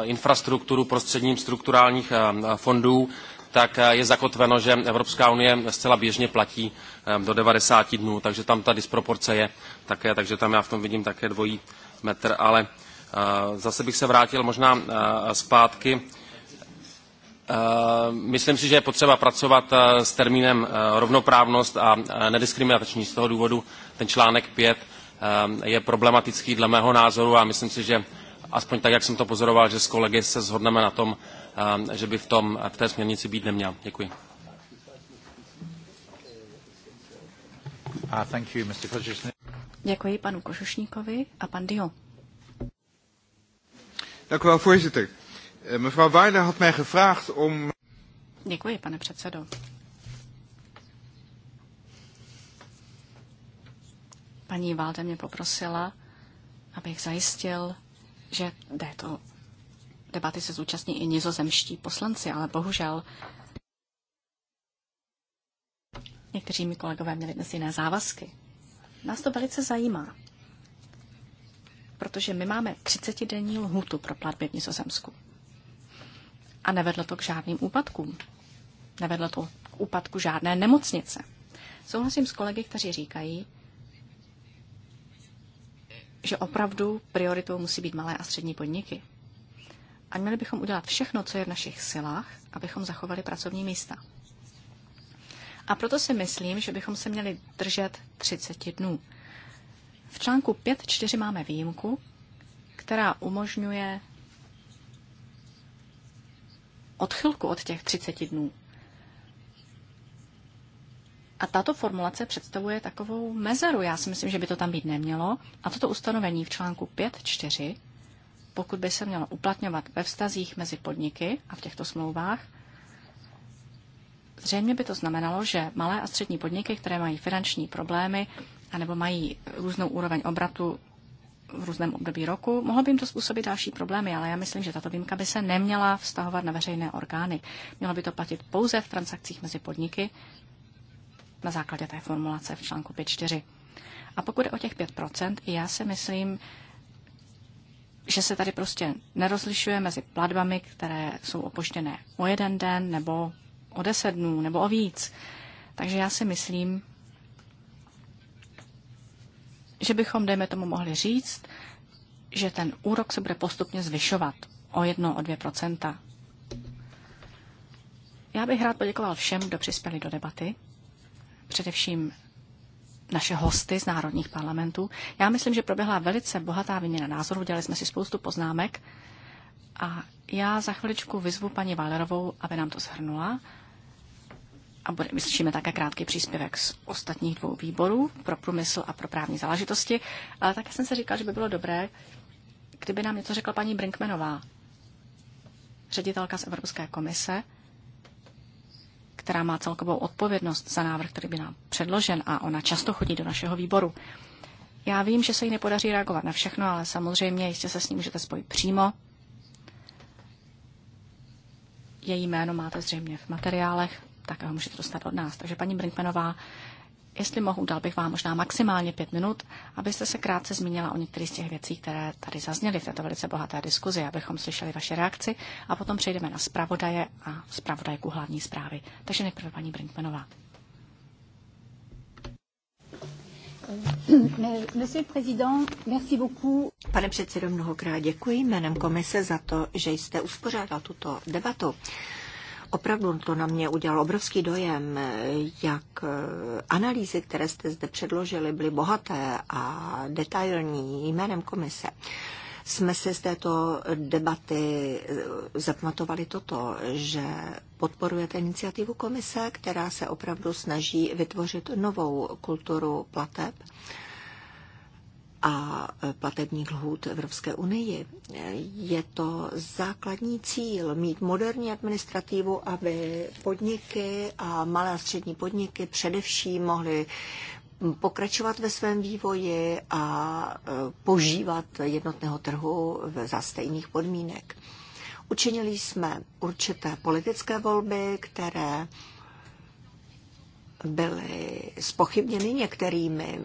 infrastrukturu prostředním strukturálních fondů, tak je zakotveno, že Evropská unie zcela běžně platí do 90 dnů, takže tam ta disproporce je také, takže tam já v tom vidím také dvojí metr, ale Zase bych se vrátil možná eh, zpátky. Eh, myslím si, že je potřeba pracovat eh, s termínem rovnoprávnost a nediskriminační. Z toho důvodu ten článek 5 je problematický dle mého názoru a myslím si, že aspoň tak, jak jsem to pozoroval, že s kolegy se shodneme na tom, že by v, tom, v té směrnici být neměl. Děkuji. Ah, Děkuji panu Košušníkovi a pan Dio. Dank u wel, voorzitter. Eh, mevrouw Waarde had mij gevraagd om... Děkuji, pane předsedo. Paní Válde mě poprosila, abych zajistil, že této debaty se zúčastní i nizozemští poslanci, ale bohužel někteří mi kolegové měli dnes jiné závazky. Nás to velice zajímá protože my máme 30-denní lhutu pro platby v Nizozemsku. A nevedlo to k žádným úpadkům. Nevedlo to k úpadku žádné nemocnice. Souhlasím s kolegy, kteří říkají, že opravdu prioritou musí být malé a střední podniky. A měli bychom udělat všechno, co je v našich silách, abychom zachovali pracovní místa. A proto si myslím, že bychom se měli držet 30 dnů. V článku 5.4 máme výjimku, která umožňuje odchylku od těch 30 dnů. A tato formulace představuje takovou mezeru. Já si myslím, že by to tam být nemělo. A toto ustanovení v článku 5.4, pokud by se mělo uplatňovat ve vztazích mezi podniky a v těchto smlouvách, zřejmě by to znamenalo, že malé a střední podniky, které mají finanční problémy, anebo mají různou úroveň obratu v různém období roku, mohlo by jim to způsobit další problémy, ale já myslím, že tato výjimka by se neměla vztahovat na veřejné orgány. Mělo by to platit pouze v transakcích mezi podniky na základě té formulace v článku 5.4. A pokud je o těch 5%, já si myslím, že se tady prostě nerozlišuje mezi platbami, které jsou opožděné o jeden den, nebo o deset dnů, nebo o víc. Takže já si myslím, že bychom, dejme tomu, mohli říct, že ten úrok se bude postupně zvyšovat o 1, o 2 Já bych rád poděkoval všem, kdo přispěli do debaty, především naše hosty z národních parlamentů. Já myslím, že proběhla velice bohatá výměna názorů, dělali jsme si spoustu poznámek a já za chviličku vyzvu paní Valerovou, aby nám to shrnula a bude, vyslyšíme také krátký příspěvek z ostatních dvou výborů pro průmysl a pro právní záležitosti. Ale také jsem se říkal, že by bylo dobré, kdyby nám něco řekla paní Brinkmanová, ředitelka z Evropské komise, která má celkovou odpovědnost za návrh, který by nám předložen a ona často chodí do našeho výboru. Já vím, že se jí nepodaří reagovat na všechno, ale samozřejmě jistě se s ní můžete spojit přímo. Její jméno máte zřejmě v materiálech také ho můžete dostat od nás. Takže paní Brinkmanová, jestli mohu, dal bych vám možná maximálně pět minut, abyste se krátce zmínila o některých z těch věcí, které tady zazněly v této velice bohaté diskuzi, abychom slyšeli vaše reakci a potom přejdeme na zpravodaje a zpravodajku hlavní zprávy. Takže nejprve paní Brinkmanová. Pane předsedo, mnohokrát děkuji jménem komise za to, že jste uspořádal tuto debatu. Opravdu to na mě udělalo obrovský dojem, jak eh, analýzy, které jste zde předložili, byly bohaté a detailní jménem komise jsme se z této debaty eh, zapamatovali toto, že podporujete iniciativu komise, která se opravdu snaží vytvořit novou kulturu plateb a platebních lhůt Evropské unii. Je to základní cíl mít moderní administrativu, aby podniky a malé a střední podniky především mohly pokračovat ve svém vývoji a e, požívat jednotného trhu za stejných podmínek. Učinili jsme určité politické volby, které byly spochybněny některými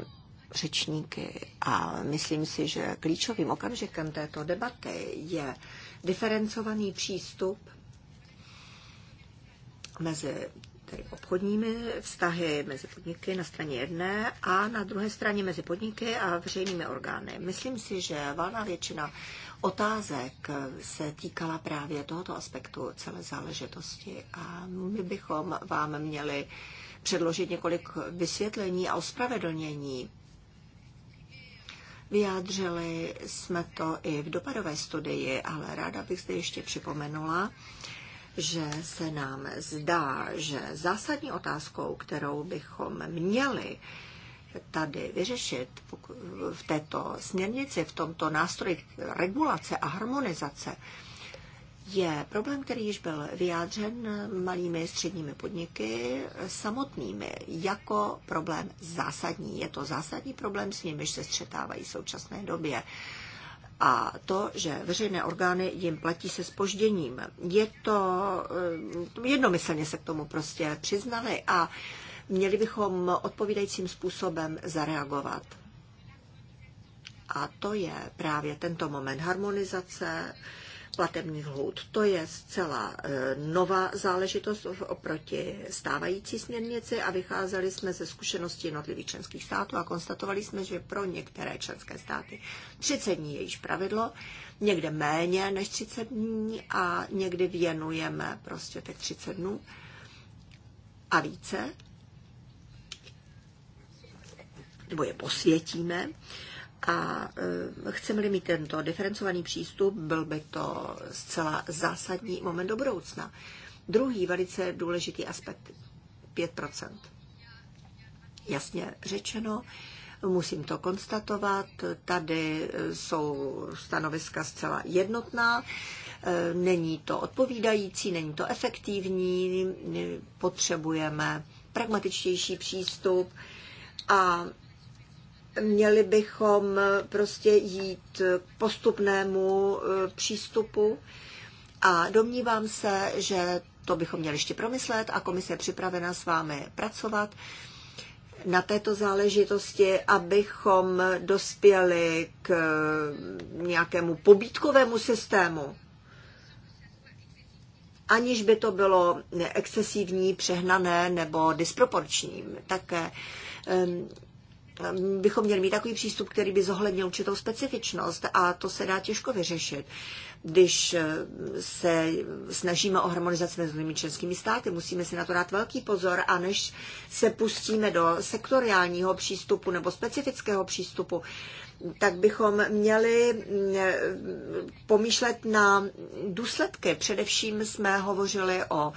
řečníky a myslím si, že klíčovým okamžikem této debaty je diferencovaný přístup mezi tedy obchodními vztahy mezi podniky na straně jedné a na druhé straně mezi podniky a veřejnými orgány. Myslím si, že valná většina otázek se týkala právě tohoto aspektu celé záležitosti a my bychom vám měli předložit několik vysvětlení a ospravedlnění Vyjádřili jsme to i v dopadové studii, ale ráda bych zde ještě připomenula, že se nám zdá, že zásadní otázkou, kterou bychom měli tady vyřešit v této směrnici, v tomto nástroji regulace a harmonizace, je problém, který již byl vyjádřen malými středními podniky samotnými jako problém zásadní. Je to zásadní problém, s nimiž se střetávají v současné době. A to, že veřejné orgány jim platí se spožděním. Je to, eh, jednomyslně se k tomu prostě přiznali a měli bychom odpovídajícím způsobem zareagovat. A to je právě tento moment harmonizace, platebních lhůt. To je zcela e, nová záležitost oproti stávající směrnici a vycházeli jsme ze zkušenosti jednotlivých členských států a konstatovali jsme, že pro některé členské státy 30 dní je již pravidlo, někde méně než 30 dní a někdy věnujeme prostě těch 30 dnů a více, nebo je posvětíme. A e, chceme-li mít tento diferencovaný přístup, byl by to zcela zásadní moment do budoucna. Druhý velice důležitý aspekt 5 Jasně řečeno, musím to konstatovat, tady jsou stanoviska zcela jednotná, e, není to odpovídající, není to efektivní, potřebujeme pragmatičtější přístup a Měli bychom prostě jít k postupnému e, přístupu a domnívám se, že to bychom měli ještě promyslet a komise je připravena s vámi pracovat na této záležitosti, abychom dospěli k e, nějakému pobítkovému systému, aniž by to bylo excesivní, přehnané nebo disproporční. Také Ehm, bychom měli mít takový přístup, který by zohlednil určitou specifičnost a to se dá těžko vyřešit. Když ehm, se snažíme o harmonizaci mezi novými českými státy, musíme si na to dát velký pozor a než se pustíme do sektoriálního přístupu nebo specifického přístupu, tak bychom měli ehm, pomýšlet na důsledky. Především jsme hovořili o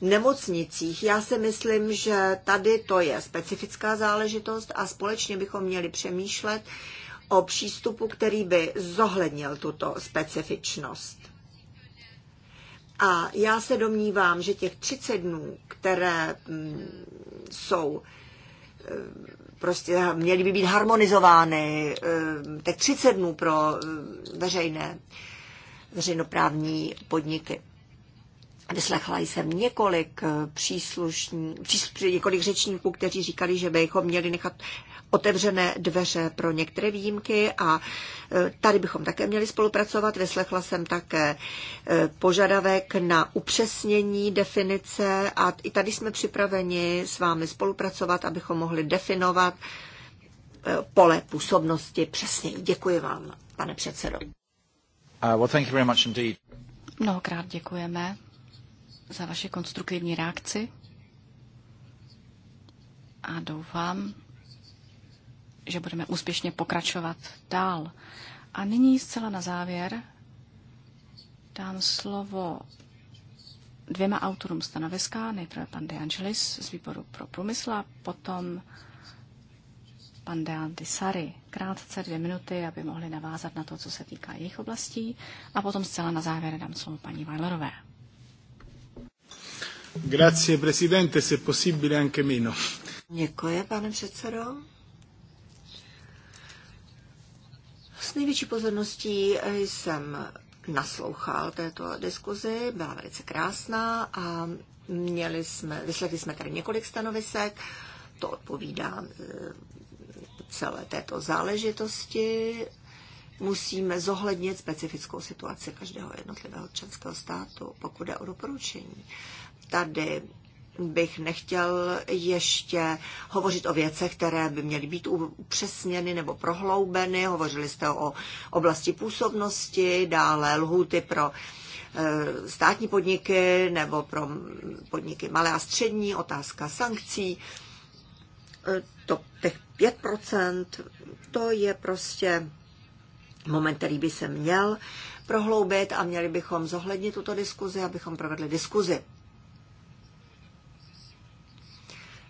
nemocnicích. Já si myslím, že tady to je specifická záležitost a společně bychom měli přemýšlet o přístupu, který by zohlednil tuto specifičnost. A já se domnívám, že těch 30 dnů, které mm, jsou eh, prostě měly by být harmonizovány, eh, Těch 30 dnů pro eh, veřejné, veřejnoprávní podniky. Vyslechla jsem několik eh, příslušní, několik řečníků, kteří říkali, že bychom měli nechat otevřené dveře pro některé výjimky a eh, tady bychom také měli spolupracovat. Vyslechla jsem také eh, požadavek na upřesnění definice a i tady jsme připraveni s vámi spolupracovat, abychom mohli definovat pole působnosti přesně. Děkuji vám, pane předsedo. Uh, well, thank you very much indeed. Mnohokrát děkujeme za vaši konstruktivní reakci a doufám, že budeme úspěšně pokračovat dál. A nyní zcela na závěr dám slovo dvěma autorům stanoviska, nejprve pan De Angelis z výboru pro průmysl a potom pan De Antisari. Krátce dvě minuty, aby mohli navázat na to, co se týká jejich oblastí a potom zcela na závěr dám slovo paní Weilerové. Grazie, presidente, se possibile anche meno. Děkuji, pane předsedo. S největší pozorností jsem naslouchal této diskuzi, byla velice krásná a měli jsme, vyslechli jsme tady několik stanovisek, to odpovídá eh, celé této záležitosti. Musíme zohlednit specifickou situaci každého jednotlivého členského státu, pokud je o doporučení. Tady bych nechtěl ještě hovořit o věcech, které by měly být upřesněny nebo prohloubeny. Hovořili jste o oblasti působnosti, dále lhuty pro e, státní podniky nebo pro podniky malé a střední, otázka sankcí. E, to, těch 5%, to je prostě moment, který by se měl prohloubit a měli bychom zohlednit tuto diskuzi, abychom provedli diskuzi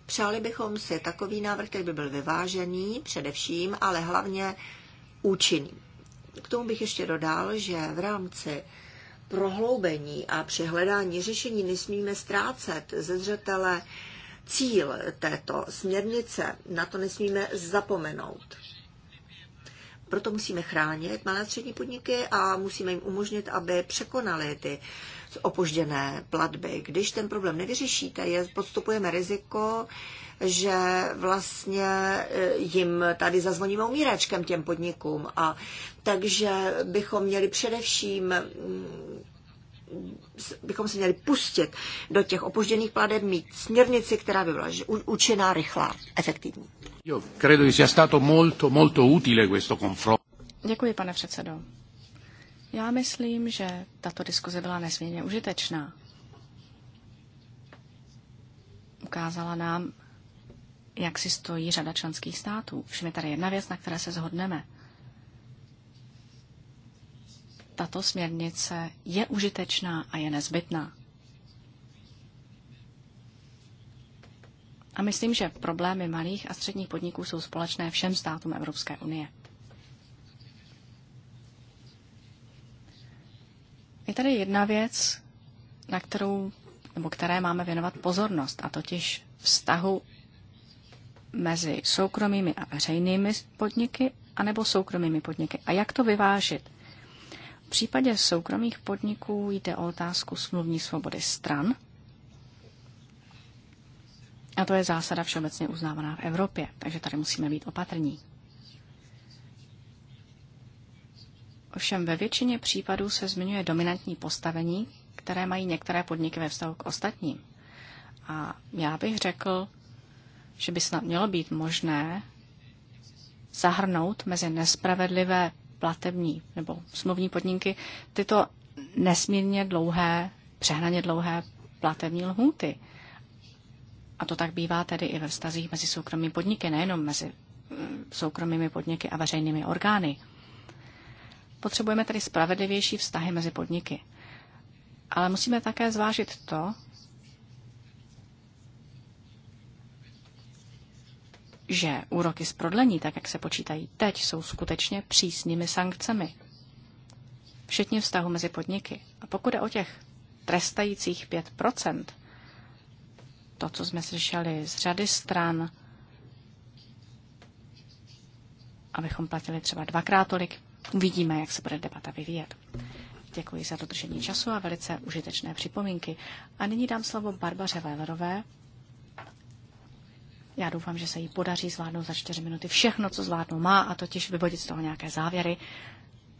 Přáli bychom si takový návrh, který by byl vyvážený především, ale hlavně účinný. K tomu bych ještě dodal, že v rámci prohloubení a přehledání řešení nesmíme ztrácet ze zřetele cíl této směrnice. Na to nesmíme zapomenout. Proto musíme chránit malé a střední podniky a musíme jim umožnit, aby překonali ty opožděné platby. Když ten problém nevyřešíte, je, podstupujeme riziko, že vlastně eh, jim tady zazvoníme umíračkem těm podnikům. A takže bychom měli především mm, bychom se měli pustit do těch opožděných pladeb, mít směrnici, která by byla účinná, rychlá, efektivní. Děkuji, pane předsedo. Já myslím, že tato diskuze byla nesmírně užitečná. Ukázala nám, jak si stojí řada členských států. Všem je tady jedna věc, na které se zhodneme. Tato směrnice je užitečná a je nezbytná. A myslím, že problémy malých a středních podniků jsou společné všem státům Evropské unie. Je tady jedna věc, na kterou, nebo které máme věnovat pozornost, a totiž vztahu mezi soukromými a veřejnými podniky, anebo soukromými podniky. A jak to vyvážit? V případě soukromých podniků jde o otázku smluvní svobody stran. A to je zásada všeobecně uznávaná v Evropě, takže tady musíme být opatrní. Ovšem ve většině případů se zmiňuje dominantní postavení, které mají některé podniky ve vztahu k ostatním. A já bych řekl, že by snad mělo být možné zahrnout mezi nespravedlivé platební nebo smluvní podniky tyto nesmírně dlouhé, přehnaně dlouhé platební lhůty. A to tak bývá tedy i ve vztazích mezi soukromými podniky, nejenom mezi mm, soukromými podniky a veřejnými orgány. Potřebujeme tedy spravedlivější vztahy mezi podniky. Ale musíme také zvážit to, že úroky z prodlení, tak jak se počítají teď, jsou skutečně přísnými sankcemi. Všetně vztahu mezi podniky. A pokud je o těch trestajících 5%, to, co jsme slyšeli z řady stran, abychom platili třeba dvakrát tolik Uvidíme, jak se bude debata vyvíjet. Děkuji za dodržení času a velice užitečné připomínky. A nyní dám slovo Barbaře Vélerové. Já doufám, že se jí podaří zvládnout za čtyři minuty všechno, co zvládnu má, a totiž vyvodit z toho nějaké závěry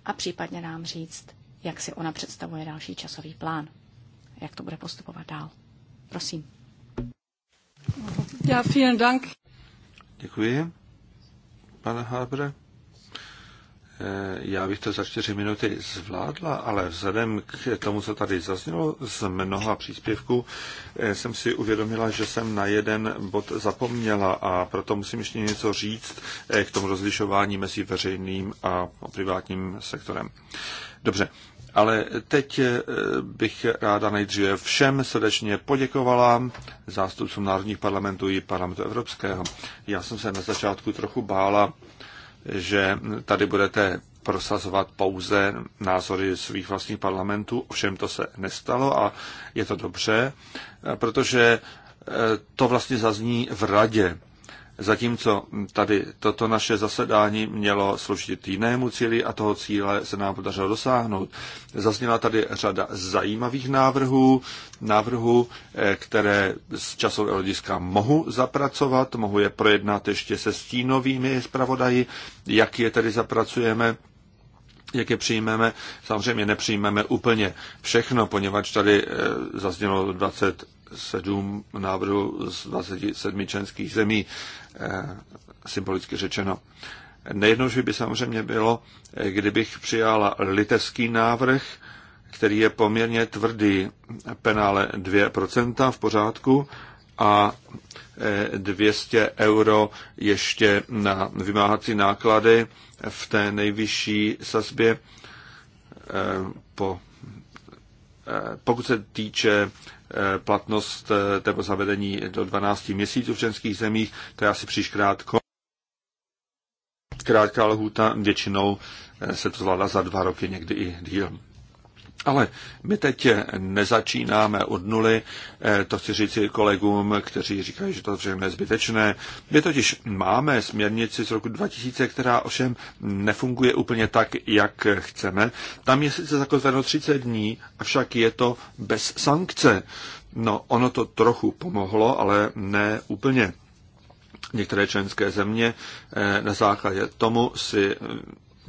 a případně nám říct, jak si ona představuje další časový plán, jak to bude postupovat dál. Prosím. Já vielen Dank. Děkuji, pane Harbre. Eh, já bych to za čtyři minuty zvládla, ale vzhledem k tomu, co tady zaznělo z mnoha příspěvků, eh, jsem si uvědomila, že jsem na jeden bod zapomněla a proto musím ještě něco říct eh, k tomu rozlišování mezi veřejným a privátním sektorem. Dobře, ale teď bych ráda nejdříve všem srdečně poděkovala zástupcům národních parlamentů i parlamentu evropského. Já jsem se na začátku trochu bála že tady budete prosazovat pouze názory svých vlastních parlamentů. Ovšem to se nestalo a je to dobře, protože eh, to vlastně zazní v radě. Zatímco tady toto naše zasedání mělo sloužit jinému cíli a toho cíle se nám podařilo dosáhnout. Zazněla tady řada zajímavých návrhů, návrhů, eh, které z časového hlediska mohu zapracovat, mohu je projednat ještě se stínovými zpravodaji, jak je tedy zapracujeme jak je přijmeme. Samozřejmě nepřijmeme úplně všechno, poněvadž tady eh, zaznělo 20 sedm návrhů z 27 členských zemí, eh, symbolicky řečeno. Nejjednodušší by samozřejmě bylo, eh, kdybych přijala litevský návrh, který je poměrně tvrdý, penále 2% v pořádku a 200 eh, euro ještě na vymáhací náklady v té nejvyšší sazbě po pokud se týče Eh, platnost eh, nebo zavedení do 12 měsíců v členských zemích, to je asi příliš krátko. Krátká lhůta, většinou eh, se to zvládá za dva roky, někdy i díl. Ale my teď nezačínáme od nuly, eh, to chci říci kolegům, kteří říkají, že to všechno je zbytečné. My totiž máme směrnici z roku 2000, která ovšem nefunguje úplně tak, jak chceme. Tam je sice zakotveno 30 dní, avšak je to bez sankce. No, ono to trochu pomohlo, ale ne úplně. Některé členské země eh, na základě tomu si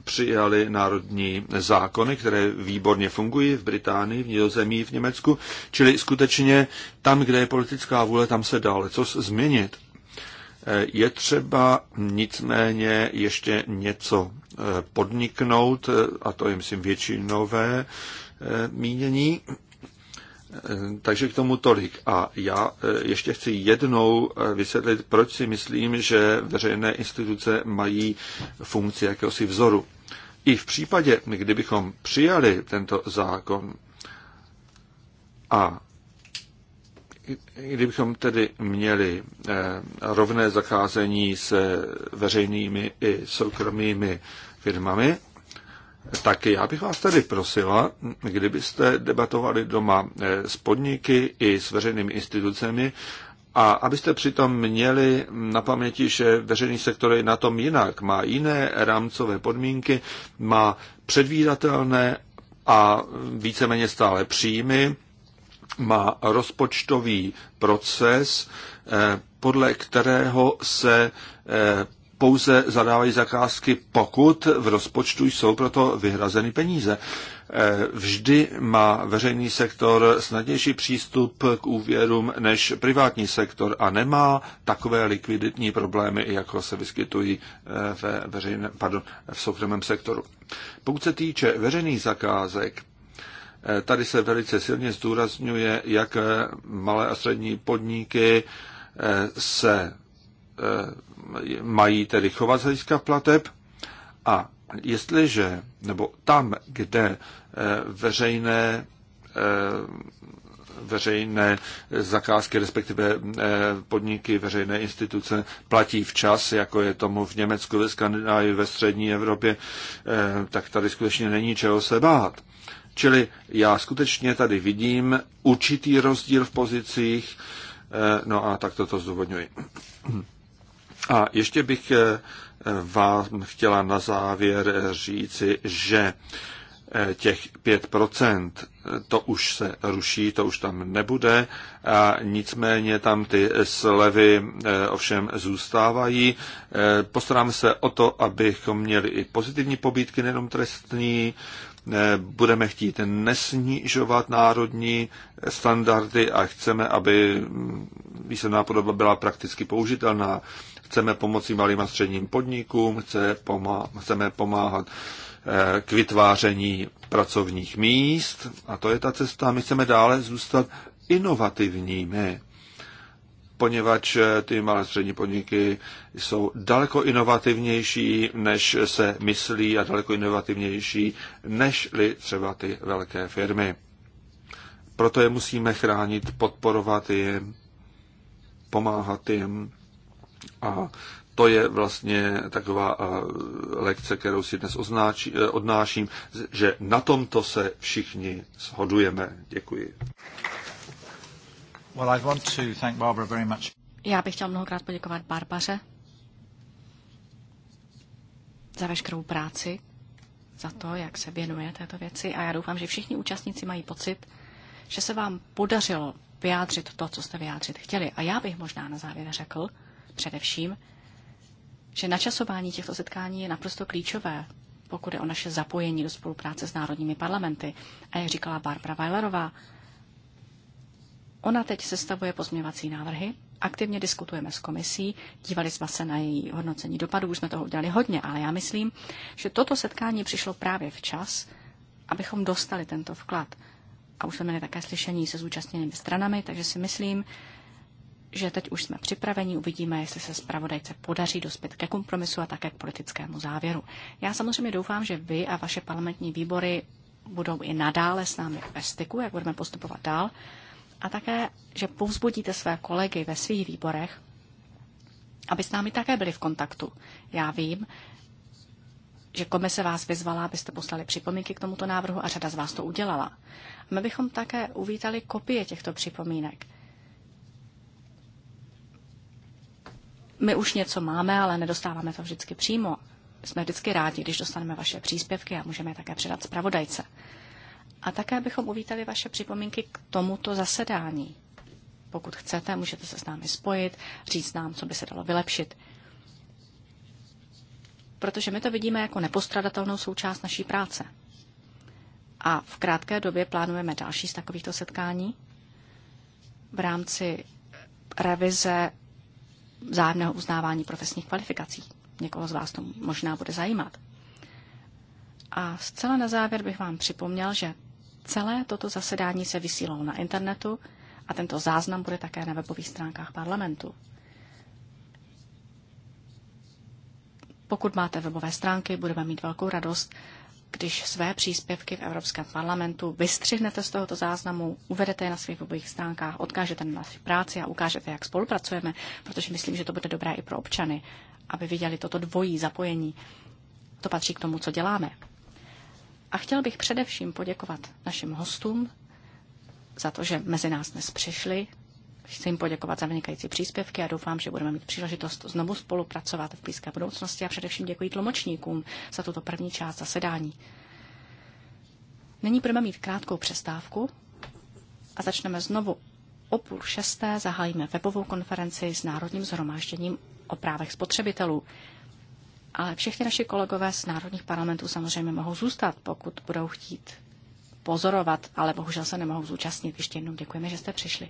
přijali národní zákony, které výborně fungují v Británii, v Nizozemí, v Německu, čili skutečně tam, kde je politická vůle, tam se dá co změnit. Eh, je třeba nicméně ještě něco eh, podniknout, eh, a to je, myslím, většinové mínění, Eh, takže k tomu tolik. A já eh, ještě chci jednou eh, vysvětlit, proč si myslím, že veřejné instituce mají funkci jakéhosi vzoru. I v případě, kdybychom přijali tento zákon a kdybychom tedy měli rovné zacházení se veřejnými i soukromými firmami, Taky já bych vás tedy prosila, kdybyste debatovali doma eh, s podniky i s veřejnými institucemi, a abyste přitom měli na paměti, že veřejný sektor je na tom jinak, má jiné rámcové podmínky, má předvídatelné a víceméně stále příjmy, má rozpočtový proces, eh, podle kterého se eh, pouze zadávají zakázky, pokud v rozpočtu jsou proto vyhrazeny peníze. Eh, vždy má veřejný sektor snadnější přístup k úvěrům než privátní sektor a nemá takové likviditní problémy, jako se vyskytují eh, ve veřejné, pardon, v soukromém sektoru. Pokud se týče veřejných zakázek, eh, tady se velice silně zdůrazňuje, jak malé a střední podniky se mají tedy chovat z hlediska plateb a jestliže, nebo tam, kde eh, veřejné eh, veřejné zakázky, respektive eh, podniky, veřejné instituce platí včas, jako je tomu v Německu, ve Skandinávii, ve střední Evropě, tak tady skutečně není čeho se bát. Čili já skutečně tady vidím určitý rozdíl v pozicích, no a tak toto zdůvodňuji. A ještě bych eh, vám chtěla na závěr říci, že eh, těch 5%, eh, to už se ruší, to už tam nebude, a nicméně tam ty slevy ovšem zůstávají. Postaráme se o to, abychom měli i pozitivní pobídky, nejenom trestní, budeme chtít nesnižovat národní standardy a chceme, aby mm, výsledná podoba byla prakticky použitelná chceme pomoci malým a středním podnikům, chceme pomáhat eh, k vytváření pracovních míst a to je ta cesta. My chceme dále zůstat inovativními, poněvadž eh, ty malé střední podniky jsou daleko inovativnější, než se myslí a daleko inovativnější, než-li třeba ty velké firmy. Proto je musíme chránit, podporovat jim, pomáhat jim a to je vlastně taková lekce, kterou si dnes oznáčí, e, odnáším, že na tomto se všichni shodujeme. Děkuji. Well, I want to thank Barbara very much. Já bych chtěl mnohokrát poděkovat Barbaře za veškerou práci, za to, jak se věnuje této věci a já doufám, že všichni účastníci mají pocit, že se vám podařilo vyjádřit to, co jste vyjádřit chtěli. A já bych možná na závěr řekl, Především, že načasování těchto setkání je naprosto klíčové, pokud je o naše zapojení do spolupráce s národními parlamenty. A jak říkala Barbara Weilerová, ona teď sestavuje pozměvací návrhy, aktivně diskutujeme s komisí, dívali jsme se na její hodnocení dopadů, už jsme toho udělali hodně, ale já myslím, že toto setkání přišlo právě včas, abychom dostali tento vklad. A už jsme měli také slyšení se zúčastněnými stranami, takže si myslím, že teď už jsme připraveni, uvidíme, jestli se zpravodajce podaří dospět ke kompromisu a také k politickému závěru. Já samozřejmě doufám, že vy a vaše parlamentní výbory budou i nadále s námi ve styku, jak budeme postupovat dál, a také, že povzbudíte své kolegy ve svých výborech, aby s námi také byli v kontaktu. Já vím, že komise vás vyzvala, abyste poslali připomínky k tomuto návrhu a řada z vás to udělala. My bychom také uvítali kopie těchto připomínek – My už něco máme, ale nedostáváme to vždycky přímo. Jsme vždycky rádi, když dostaneme vaše příspěvky a můžeme je také předat zpravodajce. A také bychom uvítali vaše připomínky k tomuto zasedání. Pokud chcete, můžete se s námi spojit, říct nám, co by se dalo vylepšit. Protože my to vidíme jako nepostradatelnou součást naší práce. A v krátké době plánujeme další z takovýchto setkání v rámci revize vzájemného uznávání profesních kvalifikací. Někoho z vás to možná bude zajímat. A zcela na závěr bych vám připomněl, že celé toto zasedání se vysílalo na internetu a tento záznam bude také na webových stránkách parlamentu. Pokud máte webové stránky, budeme mít velkou radost, když své příspěvky v Evropském parlamentu vystřihnete z tohoto záznamu, uvedete je na svých webových stránkách, odkážete na naši práci a ukážete, jak spolupracujeme, protože myslím, že to bude dobré i pro občany, aby viděli toto dvojí zapojení. To patří k tomu, co děláme. A chtěl bych především poděkovat našim hostům za to, že mezi nás dnes přišli, Chci jim poděkovat za vynikající příspěvky a doufám, že budeme mít příležitost znovu spolupracovat v blízké budoucnosti a především děkuji tlumočníkům za tuto první část zasedání. Nyní budeme mít krátkou přestávku a začneme znovu o půl šesté zahájíme webovou konferenci s Národním zhromážděním o právech spotřebitelů. Ale všichni naši kolegové z národních parlamentů samozřejmě mohou zůstat, pokud budou chtít pozorovat, ale bohužel se nemohou zúčastnit. Ještě jednou děkujeme, že jste přišli.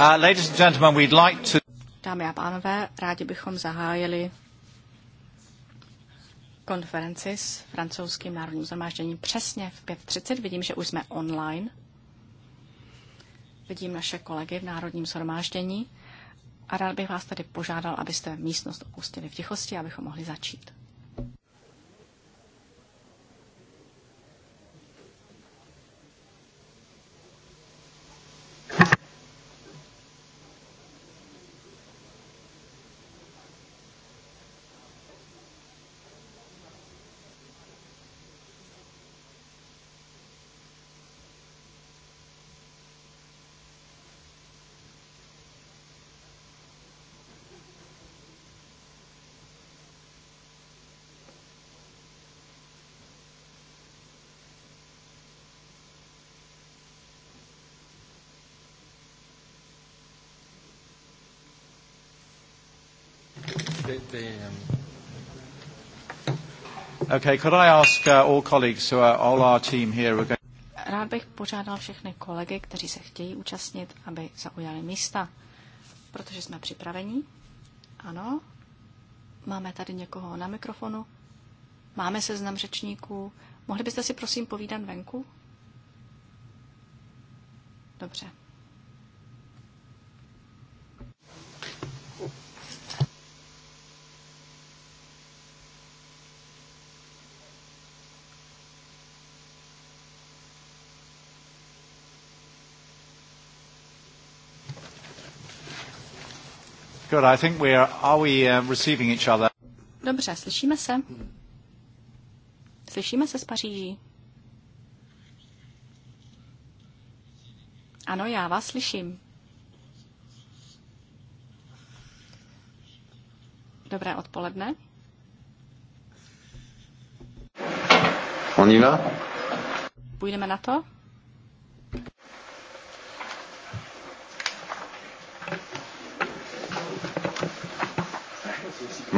Uh, Dámy a pánové, rádi bychom zahájili konferenci s francouzským národním zhromážděním přesně v 5.30. Vidím, že už jsme online. Vidím naše kolegy v národním zhromáždění a rád bych vás tady požádal, abyste místnost opustili v tichosti, abychom mohli začít. the. Um... Okay, could I ask uh, all colleagues who are all our team here are going... Rád bych požádal všechny kolegy, kteří se chtějí účastnit, aby zaujali místa, protože jsme připraveni. Ano, máme tady někoho na mikrofonu, máme seznam řečníků. Mohli byste si prosím povídat venku? Dobře. Good, I think we are, are we uh, receiving each other? Dobře, slyšíme se. Slyšíme se z Paříží. Ano, já vás slyším. Dobré odpoledne. On y va? Půjdeme na to?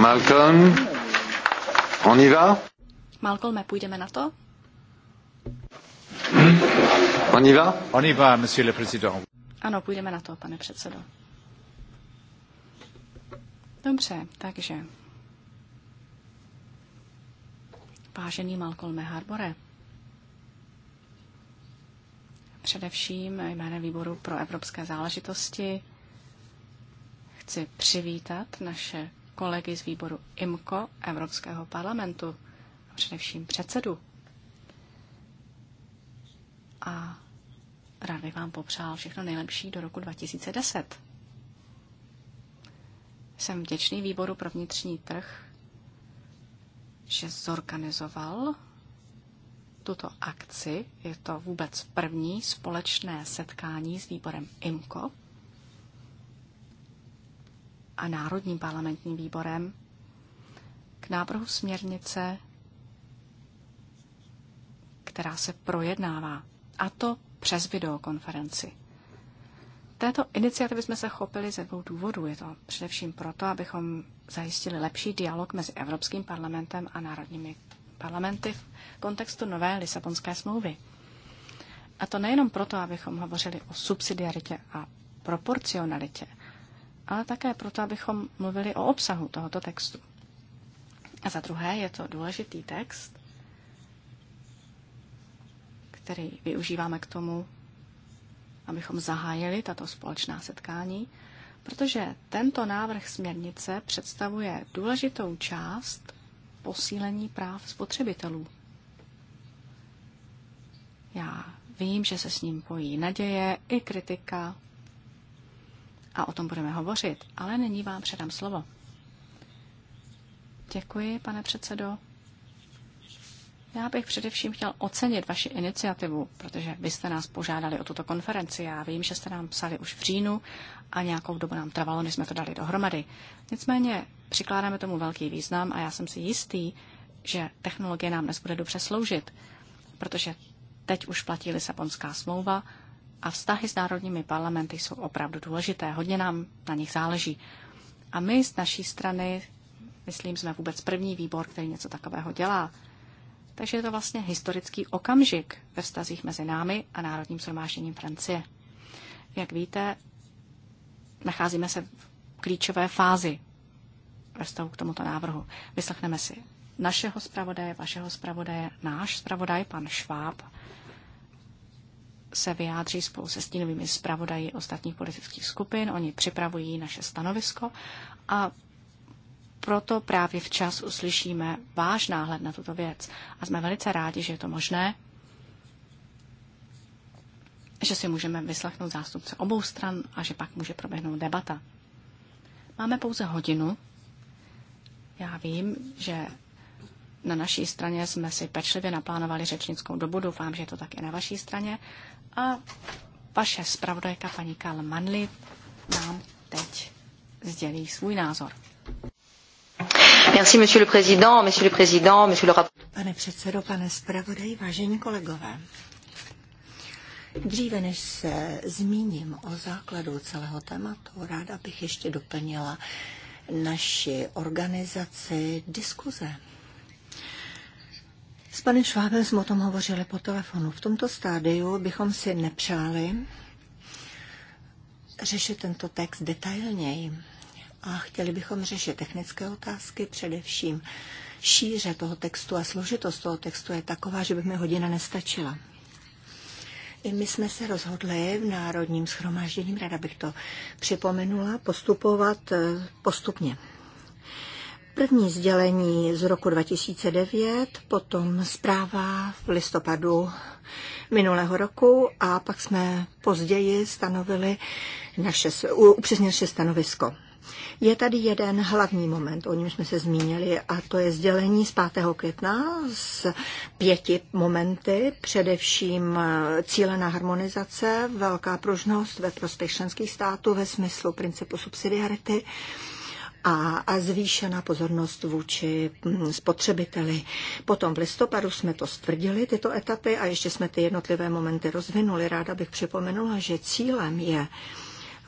Malcolm, on y va? Malcolme, půjdeme na to? Hmm? On y va? On y va, monsieur le président. Ano, půjdeme na to, pane předsedo. Dobře, takže. Vážený Malcolm Harbore, především jménem výboru pro evropské záležitosti chci přivítat naše kolegy z výboru IMCO Evropského parlamentu, a především předsedu. A rád bych vám popřál všechno nejlepší do roku 2010. Jsem vděčný výboru pro vnitřní trh, že zorganizoval tuto akci. Je to vůbec první společné setkání s výborem IMCO a Národním parlamentním výborem k návrhu směrnice, která se projednává, a to přes videokonferenci. Této iniciativy jsme se chopili ze dvou důvodů. Je to především proto, abychom zajistili lepší dialog mezi Evropským parlamentem a národními parlamenty v kontextu nové Lisabonské smlouvy. A to nejenom proto, abychom hovořili o subsidiaritě a proporcionalitě, ale také proto, abychom mluvili o obsahu tohoto textu. A za druhé je to důležitý text, který využíváme k tomu, abychom zahájili tato společná setkání, protože tento návrh směrnice představuje důležitou část posílení práv spotřebitelů. Já vím, že se s ním pojí naděje i kritika, a o tom budeme hovořit, ale nyní vám předám slovo. Děkuji, pane předsedo. Já bych především chtěl ocenit vaši iniciativu, protože vy jste nás požádali o tuto konferenci. Já vím, že jste nám psali už v říjnu a nějakou dobu nám trvalo, než jsme to dali dohromady. Nicméně přikládáme tomu velký význam a já jsem si jistý, že technologie nám dnes bude dobře sloužit, protože teď už platí Lisabonská smlouva a vztahy s národními parlamenty jsou opravdu důležité. Hodně nám na nich záleží. A my z naší strany, myslím, jsme vůbec první výbor, který něco takového dělá. Takže je to vlastně historický okamžik ve vztazích mezi námi a Národním shromážděním Francie. Jak víte, nacházíme se v klíčové fázi ve vztahu k tomuto návrhu. Vyslechneme si našeho zpravodaje, vašeho zpravodaje, náš zpravodaj, pan Šváb se vyjádří spolu se stínovými zpravodaji ostatních politických skupin. Oni připravují naše stanovisko a proto právě včas uslyšíme váš náhled na tuto věc a jsme velice rádi, že je to možné, že si můžeme vyslechnout zástupce obou stran a že pak může proběhnout debata. Máme pouze hodinu. Já vím, že na naší straně jsme si pečlivě naplánovali řečnickou dobu. Doufám, že je to tak i na vaší straně. A vaše zpravodajka paní Karl Manli nám teď sdělí svůj názor. Merci, monsieur le président, monsieur le président, monsieur le Pane předsedo, pane zpravodaj, vážení kolegové. Dříve než se zmíním o základu celého tématu, ráda bych ještě doplnila naši organizaci diskuze s panem Švábem jsme o tom hovořili po telefonu. V tomto stádiu bychom si nepřáli řešit tento text detailněji a chtěli bychom řešit technické otázky především. Šíře toho textu a složitost toho textu je taková, že by mi hodina nestačila. I my jsme se rozhodli v Národním schromážděním, rada bych to připomenula, postupovat eh, postupně. První sdělení z roku 2009, potom zpráva v listopadu minulého roku a pak jsme později stanovili naše, upřesnili naše stanovisko. Je tady jeden hlavní moment, o něm jsme se zmínili, a to je sdělení z 5. května s pěti momenty, především eh, cílená harmonizace, velká pružnost ve prospěch členských států ve smyslu principu subsidiarity, a, a zvýšená pozornost vůči mm, spotřebiteli. Potom v listopadu jsme to stvrdili, tyto etapy, a ještě jsme ty jednotlivé momenty rozvinuli. Ráda bych připomenula, že cílem je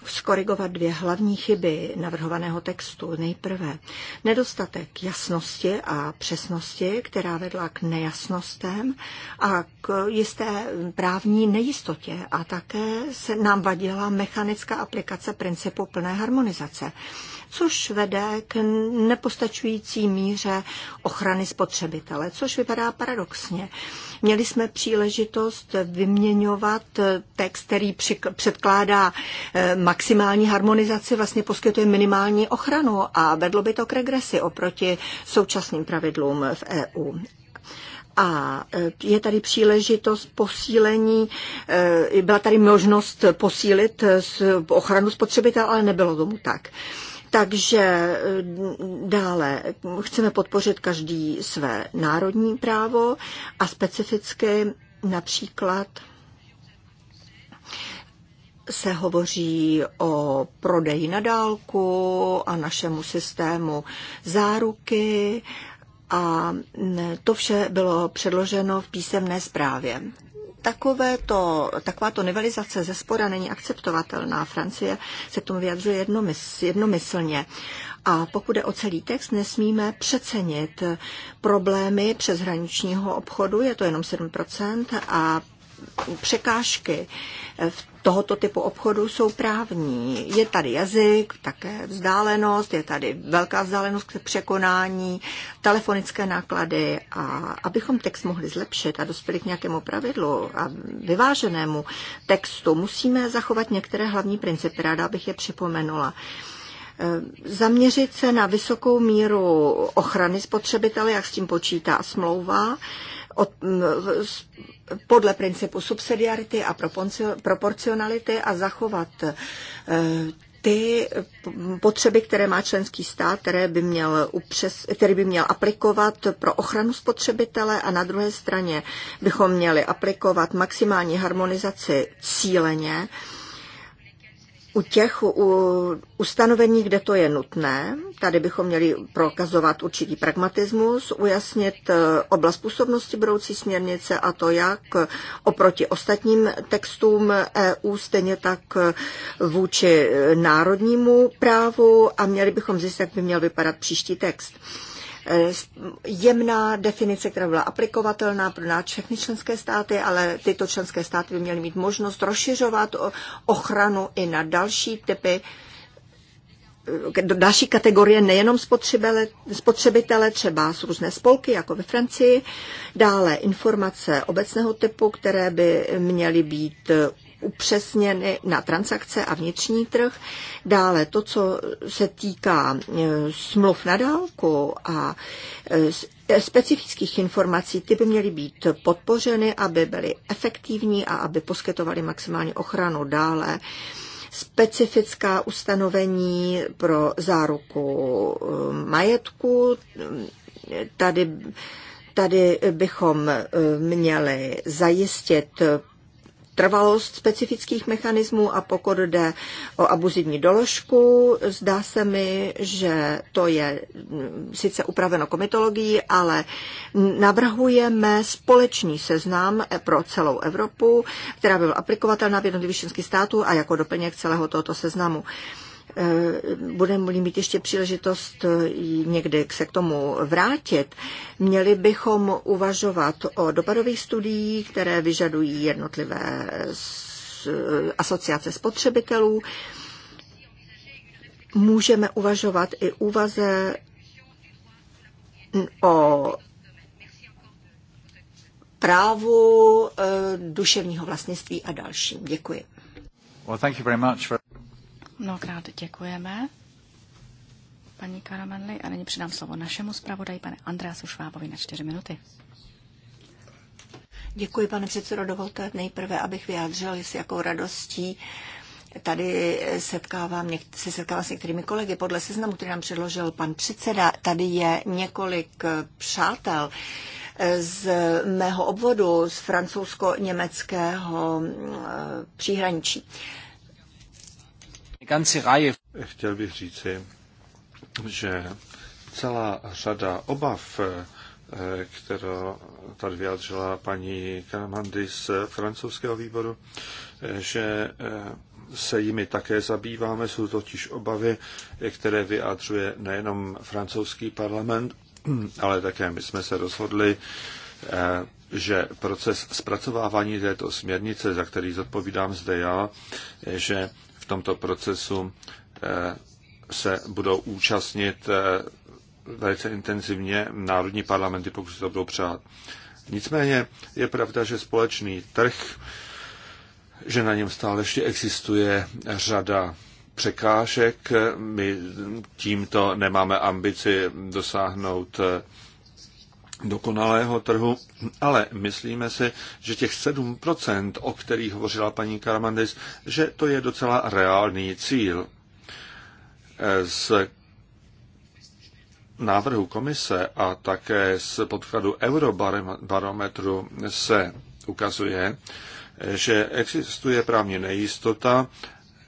skorigovat dvě hlavní chyby navrhovaného textu. Nejprve nedostatek jasnosti a přesnosti, která vedla k nejasnostem a k jisté právní nejistotě a také se nám vadila mechanická aplikace principu plné harmonizace což vede k nepostačující míře ochrany spotřebitele, což vypadá paradoxně. Měli jsme příležitost vyměňovat text, který předkládá eh, maximální harmonizaci, vlastně poskytuje minimální ochranu a vedlo by to k regresi oproti současným pravidlům v EU. A eh, je tady příležitost posílení, eh, byla tady možnost posílit ochranu spotřebitele, ale nebylo tomu tak. Takže eh, dále chceme podpořit každý své národní právo a specificky například se hovoří o prodeji na dálku a našemu systému záruky a to vše bylo předloženo v písemné zprávě takovéto, takováto nivelizace ze spora není akceptovatelná. Francie se k tomu vyjadřuje jednomysl, jednomyslně. A pokud je o celý text, nesmíme přecenit problémy přeshraničního obchodu, je to jenom 7%, a překážky v tohoto typu obchodu jsou právní. Je tady jazyk, také vzdálenost, je tady velká vzdálenost k překonání, telefonické náklady a abychom text mohli zlepšit a dospěli k nějakému pravidlu a vyváženému textu, musíme zachovat některé hlavní principy. Ráda bych je připomenula eh, zaměřit se na vysokou míru ochrany spotřebitele, jak s tím počítá smlouva, od, podle principu subsidiarity a proporcionality a zachovat eh, ty potřeby, které má členský stát, které by měl upřes, který by měl aplikovat pro ochranu spotřebitele a na druhé straně bychom měli aplikovat maximální harmonizaci cíleně, u těch u ustanovení, kde to je nutné, tady bychom měli prokazovat určitý pragmatismus, ujasnit eh, oblast působnosti budoucí směrnice a to jak oproti ostatním textům EU, stejně tak eh, vůči eh, národnímu právu a měli bychom zjistit, jak by měl vypadat příští text. Eh, jemná definice, která byla aplikovatelná pro nás všechny členské státy, ale tyto členské státy by měly mít možnost rozšiřovat ochranu i na další typy do eh, další kategorie nejenom spotřebitele, spotřebitele, třeba z různé spolky, jako ve Francii. Dále informace obecného typu, které by měly být upřesněny na transakce a vnitřní trh. Dále to, co se týká e, smluv na dálku a e, e, specifických informací, ty by měly být podpořeny, aby byly efektivní a aby poskytovaly maximální ochranu dále specifická ustanovení pro záruku majetku. Tady Tady bychom měli zajistit trvalost specifických mechanismů a pokud jde o abuzivní doložku, zdá se mi, že to je mm, sice upraveno komitologií, ale navrhujeme společný seznam pro celou Evropu, která by byla aplikovatelná v jednotlivých členských států a jako doplněk celého tohoto seznamu. Eh, budeme mít ještě příležitost eh, někdy se k tomu vrátit, měli bychom uvažovat o dopadových studiích, které vyžadují jednotlivé eh, asociace spotřebitelů. Můžeme uvažovat i úvaze o právu duševního vlastnictví a dalším. Děkuji. Well, thank you very much for... Mnohokrát děkujeme paní Karamanli a nyní předám slovo našemu zpravodaji, pane Andrásu Švábovi na čtyři minuty. Děkuji, pane předsedo. Dovolte nejprve, abych vyjádřil, s jakou radostí tady setkávám, se setkávám s některými kolegy. Podle seznamu, který nám předložil pan předseda, tady je několik eh, přátel eh, z mého obvodu, z francouzsko-německého eh, příhraničí. Chtěl bych říci, že celá řada obav, eh, kterou tady vyjádřila paní Karamandy z francouzského výboru, eh, že eh, se jimi také zabýváme, jsou totiž obavy, které vyjádřuje nejenom francouzský parlament, *clears throat* ale také my jsme se rozhodli, že proces zpracovávání této směrnice, za který zodpovídám zde já, že tomto procesu eh, se budou účastnit eh, velice intenzivně národní parlamenty, pokud se to budou přát. Nicméně je pravda, že společný trh, že na něm stále ještě existuje řada překážek. My tímto nemáme ambici dosáhnout eh, dokonalého trhu, ale myslíme si, že těch 7%, o kterých hovořila paní Karamandis, že to je docela reálný cíl. Z návrhu komise a také z podkladu Eurobarometru se ukazuje, že existuje právně nejistota,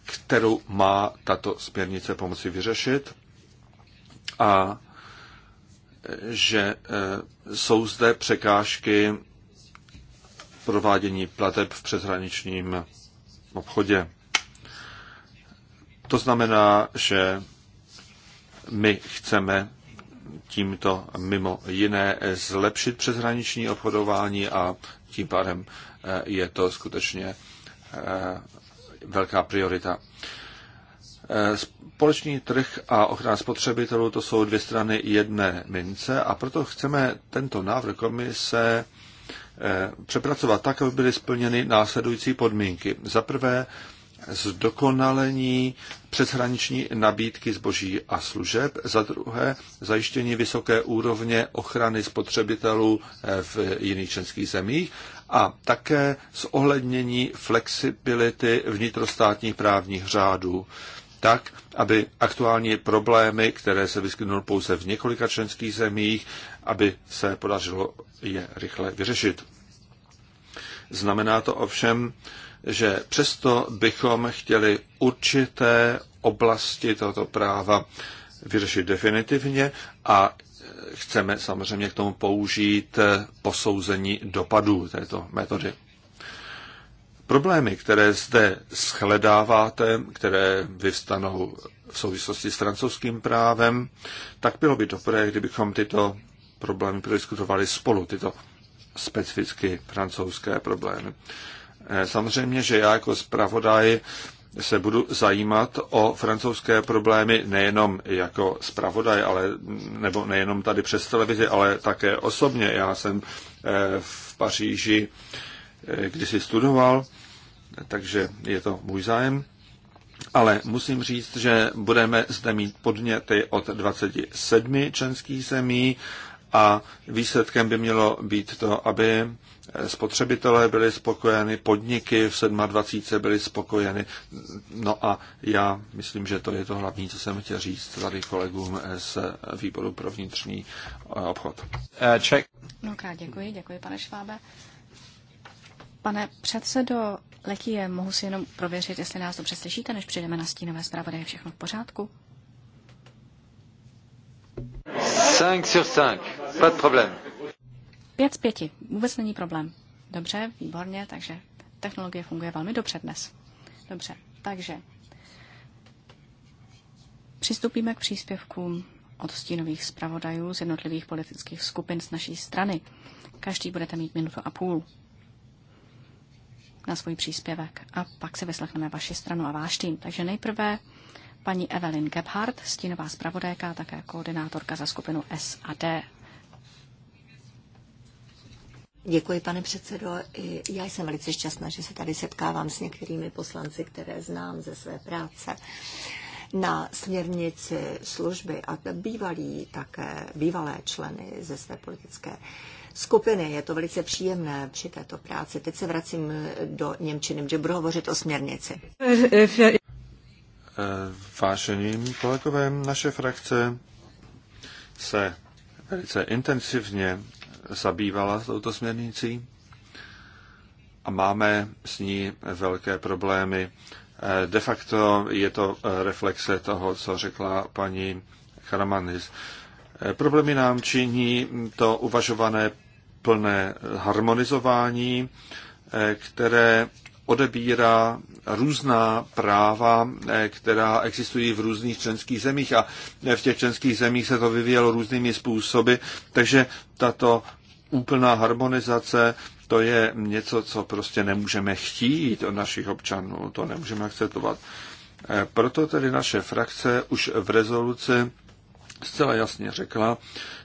kterou má tato směrnice pomoci vyřešit a že e, jsou zde překážky provádění plateb v přeshraničním obchodě. To znamená, že my chceme tímto mimo jiné zlepšit přeshraniční obchodování a tím pádem e, je to skutečně e, velká priorita. Eh, společný trh a ochrana spotřebitelů to jsou dvě strany jedné mince a proto chceme tento návrh komise eh, přepracovat tak, aby byly splněny následující podmínky. Za prvé, zdokonalení přeshraniční nabídky zboží a služeb, za druhé zajištění vysoké úrovně ochrany spotřebitelů eh, v jiných členských zemích a také zohlednění flexibility vnitrostátních právních řádů tak, aby aktuální problémy, které se vyskytnou pouze v několika členských zemích, aby se podařilo je rychle vyřešit. Znamená to ovšem, že přesto bychom chtěli určité oblasti tohoto práva vyřešit definitivně a chceme samozřejmě k tomu použít posouzení dopadů této metody. Problémy, které zde shledáváte, které vyvstanou v souvislosti s francouzským právem, tak bylo by dobré, kdybychom tyto problémy prodiskutovali spolu, tyto specificky francouzské problémy. Eh, samozřejmě, že já jako zpravodaj se budu zajímat o francouzské problémy nejenom jako zpravodaj, ale, nebo nejenom tady přes televizi, ale také osobně. Já jsem eh, v Paříži Eh, kdysi studoval, takže je to můj zájem. Ale musím říct, že budeme zde mít podněty od 27 členských zemí a výsledkem by mělo být to, aby spotřebitelé byli spokojeni, podniky v 27 byly spokojeny. No a já myslím, že to je to hlavní, co jsem chtěl říct tady kolegům z výboru pro vnitřní obchod. Eh, Ček. Mnohokrát děkuji, děkuji pane Švábe. Pane předsedo Lekije, mohu si jenom prověřit, jestli nás dobře slyšíte, než přijdeme na stínové zpravodaje, je všechno v pořádku? 5 sur 5, pas de problème. 5 z 5, vůbec není problém. Dobře, výborně, takže technologie funguje velmi dobře dnes. Dobře, takže přistoupíme k příspěvkům od stínových zpravodajů z jednotlivých politických skupin z naší strany. Každý budete mít minutu a půl na svůj příspěvek a pak si vyslechneme vaši stranu a váš tým. Takže nejprve paní Evelyn Gebhardt, stínová zpravodajka a také koordinátorka za skupinu SAD. Děkuji, pane předsedo. Já jsem velice šťastná, že se tady setkávám s některými poslanci, které znám ze své práce na směrnici služby a bývalí také bývalé členy ze své politické skupiny. Je to velice příjemné při této práci. Teď se vracím do Němčiny, že budu hovořit o směrnici. Vážení kolegové, naše frakce se velice intenzivně zabývala touto směrnicí a máme s ní velké problémy. De facto je to reflexe toho, co řekla paní Karamanis. Problémy nám činí to uvažované plné harmonizování, eh, které odebírá různá práva, eh, která existují v různých členských zemích a eh, v těch členských zemích se to vyvíjelo různými způsoby, takže tato úplná harmonizace to je něco, co prostě nemůžeme chtít od našich občanů, to nemůžeme akceptovat. Proto tedy naše frakce už v rezoluci zcela jasně řekla,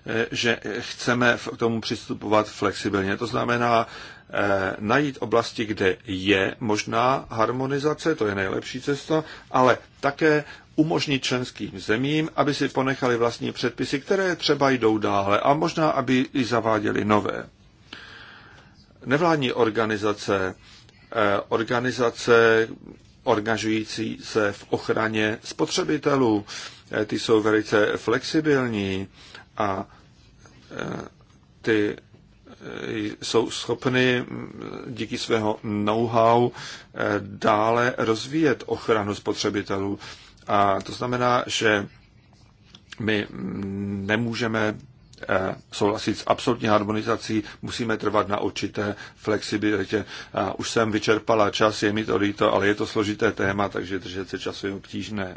eh, že chceme k tomu přistupovat flexibilně. To znamená eh, najít oblasti, kde je možná harmonizace, to je nejlepší cesta, ale také umožnit členským zemím, aby si ponechali vlastní předpisy, které třeba jdou dále a možná, aby i zaváděli nové. Nevládní organizace, eh, organizace organizující se v ochraně spotřebitelů, Eh, ty jsou velice flexibilní a eh, ty eh, jsou schopny mm, díky svého know-how dále rozvíjet ochranu spotřebitelů. A to znamená, že my mm, nemůžeme souhlasit s absolutní harmonizací, musíme trvat na určité flexibilitě. už jsem vyčerpala čas, je mi to líto, ale je to složité téma, takže držet se času je obtížné.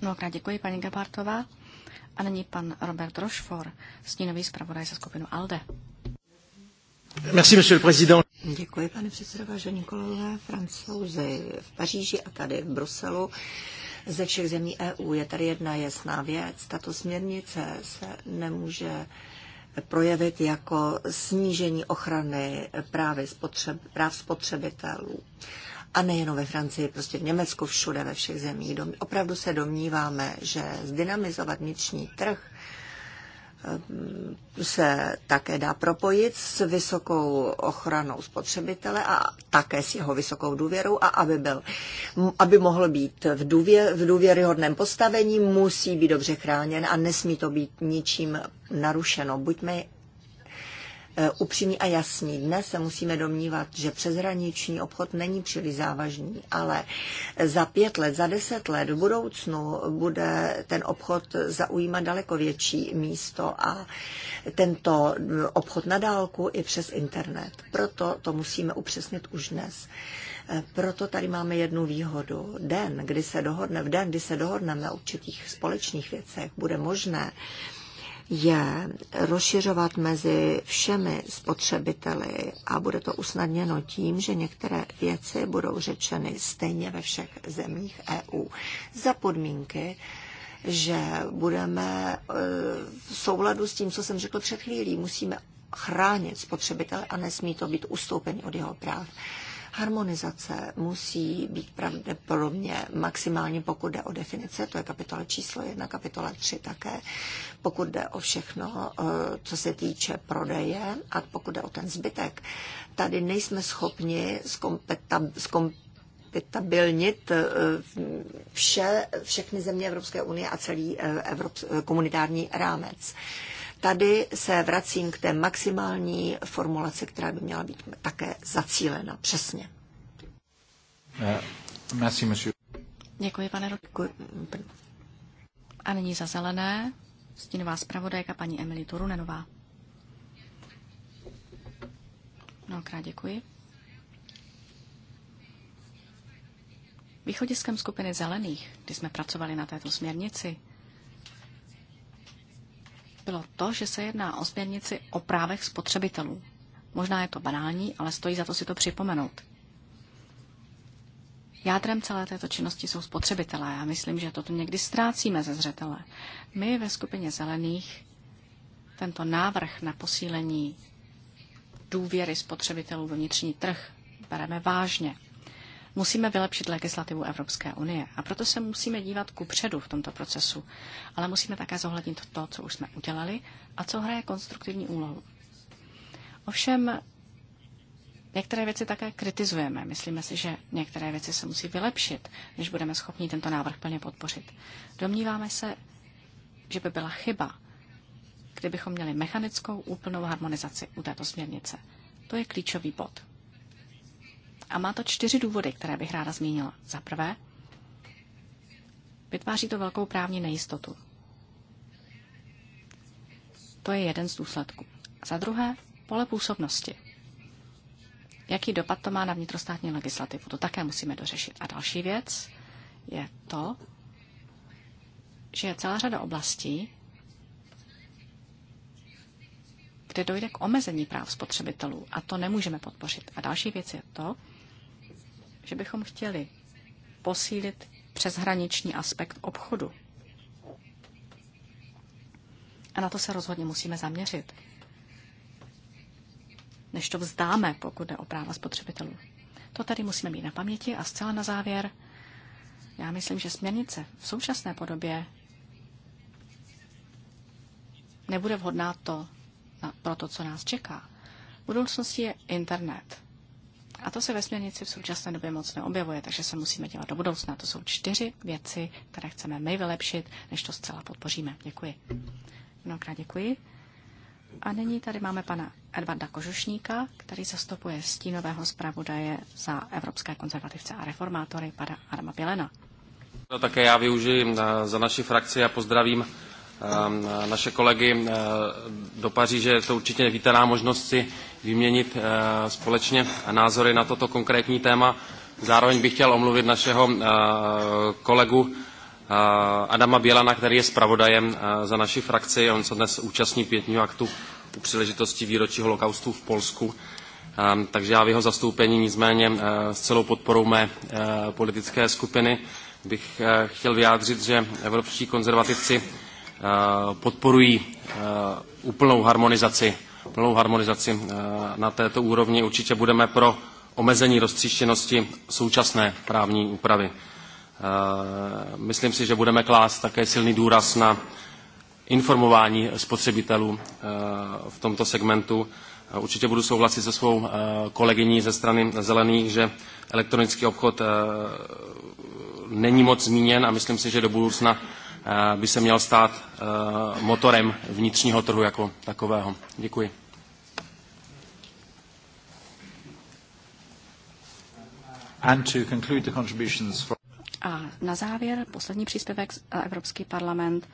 Mnohokrát děkuji, paní Gabartová. A nyní pan Robert Rošfor, stínový zpravodaj za skupinu ALDE. Merci, monsieur le président. Děkuji, pane předsedo, vážení kolegové, francouzi v Paříži a tady v Bruselu ze všech zemí EU. Je tady jedna jasná věc. Tato směrnice se nemůže projevit jako snížení ochrany právy spotřeb, práv spotřebitelů a nejenom ve Francii, prostě v Německu, všude, ve všech zemích. opravdu se domníváme, že zdynamizovat vnitřní trh eh, se také dá propojit s vysokou ochranou spotřebitele a také s jeho vysokou důvěrou a aby, byl, aby mohl být v, důvě, v důvěryhodném postavení, musí být dobře chráněn a nesmí to být ničím narušeno. Buďme Eh, upřímní a jasní. Dnes se musíme domnívat, že přeshraniční obchod není příliš závažný, ale za pět let, za deset let v budoucnu bude ten obchod zaujímat daleko větší místo a tento eh, obchod na dálku i přes internet. Proto to musíme upřesnit už dnes. Eh, proto tady máme jednu výhodu. Den, kdy se dohodne, v den, kdy se dohodneme o určitých společných věcech, bude možné je rozšiřovat mezi všemi spotřebiteli a bude to usnadněno tím, že některé věci budou řečeny stejně ve všech zemích EU za podmínky, že budeme eh, v souladu s tím, co jsem řekl před chvílí, musíme chránit spotřebitele a nesmí to být ustoupení od jeho práv. Harmonizace musí být pravděpodobně maximálně, pokud jde o definice, to je kapitola číslo jedna, kapitola tři také, pokud jde o všechno, eh, co se týče prodeje a pokud jde o ten zbytek. Tady nejsme schopni zkompetabilnit eh, vše, všechny země Evropské unie a celý eh, Evrop, komunitární rámec. Tady se vracím k té maximální formulaci, která by měla být také zacílena přesně. Uh, merci, Děkuji, pane Děkuji. Mm, A nyní za zelené stínová zpravodajka paní Emily Turunenová. Mnohokrát děkuji. Východiskem skupiny zelených, kdy jsme pracovali na této směrnici, bylo to, že se jedná o směrnici o právech spotřebitelů. Možná je to banální, ale stojí za to si to připomenout. Jádrem celé této činnosti jsou spotřebitelé. Já myslím, že toto někdy ztrácíme ze zřetele. My ve skupině zelených tento návrh na posílení důvěry spotřebitelů ve vnitřní trh bereme vážně. Musíme vylepšit legislativu Evropské unie a proto se musíme dívat ku předu v tomto procesu, ale musíme také zohlednit to, co už jsme udělali a co hraje konstruktivní úlohu. Ovšem, Některé věci také kritizujeme. Myslíme si, že některé věci se musí vylepšit, než budeme schopni tento návrh plně podpořit. Domníváme se, že by byla chyba, kdybychom měli mechanickou úplnou harmonizaci u této směrnice. To je klíčový bod. A má to čtyři důvody, které bych ráda zmínila. Za prvé, vytváří to velkou právní nejistotu. To je jeden z důsledků. Za druhé, pole působnosti. Jaký dopad to má na vnitrostátní legislativu? To také musíme dořešit. A další věc je to, že je celá řada oblastí, kde dojde k omezení práv spotřebitelů a to nemůžeme podpořit. A další věc je to, že bychom chtěli posílit přeshraniční aspekt obchodu. A na to se rozhodně musíme zaměřit, než to vzdáme, pokud jde o práva spotřebitelů. To tady musíme mít na paměti a zcela na závěr. Já myslím, že směrnice v současné podobě nebude vhodná to pro to, co nás čeká. V budoucnosti je internet. A to se ve směrnici v současné době moc neobjevuje, takže se musíme dělat do budoucna. To jsou čtyři věci, které chceme my vylepšit, než to zcela podpoříme. Děkuji. Mnohokrát děkuji. A nyní tady máme pana Edvarda Kožušníka, který zastupuje stínového zpravodaje za Evropské konzervativce a reformátory, pana Arma Pilena. Také já využiji eh, za naši frakci a pozdravím Ehm, naše kolegy eh, do Paříže. To určitě vítaná možnost si vyměnit eh, společně názory na toto konkrétní téma. Zároveň bych chtěl omluvit našeho eh, kolegu Adama Bělana, který je zpravodajem za naši frakci. On se dnes účastní pětního aktu u příležitosti výročí holokaustu v Polsku. Ehm, takže já v jeho zastoupení nicméně s celou podporou mé politické skupiny bych chtěl vyjádřit, že evropští konzervativci Eh, podporují eh, úplnou harmonizaci, plnou harmonizaci eh, na této úrovni. Určitě budeme pro omezení roztříštěnosti současné právní úpravy. Myslím si, že budeme klást také silný důraz na informování spotřebitelů v tomto segmentu. Určitě budu souhlasit se svou kolegyní ze strany zelených, že elektronický obchod není moc zmíněn a myslím si, že do budoucna Eh, by se měl stát eh, motorem vnitřního trhu jako takového. Děkuji. And to conclude the contributions for... A na závěr poslední příspěvek eh, Evropský parlament,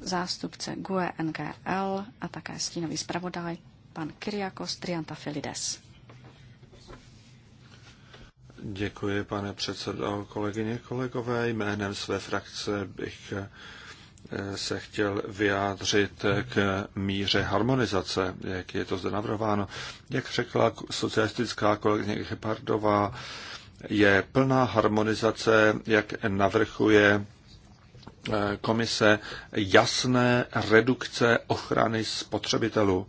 zástupce GUE NGL a také stínový zpravodaj pan Kyriakos Triantafilides. Děkuji, pane předsedo, kolegyně, kolegové. Jménem své frakce bych eh, se chtěl vyjádřit eh, k míře harmonizace, jak je to zde navrhováno. Jak řekla socialistická kolegyně Gebardová, je plná harmonizace, jak navrhuje eh, komise, jasné redukce ochrany spotřebitelů.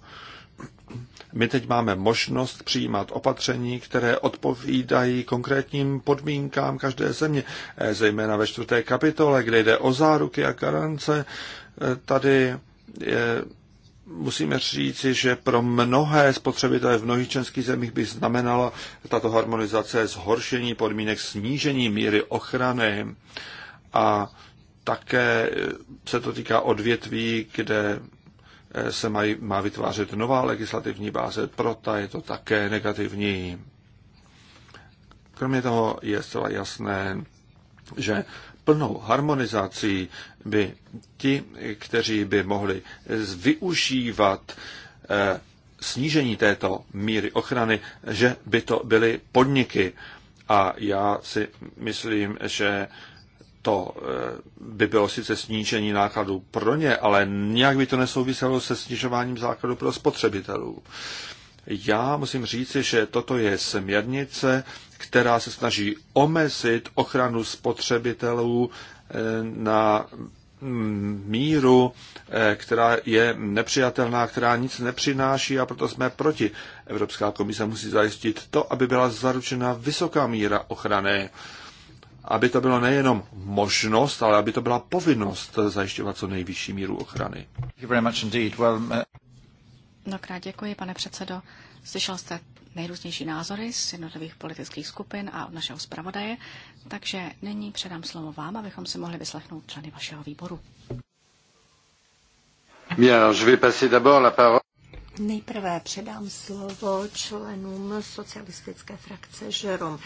My teď máme možnost přijímat opatření, které odpovídají konkrétním podmínkám každé země, eh, zejména ve čtvrté kapitole, kde jde o záruky a garance. Eh, tady je, eh, musíme říci, že pro mnohé spotřebitele v mnohých českých zemích by znamenala tato harmonizace zhoršení podmínek, snížení míry ochrany a také se to týká odvětví, kde se mají, má vytvářet nová legislativní báze, proto je to také negativní. Kromě toho je zcela jasné, že plnou harmonizací by ti, kteří by mohli využívat eh, snížení této míry ochrany, že by to byly podniky. A já si myslím, že to eh, by bylo sice snížení nákladů pro ně, ale nějak by to nesouviselo se snižováním základů pro spotřebitelů. Já musím říci, že toto je směrnice, která se snaží omezit ochranu spotřebitelů eh, na mm, míru, eh, která je nepřijatelná, která nic nepřináší a proto jsme proti. Evropská komise musí zajistit to, aby byla zaručena vysoká míra ochrany aby to bylo nejenom možnost, ale aby to byla povinnost zajišťovat co nejvyšší míru ochrany. Uh, krát děkuji, pane předsedo. Slyšel jste nejrůznější názory z jednotlivých politických skupin a od našeho zpravodaje, takže nyní předám slovo vám, abychom si mohli vyslechnout členy vašeho výboru. Bien, je vais passer d'abord la parole. Nejprve předám slovo členům socialistické frakce Žerom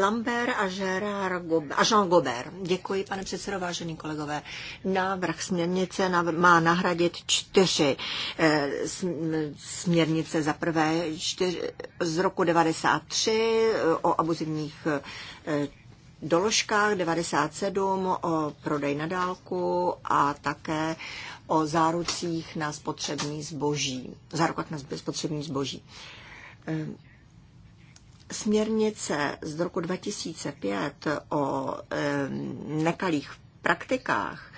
Lambert a, Gerard Gober, a Jean Gobert. Děkuji, pane předsedo, vážení kolegové. Návrh směrnice má nahradit čtyři eh, směrnice. Za prvé z roku 93 eh, o abuzivních eh, doložkách 97 o prodej na dálku a také o zárucích na spotřební zboží, zárukách na spotřební zboží. Ehm, směrnice z roku 2005 o ehm, nekalých praktikách,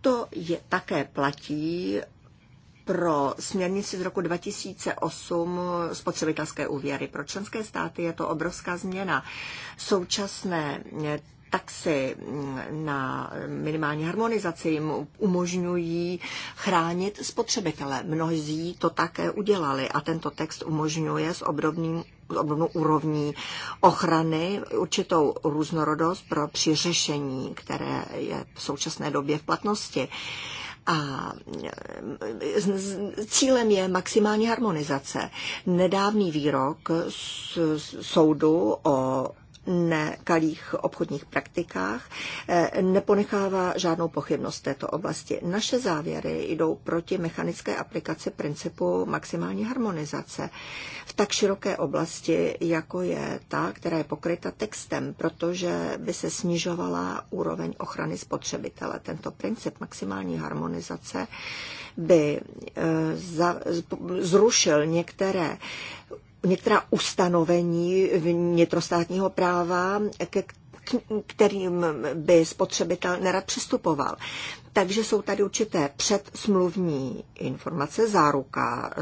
to je také platí pro směrnici z roku 2008 spotřebitelské úvěry. Pro členské státy je to obrovská změna. Současné taxi mm, na minimální harmonizaci jim umožňují chránit spotřebitele. Mnozí to také udělali a tento text umožňuje s obdobným obdobnou úrovní ochrany, určitou různorodost pro přiřešení, které je v současné době v platnosti. A cílem je maximální harmonizace. Nedávný výrok soudu o nekalých obchodních praktikách, eh, neponechává žádnou pochybnost této oblasti. Naše závěry jdou proti mechanické aplikaci principu maximální harmonizace v tak široké oblasti, jako je ta, která je pokryta textem, protože by se snižovala úroveň ochrany spotřebitele. Tento princip maximální harmonizace by eh, zrušil některé některá ustanovení vnitrostátního práva, ke kterým by spotřebitel nerad přistupoval. Takže jsou tady určité předsmluvní informace, záruka,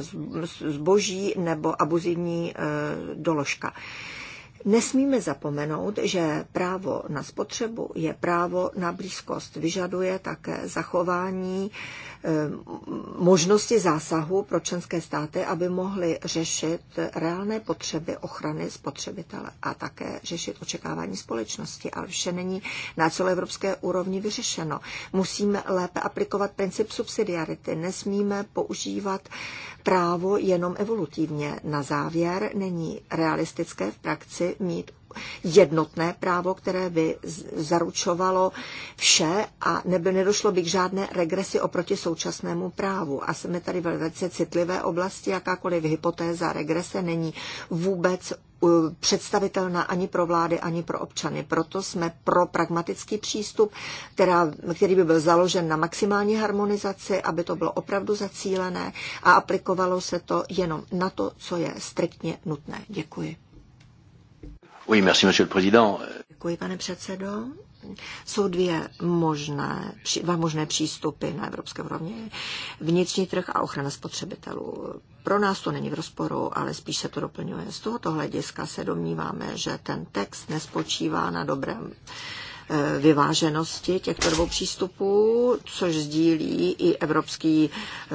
zboží nebo abuzivní eh, doložka. Nesmíme zapomenout, že právo na spotřebu je právo na blízkost. Vyžaduje také zachování Eh, možnosti zásahu pro členské státy, aby mohly řešit reálné potřeby ochrany spotřebitele a také řešit očekávání společnosti. Ale vše není na celoevropské úrovni vyřešeno. Musíme lépe aplikovat princip subsidiarity. Nesmíme používat právo jenom evolutivně. Na závěr není realistické v praxi mít jednotné právo, které by zaručovalo vše a neby nedošlo by k žádné regresi oproti současnému právu. A jsme tady ve velice citlivé oblasti, jakákoliv hypotéza regrese není vůbec představitelná ani pro vlády, ani pro občany. Proto jsme pro pragmatický přístup, která, který by byl založen na maximální harmonizaci, aby to bylo opravdu zacílené a aplikovalo se to jenom na to, co je striktně nutné. Děkuji. Oui, merci, monsieur le président. Děkuji, pane předsedo. Jsou dvě možné, dva možné přístupy na evropské úrovni. Vnitřní trh a ochrana spotřebitelů. Pro nás to není v rozporu, ale spíš se to doplňuje. Z tohoto hlediska se domníváme, že ten text nespočívá na dobrém Eh, vyváženosti těchto dvou přístupů, což sdílí i Evropský eh,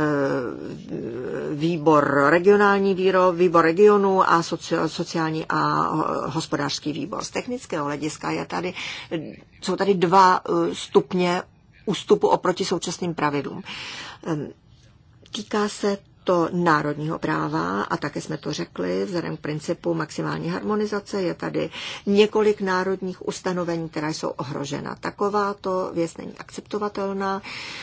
výbor regionální výro, výbor regionu a sociální a hospodářský výbor. Z technického hlediska je tady, jsou tady dva eh, stupně ústupu oproti současným pravidlům. Ehm, týká se to národního práva a také jsme to řekli, vzhledem k principu maximální harmonizace je tady několik národních ustanovení, která jsou ohrožena. taková to, věc není akceptovatelná.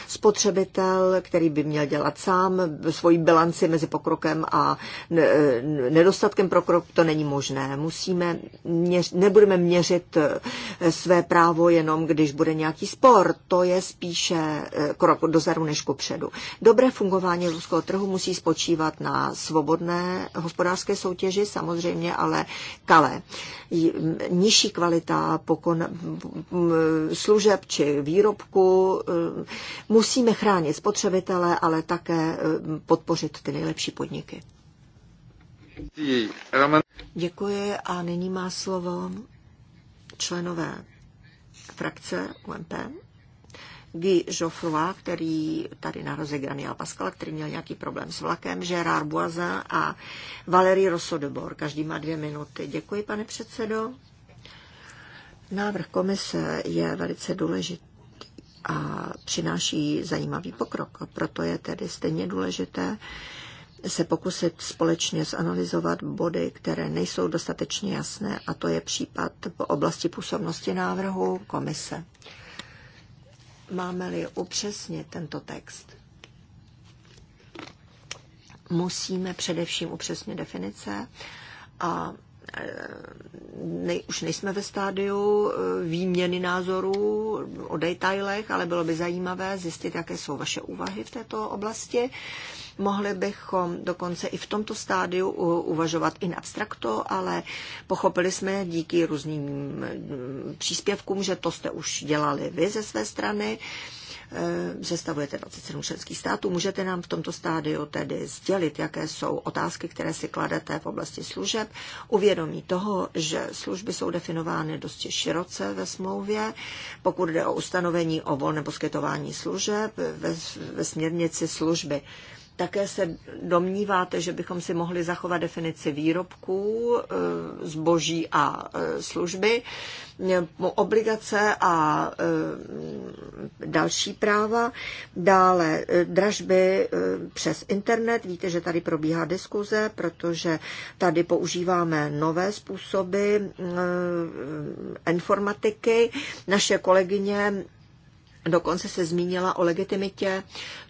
Spotřebitel, který by měl dělat sám svoji bilanci mezi pokrokem a e, nedostatkem pokroku, to není možné. Musíme, měř, nebudeme měřit e, své právo jenom, když bude nějaký spor. To je spíše e, krok dozadu než kupředu. Dobré fungování ruského trhu musí spočívat na svobodné hospodářské soutěži, samozřejmě, ale kale. Nižší kvalita pokon, služeb či výrobku. Musíme chránit spotřebitele, ale také podpořit ty nejlepší podniky. Děkuji a nyní má slovo členové frakce UMP. Guy Geoffroy, který tady na Daniel Pascal, který měl nějaký problém s vlakem, Gérard Boisin a Valérie Rosodobor. Každý má dvě minuty. Děkuji, pane předsedo. Návrh komise je velice důležitý a přináší zajímavý pokrok. Proto je tedy stejně důležité se pokusit společně zanalizovat body, které nejsou dostatečně jasné, a to je případ v oblasti působnosti návrhu komise máme-li upřesnit tento text, musíme především upřesnit definice a Eh, ne, už nejsme ve stádiu eh, výměny názorů o detailech, ale bylo by zajímavé zjistit, jaké jsou vaše úvahy v této oblasti. Mohli bychom dokonce i v tomto stádiu uvažovat in abstracto, ale pochopili jsme díky různým eh, příspěvkům, že to jste už dělali vy ze své strany. Zestavujete eh, 27 členských států. Můžete nám v tomto stádiu tedy sdělit, jaké jsou otázky, které si kladete v oblasti služeb. Uvědomí toho, že služby jsou definovány dosti široce ve smlouvě. Pokud jde o ustanovení o volné poskytování služeb ve, ve směrnici služby také se domníváte, že bychom si mohli zachovat definici výrobků, eh, zboží a eh, služby, obligace a eh, další práva, dále dražby přes internet. Víte, že tady probíhá diskuze, protože tady používáme nové způsoby informatiky. Naše kolegyně Dokonce se zmínila o legitimitě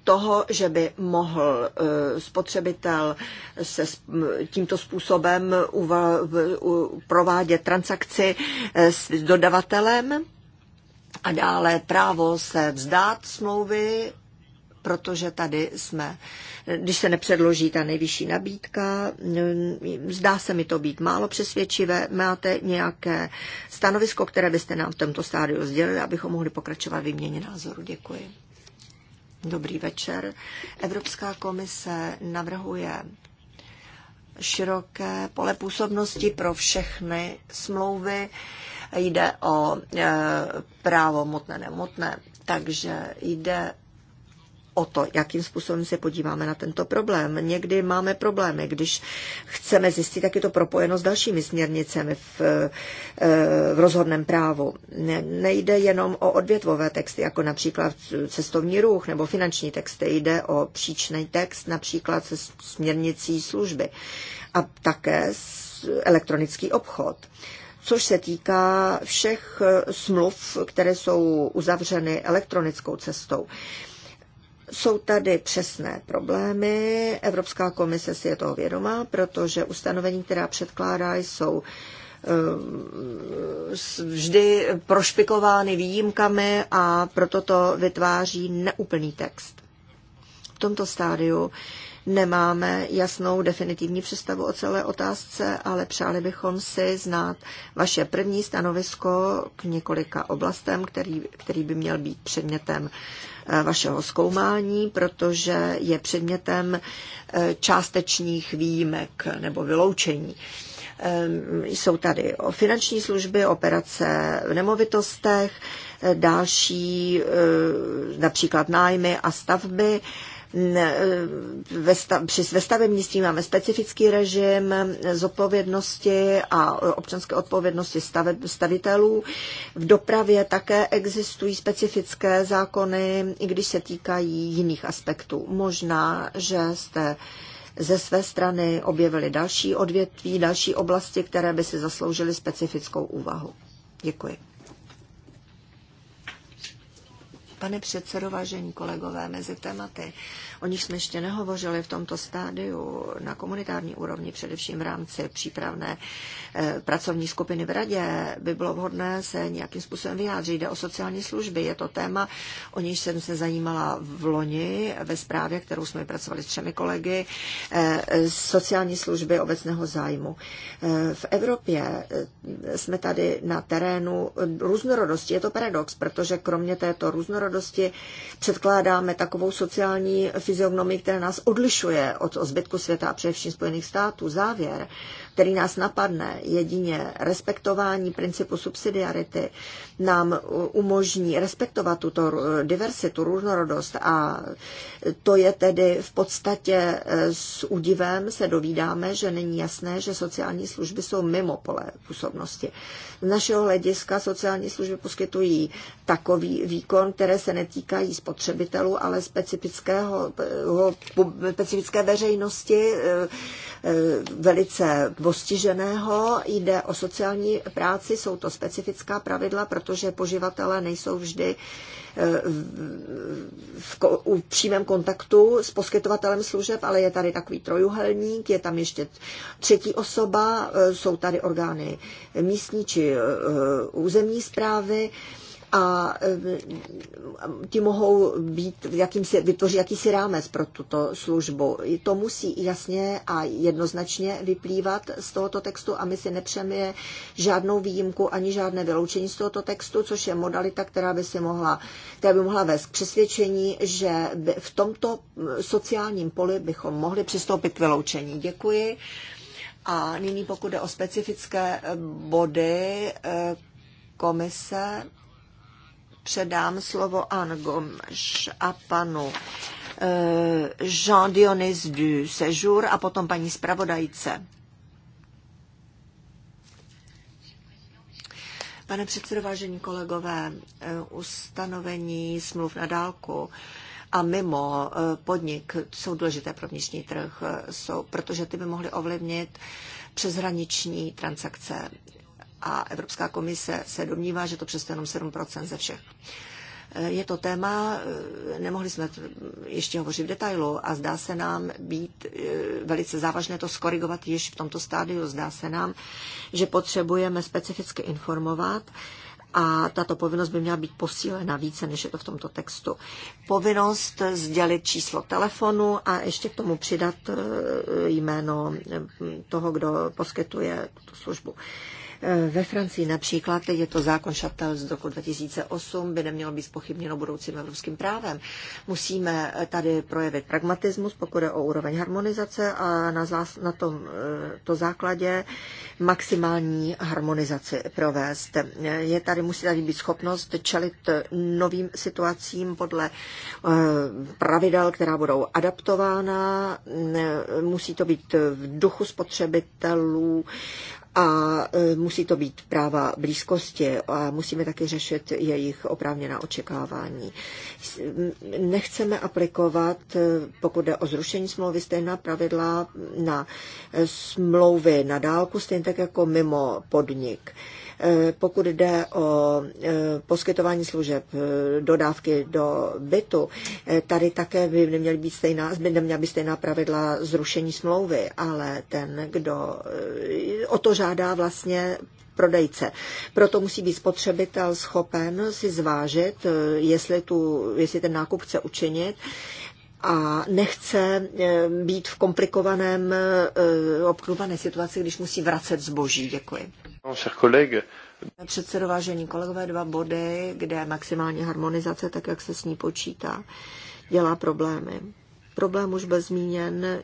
toho, že by mohl eh, spotřebitel se tímto způsobem provádět transakci eh, s dodavatelem a dále právo se vzdát smlouvy protože tady jsme, když se nepředloží ta nejvyšší nabídka, zdá se mi to být málo přesvědčivé. Máte nějaké stanovisko, které byste nám v tomto stádiu sdělili, abychom mohli pokračovat v výměně názoru. Děkuji. Dobrý večer. Evropská komise navrhuje široké pole působnosti pro všechny smlouvy. Jde o e, právo motné nemotné, takže jde o to, jakým způsobem se podíváme na tento problém. Někdy máme problémy, když chceme zjistit, jak je to propojeno s dalšími směrnicemi v, eh, v rozhodném právu. Ne, nejde jenom o odvětvové texty, jako například cestovní ruch nebo finanční texty. Jde o příčný text, například se směrnicí služby a také elektronický obchod což se týká všech eh, smluv, které jsou uzavřeny elektronickou cestou. Jsou tady přesné problémy, Evropská komise si je toho vědomá, protože ustanovení, která předkládá, jsou eh, vždy prošpikovány výjimkami a proto to vytváří neúplný text. V tomto stádiu nemáme jasnou definitivní představu o celé otázce, ale přáli bychom si znát vaše první stanovisko k několika oblastem, který, který by měl být předmětem uh, Eh, vašeho zkoumání, protože je předmětem eh, částečných výjimek nebo vyloučení. Ehm, jsou tady o finanční služby, operace v nemovitostech, eh, další například nájmy a stavby Eh, ve stav, při ve stavebnictví máme specifický režim zodpovědnosti a občanské odpovědnosti staveb, stavitelů. V dopravě také existují specifické zákony, i když se týkají jiných aspektů. Možná, že jste ze své strany objevili další odvětví, další oblasti, které by si zasloužily specifickou úvahu. Děkuji. Pane předsedo, vážení kolegové, mezi tématy, o nich jsme ještě nehovořili v tomto stádiu na komunitární úrovni, především v rámci přípravné eh, pracovní skupiny v radě, by bylo vhodné se nějakým způsobem vyjádřit. Jde o sociální služby. Je to téma, o níž jsem se zajímala v loni ve zprávě, kterou jsme pracovali s třemi kolegy, eh, sociální služby obecného zájmu. Eh, v Evropě jsme tady na terénu různorodosti. Je to paradox, protože kromě této různorodosti radosti předkládáme takovou sociální fyziognomii, která nás odlišuje od zbytku světa a především Spojených států. Závěr který nás napadne. Jedině respektování principu subsidiarity nám umožní respektovat tuto diversitu, různorodost a to je tedy v podstatě e, s udivem se dovídáme, že není jasné, že sociální služby jsou mimo pole působnosti. Z našeho hlediska sociální služby poskytují takový výkon, které se netýkají spotřebitelů, ale specifického, e, specifické veřejnosti, e, Eh, velice postiženého. Jde o sociální práci, jsou to specifická pravidla, protože poživatelé nejsou vždy eh, v, v, v přímém kontaktu s poskytovatelem služeb, ale je tady takový trojuhelník, je tam ještě třetí osoba, eh, jsou tady orgány místní či územní zprávy. Uh, a e, ti mohou být, jakým si, vytvořit jakýsi rámec pro tuto službu. To musí jasně a jednoznačně vyplývat z tohoto textu a my si nepřemije žádnou výjimku ani žádné vyloučení z tohoto textu, což je modalita, která by, si mohla, která by mohla vést k přesvědčení, že v tomto sociálním poli bychom mohli přistoupit k vyloučení. Děkuji. A nyní pokud jde o specifické body e, komise, předám slovo Anne Gomes a panu eh, Jean Dionis du Sejour a potom paní zpravodajce. Pane předsedo, vážení kolegové, eh, ustanovení smluv na dálku a mimo eh, podnik jsou důležité pro vnitřní trh, jsou, protože ty by mohly ovlivnit přeshraniční transakce a Evropská komise se domnívá, že to přesto jenom 7% ze všech. Je to téma, eh, nemohli jsme ještě hovořit v detailu a zdá se nám být eh, velice závažné to skorigovat již v tomto stádiu. Zdá se nám, že potřebujeme specificky informovat a tato povinnost by měla být posílena více, než je to v tomto textu. Povinnost sdělit číslo telefonu a ještě k tomu přidat eh, jméno toho, kdo poskytuje tuto službu. Eh, ve Francii například, teď je to zákon Chatel z roku 2008, by nemělo být spochybněno budoucím evropským právem. Musíme eh, tady projevit pragmatismus, pokud je o úroveň harmonizace a na, zás, na tom eh, to základě maximální harmonizaci provést. Je tady, musí tady být schopnost čelit novým situacím podle pravidel, která budou adaptována. Musí to být v duchu spotřebitelů a e, musí to být práva blízkosti a musíme taky řešit jejich oprávněná očekávání. Nechceme aplikovat, e, pokud jde o zrušení smlouvy, stejná pravidla na e, smlouvy na dálku, stejně tak jako mimo podnik. Eh, pokud jde o eh, poskytování služeb, eh, dodávky do bytu, tady také by neměly být stejná, by neměla být stejná pravidla zrušení smlouvy, ale ten, kdo o to žádá vlastně prodejce. Proto musí být spotřebitel schopen si zvážit, jestli, tu, jestli ten nákup chce učinit a nechce být v komplikovaném, obklubané situaci, když musí vracet zboží. Děkuji. No, předsedo, vážení kolegové, dva body, kde maximální harmonizace, tak jak se s ní počítá, dělá problémy. Problém už byl zmíněn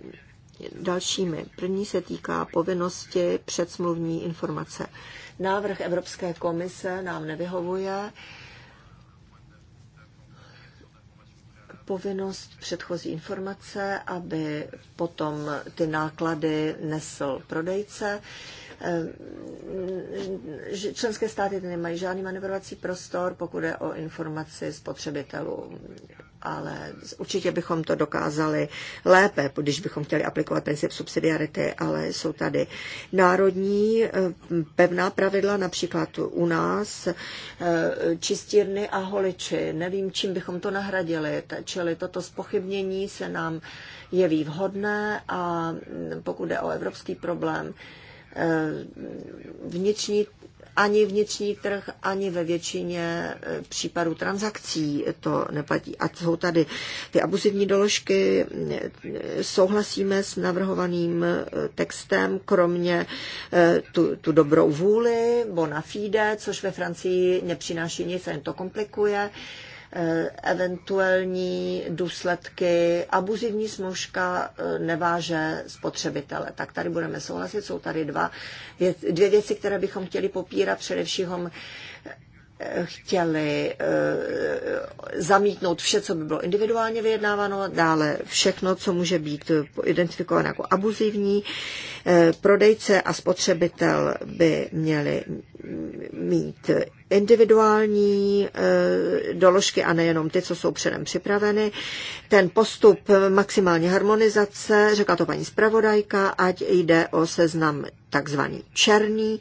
dalšími. První se týká povinnosti předsmluvní informace. Návrh Evropské komise nám nevyhovuje. povinnost předchozí informace, aby potom ty náklady nesl prodejce. Eh, že členské státy nemají žádný manevrovací prostor, pokud je o informaci spotřebitelů. Ale určitě bychom to dokázali lépe, když bychom chtěli aplikovat princip subsidiarity, ale jsou tady národní eh, pevná pravidla, například u nás eh, čistírny a holiči. Nevím, čím bychom to nahradili, čili toto spochybnění se nám jeví vhodné a pokud je o evropský problém, Eh, vnitřní, ani vnitřní trh, ani ve většině eh, případů transakcí to neplatí. A jsou tady ty abuzivní doložky, eh, souhlasíme s navrhovaným textem, kromě tu, tu dobrou vůli, bona fide, což ve Francii nepřináší nic, jen to komplikuje. Eh, eventuální důsledky abuzivní smožka eh, neváže spotřebitele. Tak tady budeme souhlasit, jsou tady dva, dvě věci, které bychom chtěli popírat, především eh, chtěli zamítnout vše, co by bylo individuálně vyjednáváno, dále všechno, co může být identifikováno jako abuzivní. Prodejce a spotřebitel by měli mít individuální eh, doložky a nejenom ty, co jsou předem připraveny. Ten postup maximální harmonizace, řekla to paní zpravodajka, ať jde o seznam takzvaný černý,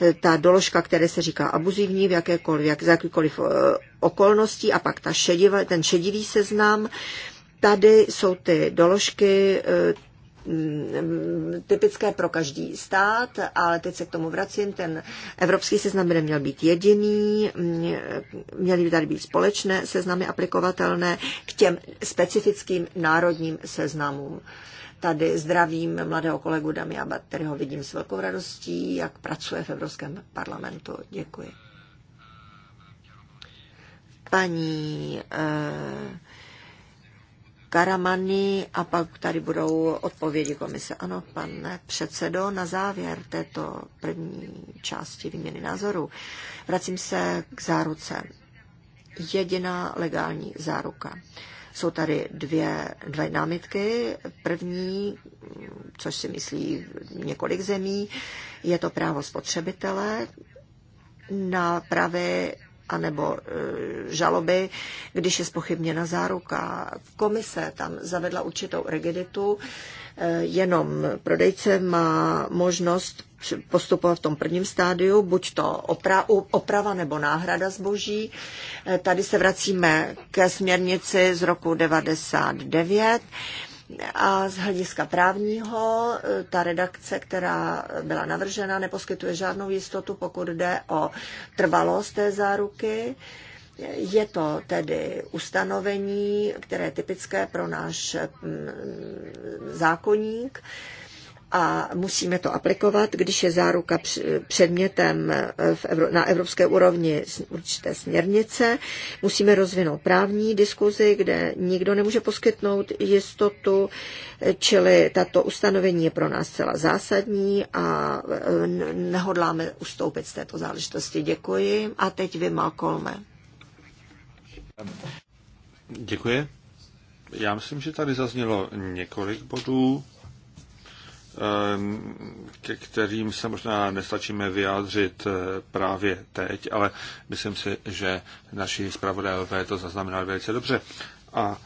eh, ta doložka, které se říká abuzivní v jakékoliv, jak, jakýkoliv eh, okolností a pak ta šediva, ten šedivý seznam, Tady jsou ty doložky, Mm, typické pro každý stát, ale teď se k tomu vracím, ten evropský seznam by neměl být jediný, mm, měly by tady být společné seznamy aplikovatelné k těm specifickým národním seznamům. Tady zdravím mladého kolegu Damiaba, kterého vidím s velkou radostí, jak pracuje v Evropském parlamentu. Děkuji. Paní eh, Karamany a pak tady budou odpovědi komise. Ano, pane předsedo, na závěr této první části výměny názorů vracím se k záruce. Jediná legální záruka. Jsou tady dvě, dvě námitky. První, což si myslí několik zemí, je to právo spotřebitele na právě anebo e, žaloby, když je spochybněna záruka. Komise tam zavedla určitou rigiditu, e, jenom prodejce má možnost postupovat v tom prvním stádiu, buď to opra- oprava nebo náhrada zboží. E, tady se vracíme ke směrnici z roku 99 a z hlediska právního, e, ta redakce, která byla navržena, neposkytuje žádnou jistotu, pokud jde o trvalost té záruky. Je to tedy ustanovení, které je typické pro náš mm, zákoník a musíme to aplikovat, když je záruka předmětem eh, na evropské úrovni určité směrnice. Musíme rozvinout právní diskuzi, kde nikdo nemůže poskytnout jistotu, eh, čili tato ustanovení je pro nás celá zásadní a eh, nehodláme ustoupit z této záležitosti. Děkuji. A teď vy, Malcolme. Děkuji. Já myslím, že tady zaznělo několik bodů Ehm, ke kterým se možná nestačíme vyjádřit eh, právě teď, ale myslím si, že naši zpravodajové to zaznamenali velice dobře. A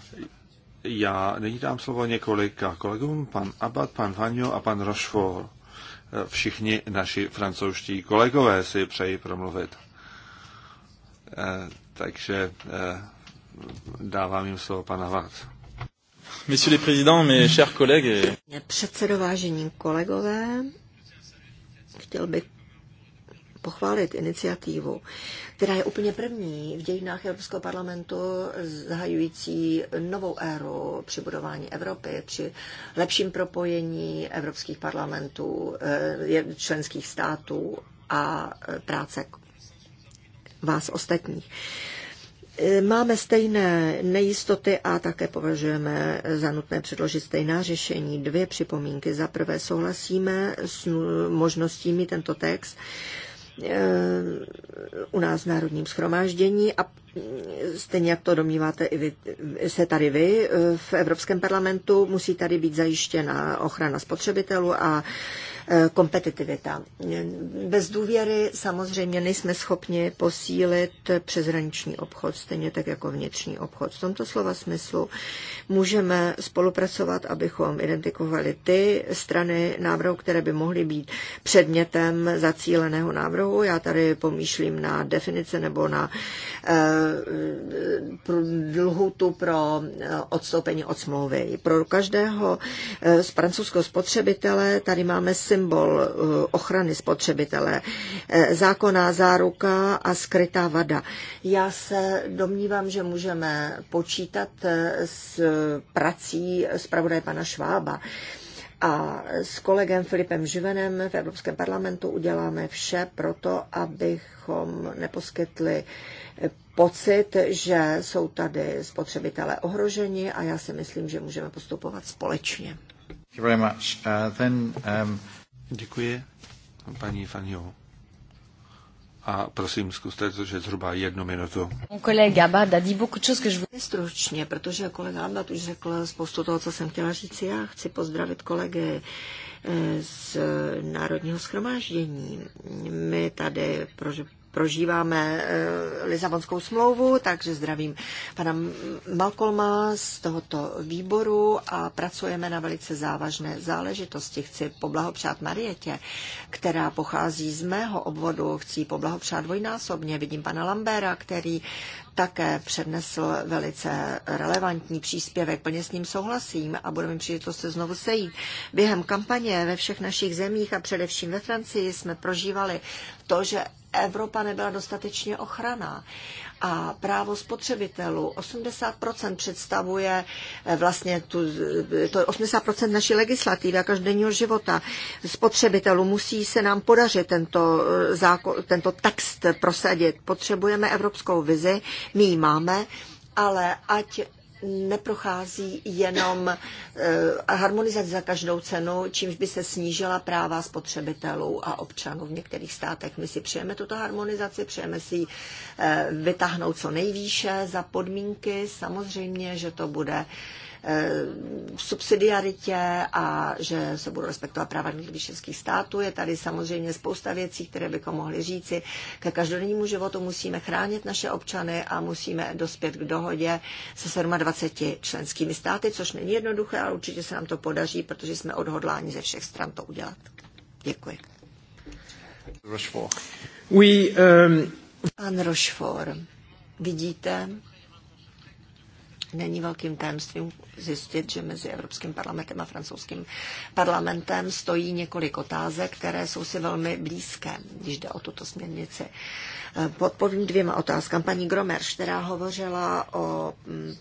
já nyní dám slovo několika kolegům, pan Abad, pan Vanjo a pan Rochefort. Eh, všichni naši francouzští kolegové si přeji promluvit. Eh, takže dávám jim slovo pana Vác messieurs les mes chers collègues. Et... Předsedo, vážení kolegové, chtěl bych pochválit iniciativu, která je úplně první v dějinách Evropského parlamentu, zahajující novou éru při budování Evropy, při lepším propojení evropských parlamentů, eh, členských států a eh, práce vás ostatních. Máme stejné nejistoty a také považujeme za nutné předložit stejná řešení. Dvě připomínky. Za prvé souhlasíme s možností mít tento text eh, u nás v Národním schromáždění a mm, stejně jak to domníváte i vy, se tady vy eh, v Evropském parlamentu, musí tady být zajištěna ochrana spotřebitelů a Eh, kompetitivita. Bez důvěry samozřejmě nejsme schopni posílit přeshraniční obchod, stejně tak jako vnitřní obchod. V tomto slova smyslu můžeme spolupracovat, abychom identifikovali ty strany návrhu, které by mohly být předmětem zacíleného návrhu. Já tady pomýšlím na definice nebo na eh, lhutu pro eh, odstoupení od smlouvy. Pro každého z francouzského spotřebitele tady máme symbol eh, ochrany spotřebitele, eh, zákonná záruka a skrytá vada. Já se domnívám, že můžeme počítat eh, s prací zpravodaje pana Švába a s kolegem Filipem Živenem v Evropském parlamentu uděláme vše pro to, abychom neposkytli pocit, že jsou tady spotřebitelé ohroženi a já si myslím, že můžeme postupovat společně. Thank you very much. Uh, then, um... Děkuji, paní Fanjo. A prosím, zkuste to, že zhruba jednu minutu. Kolega Abad dí beaucoup chose, que je vous... Stručně, protože kolega Abad už řekl spoustu toho, co jsem chtěla říct. Já chci pozdravit kolegy eh, z Národního schromáždění. My tady prožíváme eh, Lisabonskou smlouvu, takže zdravím pana Malcolma z tohoto výboru a pracujeme na velice závažné záležitosti. Chci poblahopřát Marietě, která pochází z mého obvodu. Chci poblahopřát dvojnásobně. Vidím pana Lambera, který také přednesl velice relevantní příspěvek. Plně s ním souhlasím a budeme to se znovu sejít. Během kampaně ve všech našich zemích a především ve Francii jsme prožívali to, že Evropa nebyla dostatečně ochrana a právo spotřebitelů. 80% představuje eh, vlastně tu, eh, to 80% naší legislativy a každodenního života spotřebitelů. Musí se nám podařit tento, eh, zákon, tento text prosadit. Potřebujeme evropskou vizi, my ji máme, ale ať neprochází jenom eh, harmonizace za každou cenu, čímž by se snížila práva spotřebitelů a občanů v některých státech. My si přejeme tuto harmonizaci, přejeme si ji eh, vytáhnout co nejvýše za podmínky. Samozřejmě, že to bude Eh, subsidiaritě a že se budou respektovat práva jednotlivých států. Je tady samozřejmě spousta věcí, které bychom mohli říci. Ke každodennímu životu musíme chránit naše občany a musíme dospět k dohodě se 27 členskými státy, což není jednoduché, ale určitě se nám to podaří, protože jsme odhodláni ze všech stran to udělat. Děkuji. Rochefort. Oui, um... Pan Rochefort, vidíte, Není velkým tajemstvím zjistit, že mezi Evropským parlamentem a francouzským parlamentem stojí několik otázek, které jsou si velmi blízké, když jde o tuto směrnici. Podpovím eh, dvěma otázkám. Paní Gromerš, která hovořila o mm,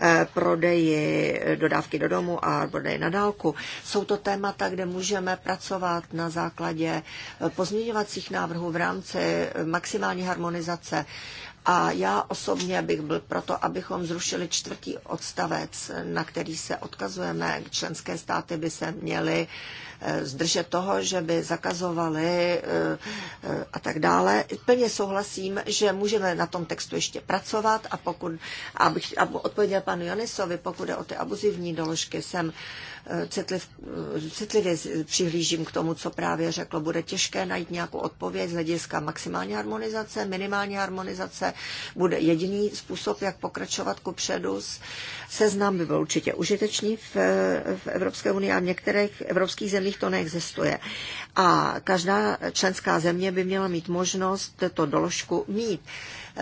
eh, prodeji dodávky do domu a prodeji na dálku. Jsou to témata, kde můžeme pracovat na základě eh, pozměňovacích návrhů v rámci maximální harmonizace a já osobně bych byl proto, abychom zrušili čtvrtý odstavec, na který se odkazujeme. Členské státy by se měly uh, Eh, zdržet toho, že by zakazovali eh, eh, a tak dále. Plně souhlasím, že můžeme na tom textu ještě pracovat a pokud, abych odpověděl panu Janisovi, pokud je o ty abuzivní doložky, jsem citliv, citlivě přihlížím k tomu, co právě řeklo, Bude těžké najít nějakou odpověď z hlediska maximální harmonizace, minimální harmonizace. Bude jediný způsob, jak pokračovat ku předu. Seznam by byl určitě užitečný v, v Evropské unii a v některých evropských zemích kterých to neexistuje. A každá členská země by měla mít možnost tuto doložku mít.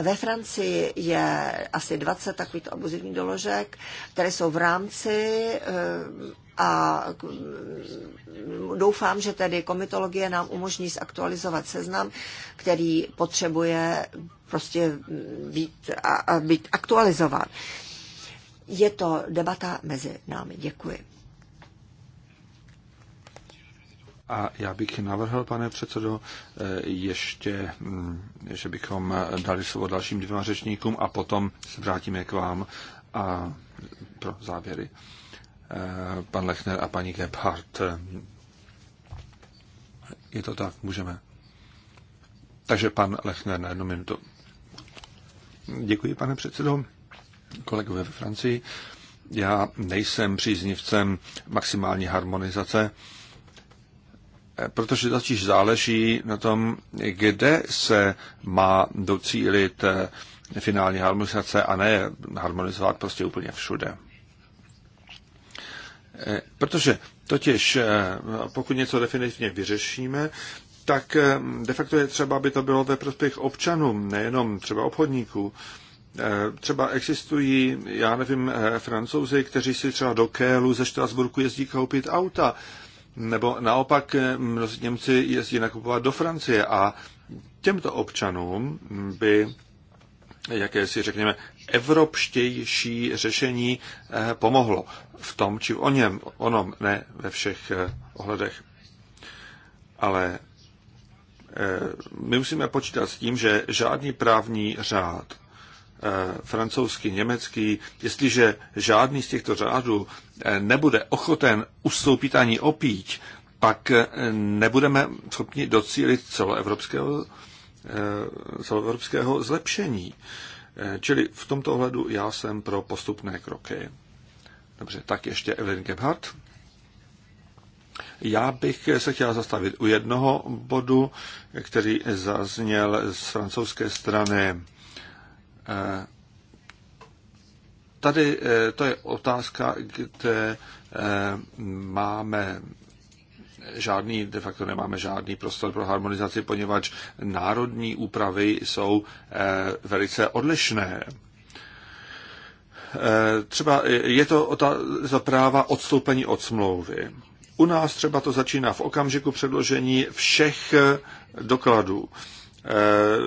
Ve Francii je asi 20 takových abuzivních doložek, které jsou v rámci eh, a mm, doufám, že tedy komitologie nám umožní zaktualizovat seznam, který potřebuje prostě být, a, a být aktualizován. Je to debata mezi námi. Děkuji. A já bych navrhl, pane předsedo, eh, ještě, mm, že bychom dali slovo dalším dvěma řečníkům a potom se vrátíme k vám a pro závěry. Eh, pan Lechner a paní Gebhardt. Je to tak, můžeme. Takže pan Lechner na jednu minutu. Děkuji, pane předsedo. Kolegové ve Francii, já nejsem příznivcem maximální harmonizace, protože totiž záleží na tom, kde se má docílit eh, finální harmonizace a ne harmonizovat prostě úplně všude. Eh, protože totiž, eh, pokud něco definitivně vyřešíme, tak de facto je třeba, aby to bylo ve prospěch občanů, nejenom třeba obchodníků. Třeba existují, já nevím, francouzi, kteří si třeba do Kélu ze Štrasburku jezdí koupit auta. Nebo naopak eh, mnozí Němci jezdí nakupovat do Francie a těmto občanům by jakési, řekněme, evropštější řešení eh, pomohlo v tom či o něm, onom, ne ve všech eh, ohledech. Ale my musíme počítat s tím, že žádný právní řád, francouzský, německý, jestliže žádný z těchto řádů nebude ochoten ustoupit ani opíť, pak eh, nebudeme schopni docílit celoevropského, eh, celoevropského zlepšení. Eh, čili v tomto ohledu já jsem pro postupné kroky. Dobře, tak ještě Evelyn Gebhardt. Já bych se chtěla zastavit u jednoho bodu, který zazněl z francouzské strany. Tady eh, to je otázka, kde eh, máme žádný, de facto nemáme žádný prostor pro harmonizaci, poněvadž národní úpravy jsou eh, velice odlišné. Třeba je to za práva odstoupení od smlouvy. U nás třeba to začíná v okamžiku předložení všech dokladů.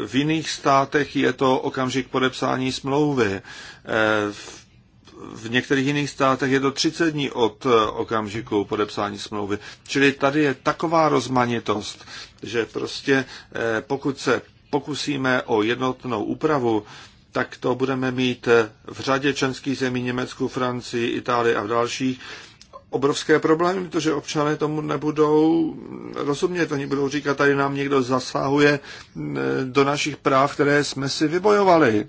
V jiných státech je to okamžik podepsání smlouvy. V v některých jiných státech je to 30 dní od eh, okamžiku podepsání smlouvy. Čili tady je taková rozmanitost, že prostě eh, pokud se pokusíme o jednotnou úpravu, tak to budeme mít eh, v řadě členských zemí, Německu, Francii, Itálii a v dalších, obrovské problémy, protože občané tomu nebudou rozumět. Oni budou říkat, tady nám někdo zasahuje do našich práv, které jsme si vybojovali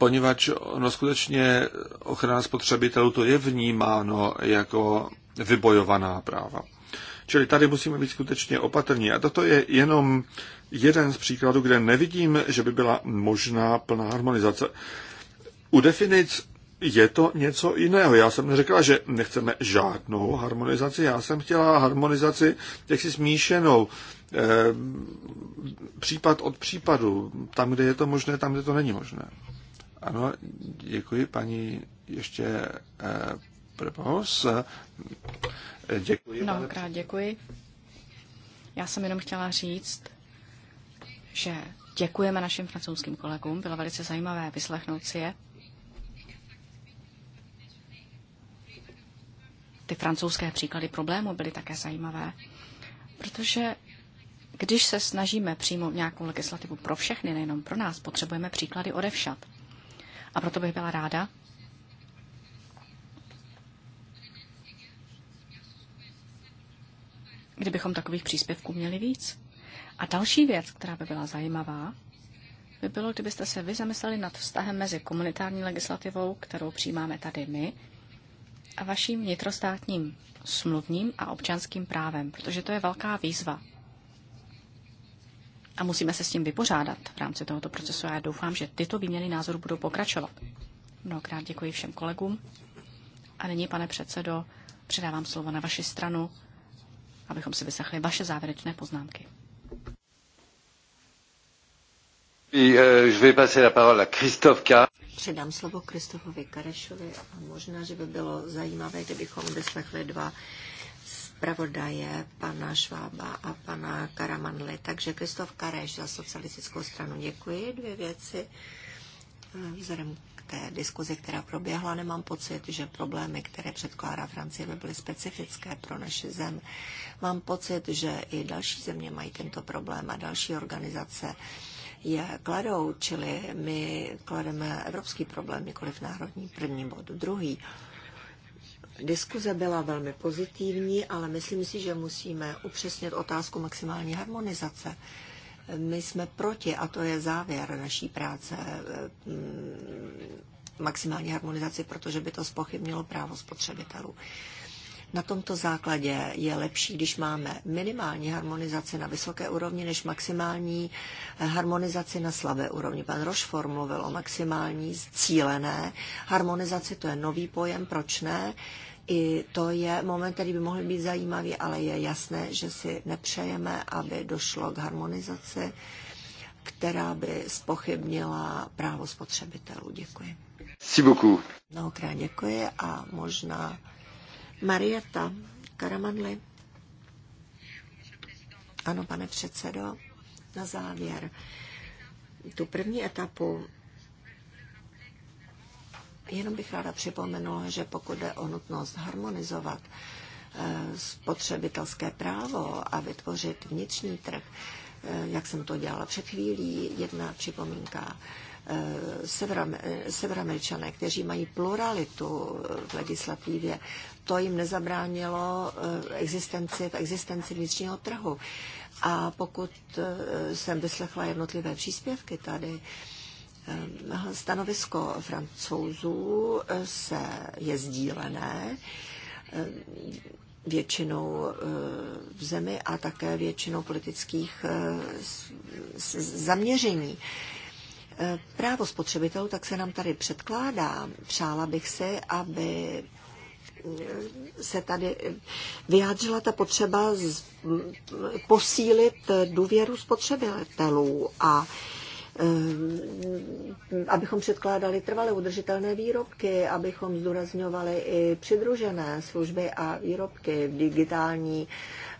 poněvadž ono skutečně ochrana spotřebitelů to je vnímáno jako vybojovaná práva. Čili tady musíme být skutečně opatrní. A toto je jenom jeden z příkladů, kde nevidím, že by byla možná plná harmonizace. U definic je to něco jiného. Já jsem neřekla, že nechceme žádnou harmonizaci, já jsem chtěla harmonizaci jaksi smíšenou. Eh, případ od případu, tam, kde je to možné, tam, kde to není možné. Ano, děkuji paní ještě eh, Prepos. Děkuji. Mnohokrát děkuji. Já jsem jenom chtěla říct, že děkujeme našim francouzským kolegům. Bylo velice zajímavé vyslechnout si je. Ty francouzské příklady problému byly také zajímavé, protože když se snažíme přijmout nějakou legislativu pro všechny, nejenom pro nás, potřebujeme příklady odevšat. A proto bych byla ráda, kdybychom takových příspěvků měli víc. A další věc, která by byla zajímavá, by bylo, kdybyste se vy zamysleli nad vztahem mezi komunitární legislativou, kterou přijímáme tady my, a vaším vnitrostátním smluvním a občanským právem, protože to je velká výzva a musíme se s tím vypořádat v rámci tohoto procesu a já doufám, že tyto výměny názorů budou pokračovat. Mnohokrát děkuji všem kolegům a nyní, pane předsedo, předávám slovo na vaši stranu, abychom si vyslechli vaše závěrečné poznámky. Euh, Předám slovo Kristofovi Karešovi a možná, že by bylo zajímavé, kdybychom vyslechli dva zpravodaje pana Švába a pana Karamanly. Takže Kristof Kareš za socialistickou stranu děkuji. Dvě věci. Vzhledem k té diskuzi, která proběhla, nemám pocit, že problémy, které předkládá Francie, by byly specifické pro naši zem. Mám pocit, že i další země mají tento problém a další organizace je kladou, čili my klademe evropský problém, nikoliv národní první bod. Druhý, Diskuze byla velmi pozitivní, ale myslím si, že musíme upřesnit otázku maximální harmonizace. My jsme proti, a to je závěr naší práce, mm, maximální harmonizaci, protože by to spochybnilo právo spotřebitelů. Na tomto základě je lepší, když máme minimální harmonizaci na vysoké úrovni, než maximální harmonizaci na slabé úrovni. Pan Rochefort mluvil o maximální cílené harmonizaci, to je nový pojem, proč ne? I to je moment, který by mohl být zajímavý, ale je jasné, že si nepřejeme, aby došlo k harmonizaci, která by spochybnila právo spotřebitelů. Děkuji. Merci beaucoup. Mnohokrát děkuji a možná Marieta Karamanli. Ano, pane předsedo, na závěr. Tu první etapu Jenom bych ráda připomenula, že pokud jde o nutnost harmonizovat eh, spotřebitelské právo a vytvořit vnitřní trh, eh, jak jsem to dělala před chvílí, jedna připomínka. Eh, severameričané, kteří mají pluralitu v legislativě, to jim nezabránilo existenci, v existenci vnitřního trhu. A pokud jsem vyslechla jednotlivé příspěvky tady, Ehm, stanovisko francouzů eh, se je sdílené ehm, většinou eh, v zemi a také většinou politických eh, zaměření. Právo spotřebitelů, tak se nám tady předkládá. Přála bych si, aby se tady vyjádřila ta potřeba posílit důvěru spotřebitelů a Ehm, abychom předkládali trvale udržitelné výrobky, abychom zdůrazňovali i přidružené služby a výrobky v digitální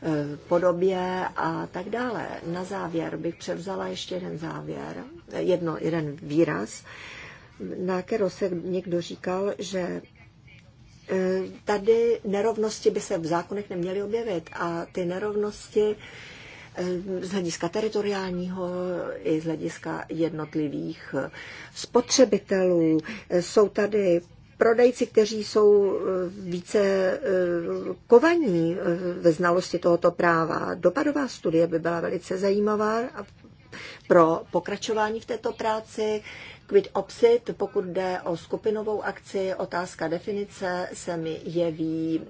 ehm, podobě a tak dále. Na závěr bych převzala ještě jeden závěr, jedno, jeden výraz. Na se někdo říkal, že ehm, tady nerovnosti by se v zákonech neměly objevit a ty nerovnosti Eh, z hlediska teritoriálního i z hlediska jednotlivých eh, spotřebitelů. Eh, jsou tady prodejci, kteří jsou více kovaní ve znalosti tohoto práva. Dopadová studie by byla velice zajímavá pro pokračování v této práci. Quid opsit, pokud jde o skupinovou akci, otázka definice se mi jeví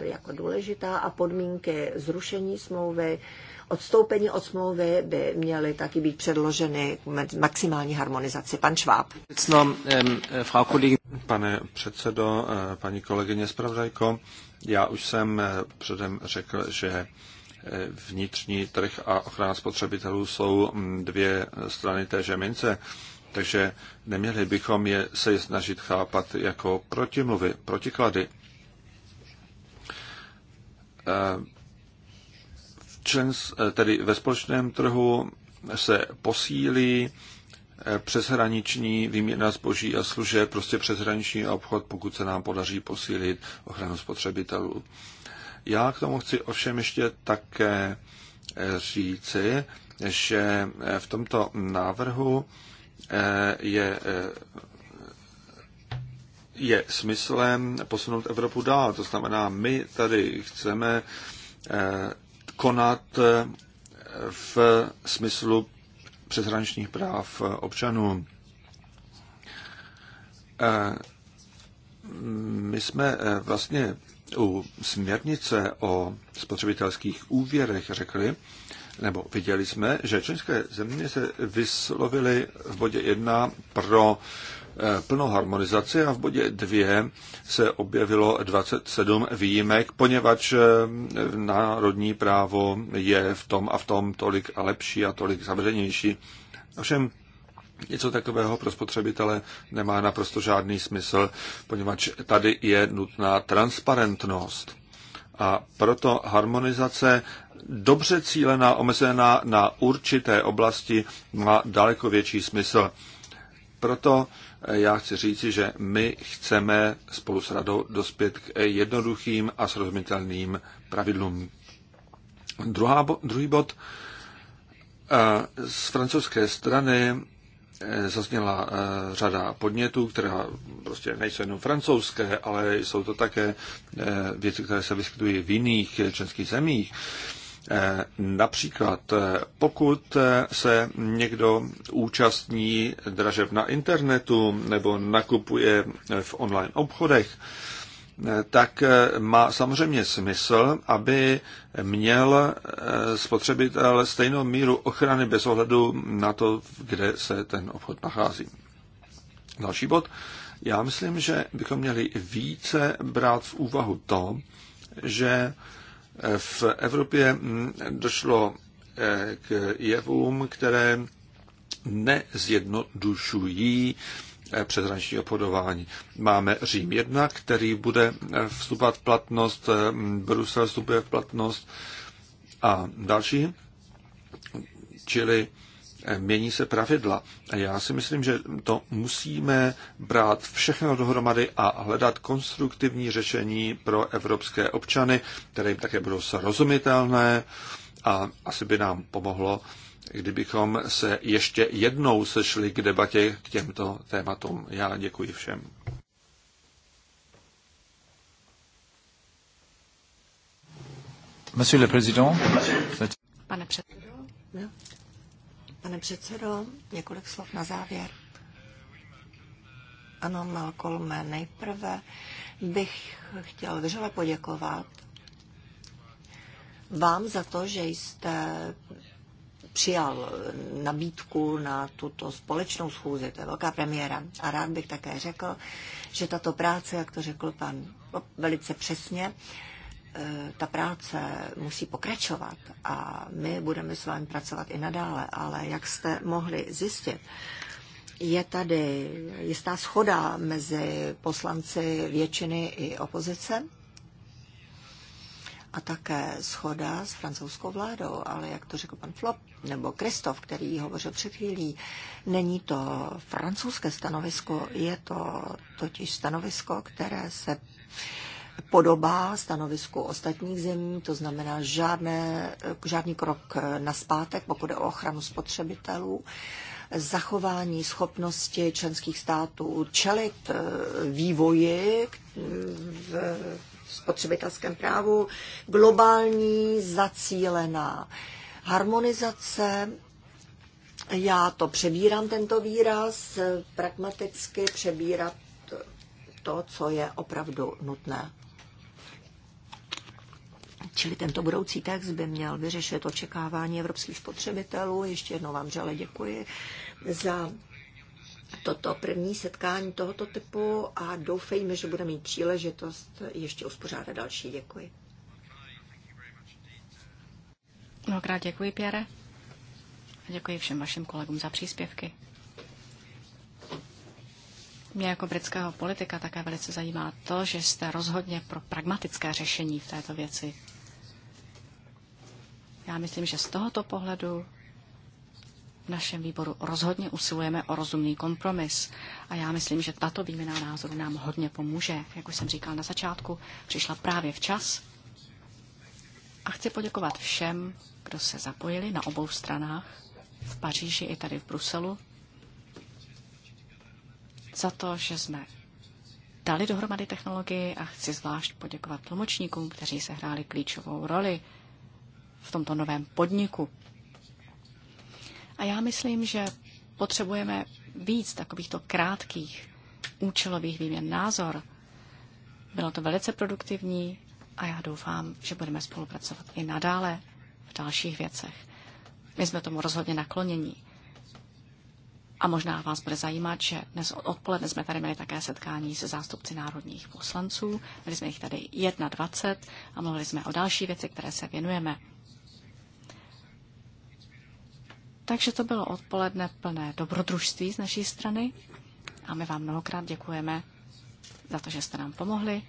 jako důležitá a podmínky zrušení smlouvy odstoupení od smlouvy by měly taky být předloženy k maximální harmonizaci. Pan Šváb. Pane předsedo, eh, paní kolegyně Spravdajko, já už jsem eh, předem řekl, že eh, vnitřní trh a ochrana spotřebitelů jsou mm, dvě strany téže mince, takže neměli bychom je se snažit chápat jako protimluvy, protiklady člens, eh, tedy ve společném trhu se posílí eh, přeshraniční výměna zboží a služeb, prostě přeshraniční obchod, pokud se nám podaří posílit ochranu spotřebitelů. Já k tomu chci ovšem ještě také eh, říci, že v tomto návrhu je, je smyslem posunout Evropu dál. To znamená, my tady chceme konat eh, v smyslu přeshraničních práv eh, občanů. Eh, my jsme vlastně u směrnice o spotřebitelských úvěrech řekli, nebo viděli jsme, že české země se vyslovily v bodě 1 pro plnou harmonizaci a v bodě 2 se objevilo 27 výjimek, poněvadž eh, národní právo je v tom a v tom tolik a lepší a tolik zavřenější. Ovšem něco takového pro spotřebitele nemá naprosto žádný smysl, poněvadž tady je nutná transparentnost. A proto harmonizace dobře cílená, omezená na určité oblasti má daleko větší smysl. Proto já chci říci, že my chceme spolu s radou dospět k jednoduchým a srozumitelným pravidlům. Druhá, druhý bod. Eh, z francouzské strany eh, zazněla eh, řada podnětů, které prostě nejsou jenom francouzské, ale jsou to také věci, které se vyskytují v jiných členských zemích. Eh, například eh, pokud eh, se někdo účastní dražeb na internetu nebo nakupuje v online obchodech, tak má samozřejmě smysl, aby měl spotřebitel stejnou míru ochrany bez ohledu na to, kde se ten obchod nachází. Další bod. Já myslím, že bychom měli více brát v úvahu to, že v Evropě mm, došlo eh, k jevům, které nezjednodušují eh, přeshraniční obchodování. Máme Řím 1, který bude eh, vstupovat v platnost, Brusel vstupuje v platnost a další. Čili mění se pravidla. Já si myslím, že to musíme brát všechno dohromady a hledat konstruktivní řešení pro evropské občany, které jim také budou srozumitelné a asi by nám pomohlo, kdybychom se ještě jednou sešli k debatě k těmto tématům. Já děkuji všem. Monsieur le Président. Pane předsedo. Pane předsedo, několik slov na závěr. Ano, Malcolme, nejprve bych chtěl vřele poděkovat vám za to, že jste přijal nabídku na tuto společnou schůzi. To je velká premiéra. A rád bych také řekl, že tato práce, jak to řekl pan no, velice přesně, Eh, ta práce musí pokračovat a my budeme s vámi pracovat i nadále, ale jak jste mohli zjistit, je tady jistá schoda mezi poslanci většiny i opozice a také schoda s francouzskou vládou, ale jak to řekl pan Flop nebo Kristof, který hovořil před chvílí, není to francouzské stanovisko, je to totiž stanovisko, které se podobá stanovisku ostatních zemí, to znamená žádné, žádný krok na zpátek, pokud je o ochranu spotřebitelů, zachování schopnosti členských států čelit eh, vývoji v spotřebitelském právu, globální zacílená harmonizace já to přebírám, tento výraz, eh, pragmaticky přebírat to, co je opravdu nutné. Čili tento budoucí text by měl vyřešit očekávání evropských spotřebitelů. Ještě jednou vám žele děkuji za toto první setkání tohoto typu a doufejme, že bude mít příležitost ještě uspořádat další. Děkuji. Mnohokrát děkuji, Pěre. A děkuji všem vašim kolegům za příspěvky. Mě jako britského politika také velice zajímá to, že jste rozhodně pro pragmatické řešení v této věci já myslím, že z tohoto pohledu v našem výboru rozhodně usilujeme o rozumný kompromis. A já myslím, že tato výměna názorů nám hodně pomůže. Jak už jsem říkal na začátku, přišla právě včas. A chci poděkovat všem, kdo se zapojili na obou stranách, v Paříži i tady v Bruselu, za to, že jsme dali dohromady technologii a chci zvlášť poděkovat tlumočníkům, kteří se hráli klíčovou roli v tomto novém podniku. A já myslím, že potřebujeme víc takovýchto krátkých účelových výměn názor. Bylo to velice produktivní a já doufám, že budeme spolupracovat i nadále v dalších věcech. My jsme tomu rozhodně naklonění. A možná vás bude zajímat, že dnes odpoledne jsme tady měli také setkání se zástupci národních poslanců. Měli jsme jich tady 21 a mluvili jsme o další věci, které se věnujeme. Takže to bylo odpoledne plné dobrodružství z naší strany a my vám mnohokrát děkujeme za to, že jste nám pomohli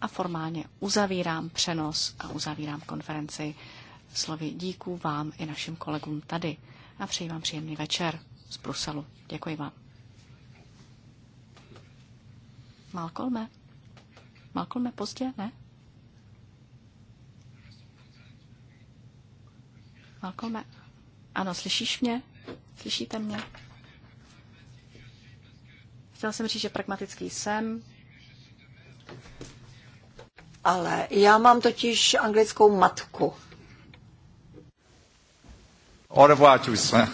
a formálně uzavírám přenos a uzavírám konferenci slovy díků vám i našim kolegům tady a přeji vám příjemný večer z Bruselu. Děkuji vám. Malcolme? Malcolme, pozdě, ne? Malcolme, ano, slyšíš mě? Slyšíte mě? Chtěl jsem říct, že pragmatický jsem. Ale já mám totiž anglickou matku. Au revoir,